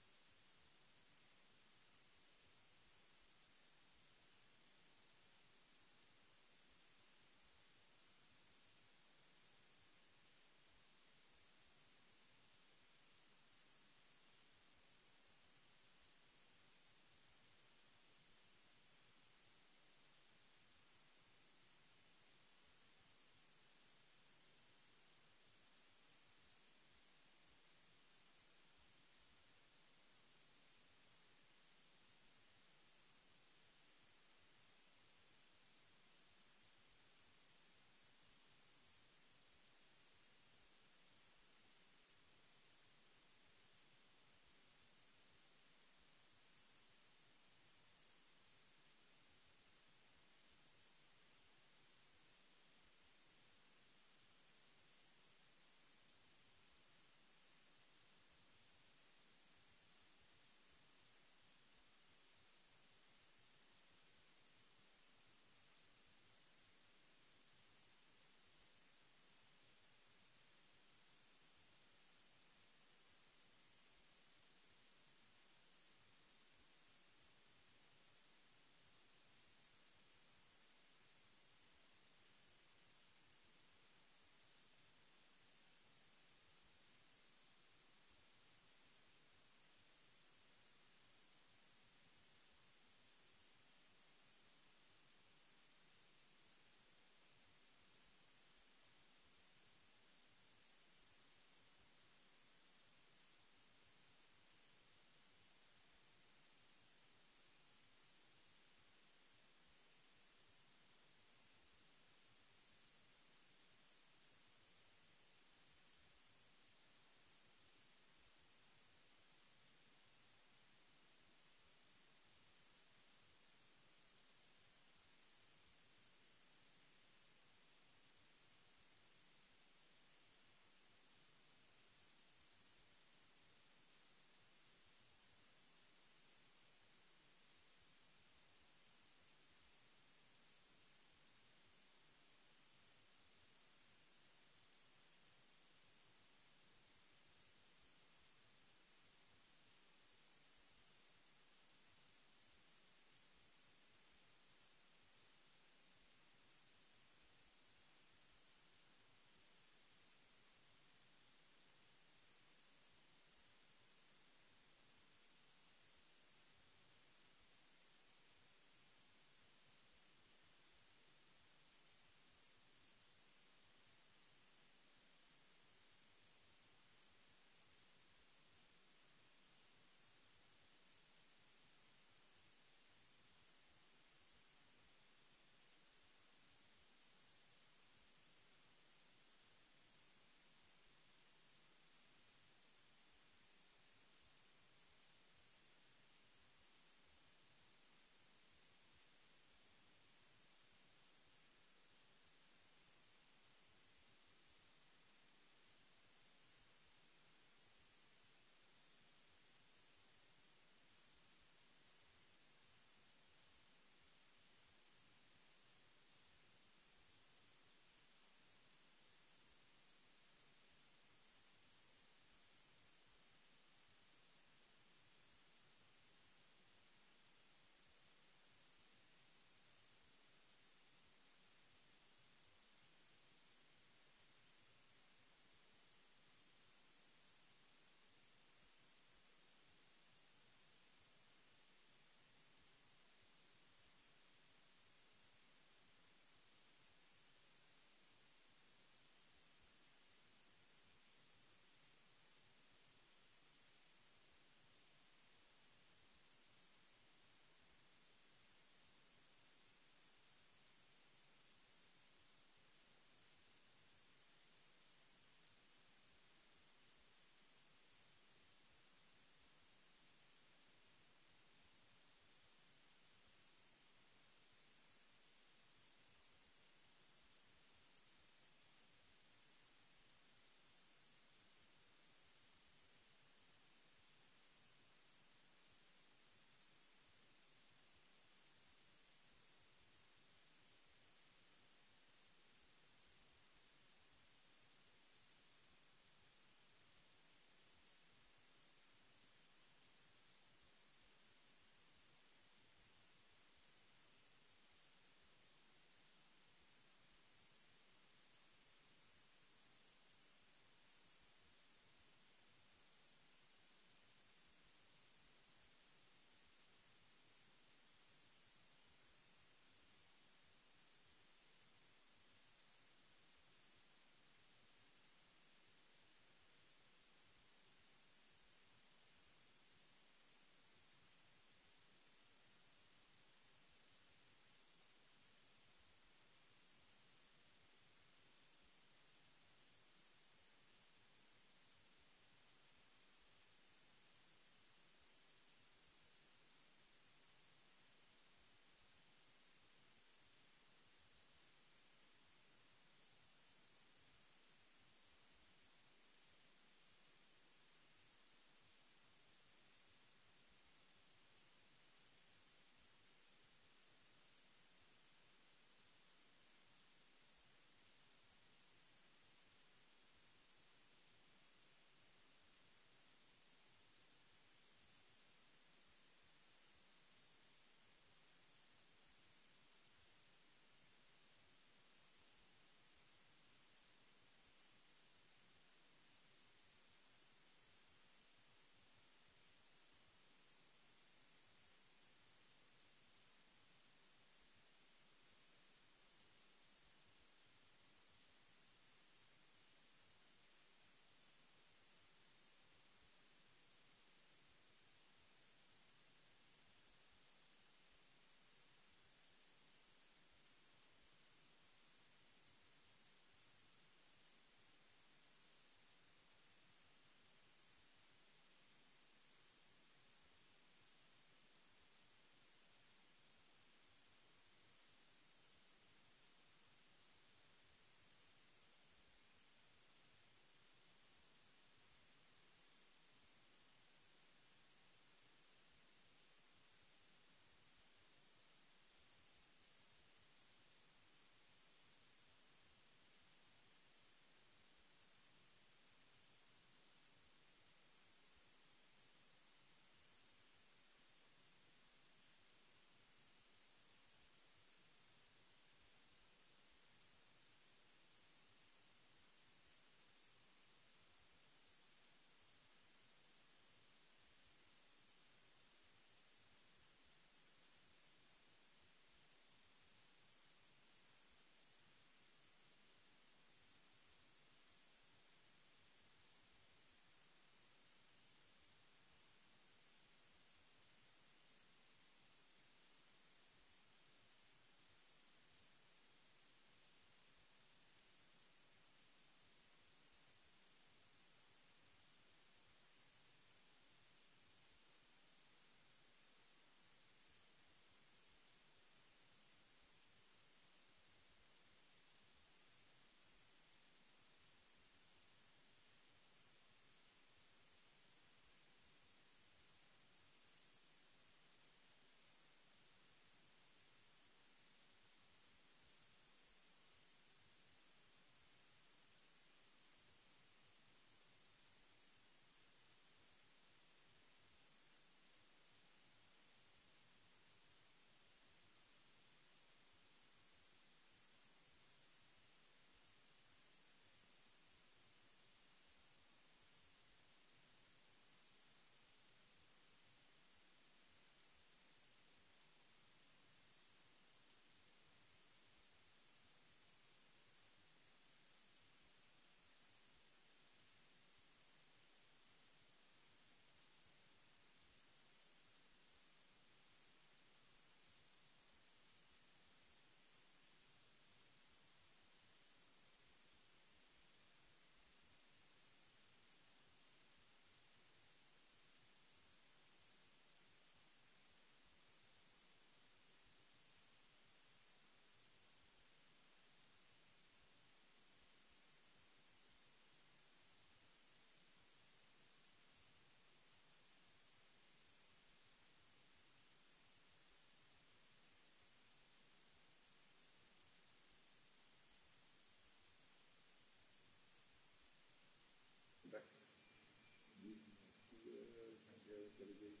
gali daryt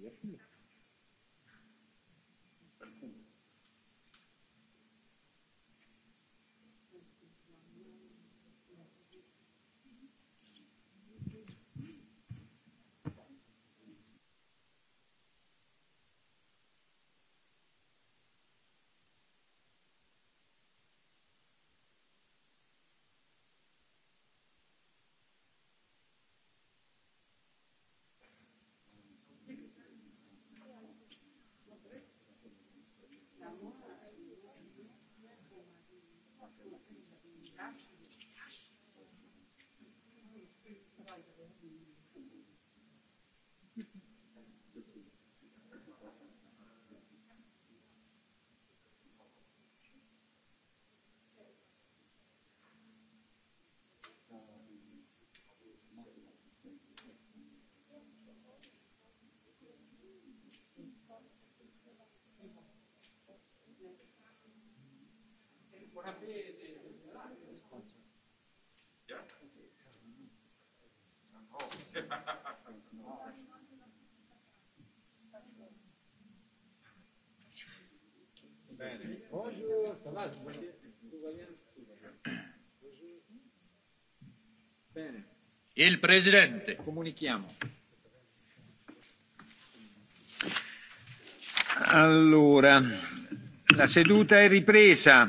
viešinimui Bene. Bonjour, ça va? Tout va bien? Tout va bien? Tout va bien. Bonjour. Bene. Il Presidente. Comunichiamo. Allora, la seduta è ripresa.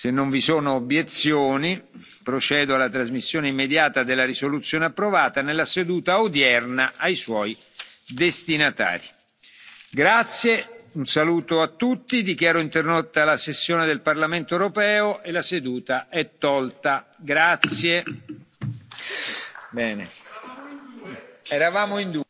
se non vi sono obiezioni procedo alla trasmissione immediata della risoluzione approvata nella seduta odierna ai suoi destinatari. un saluto a tutti dichiaro interrotta la sessione del parlamento europeo e la seduta è tolta. eravamo in.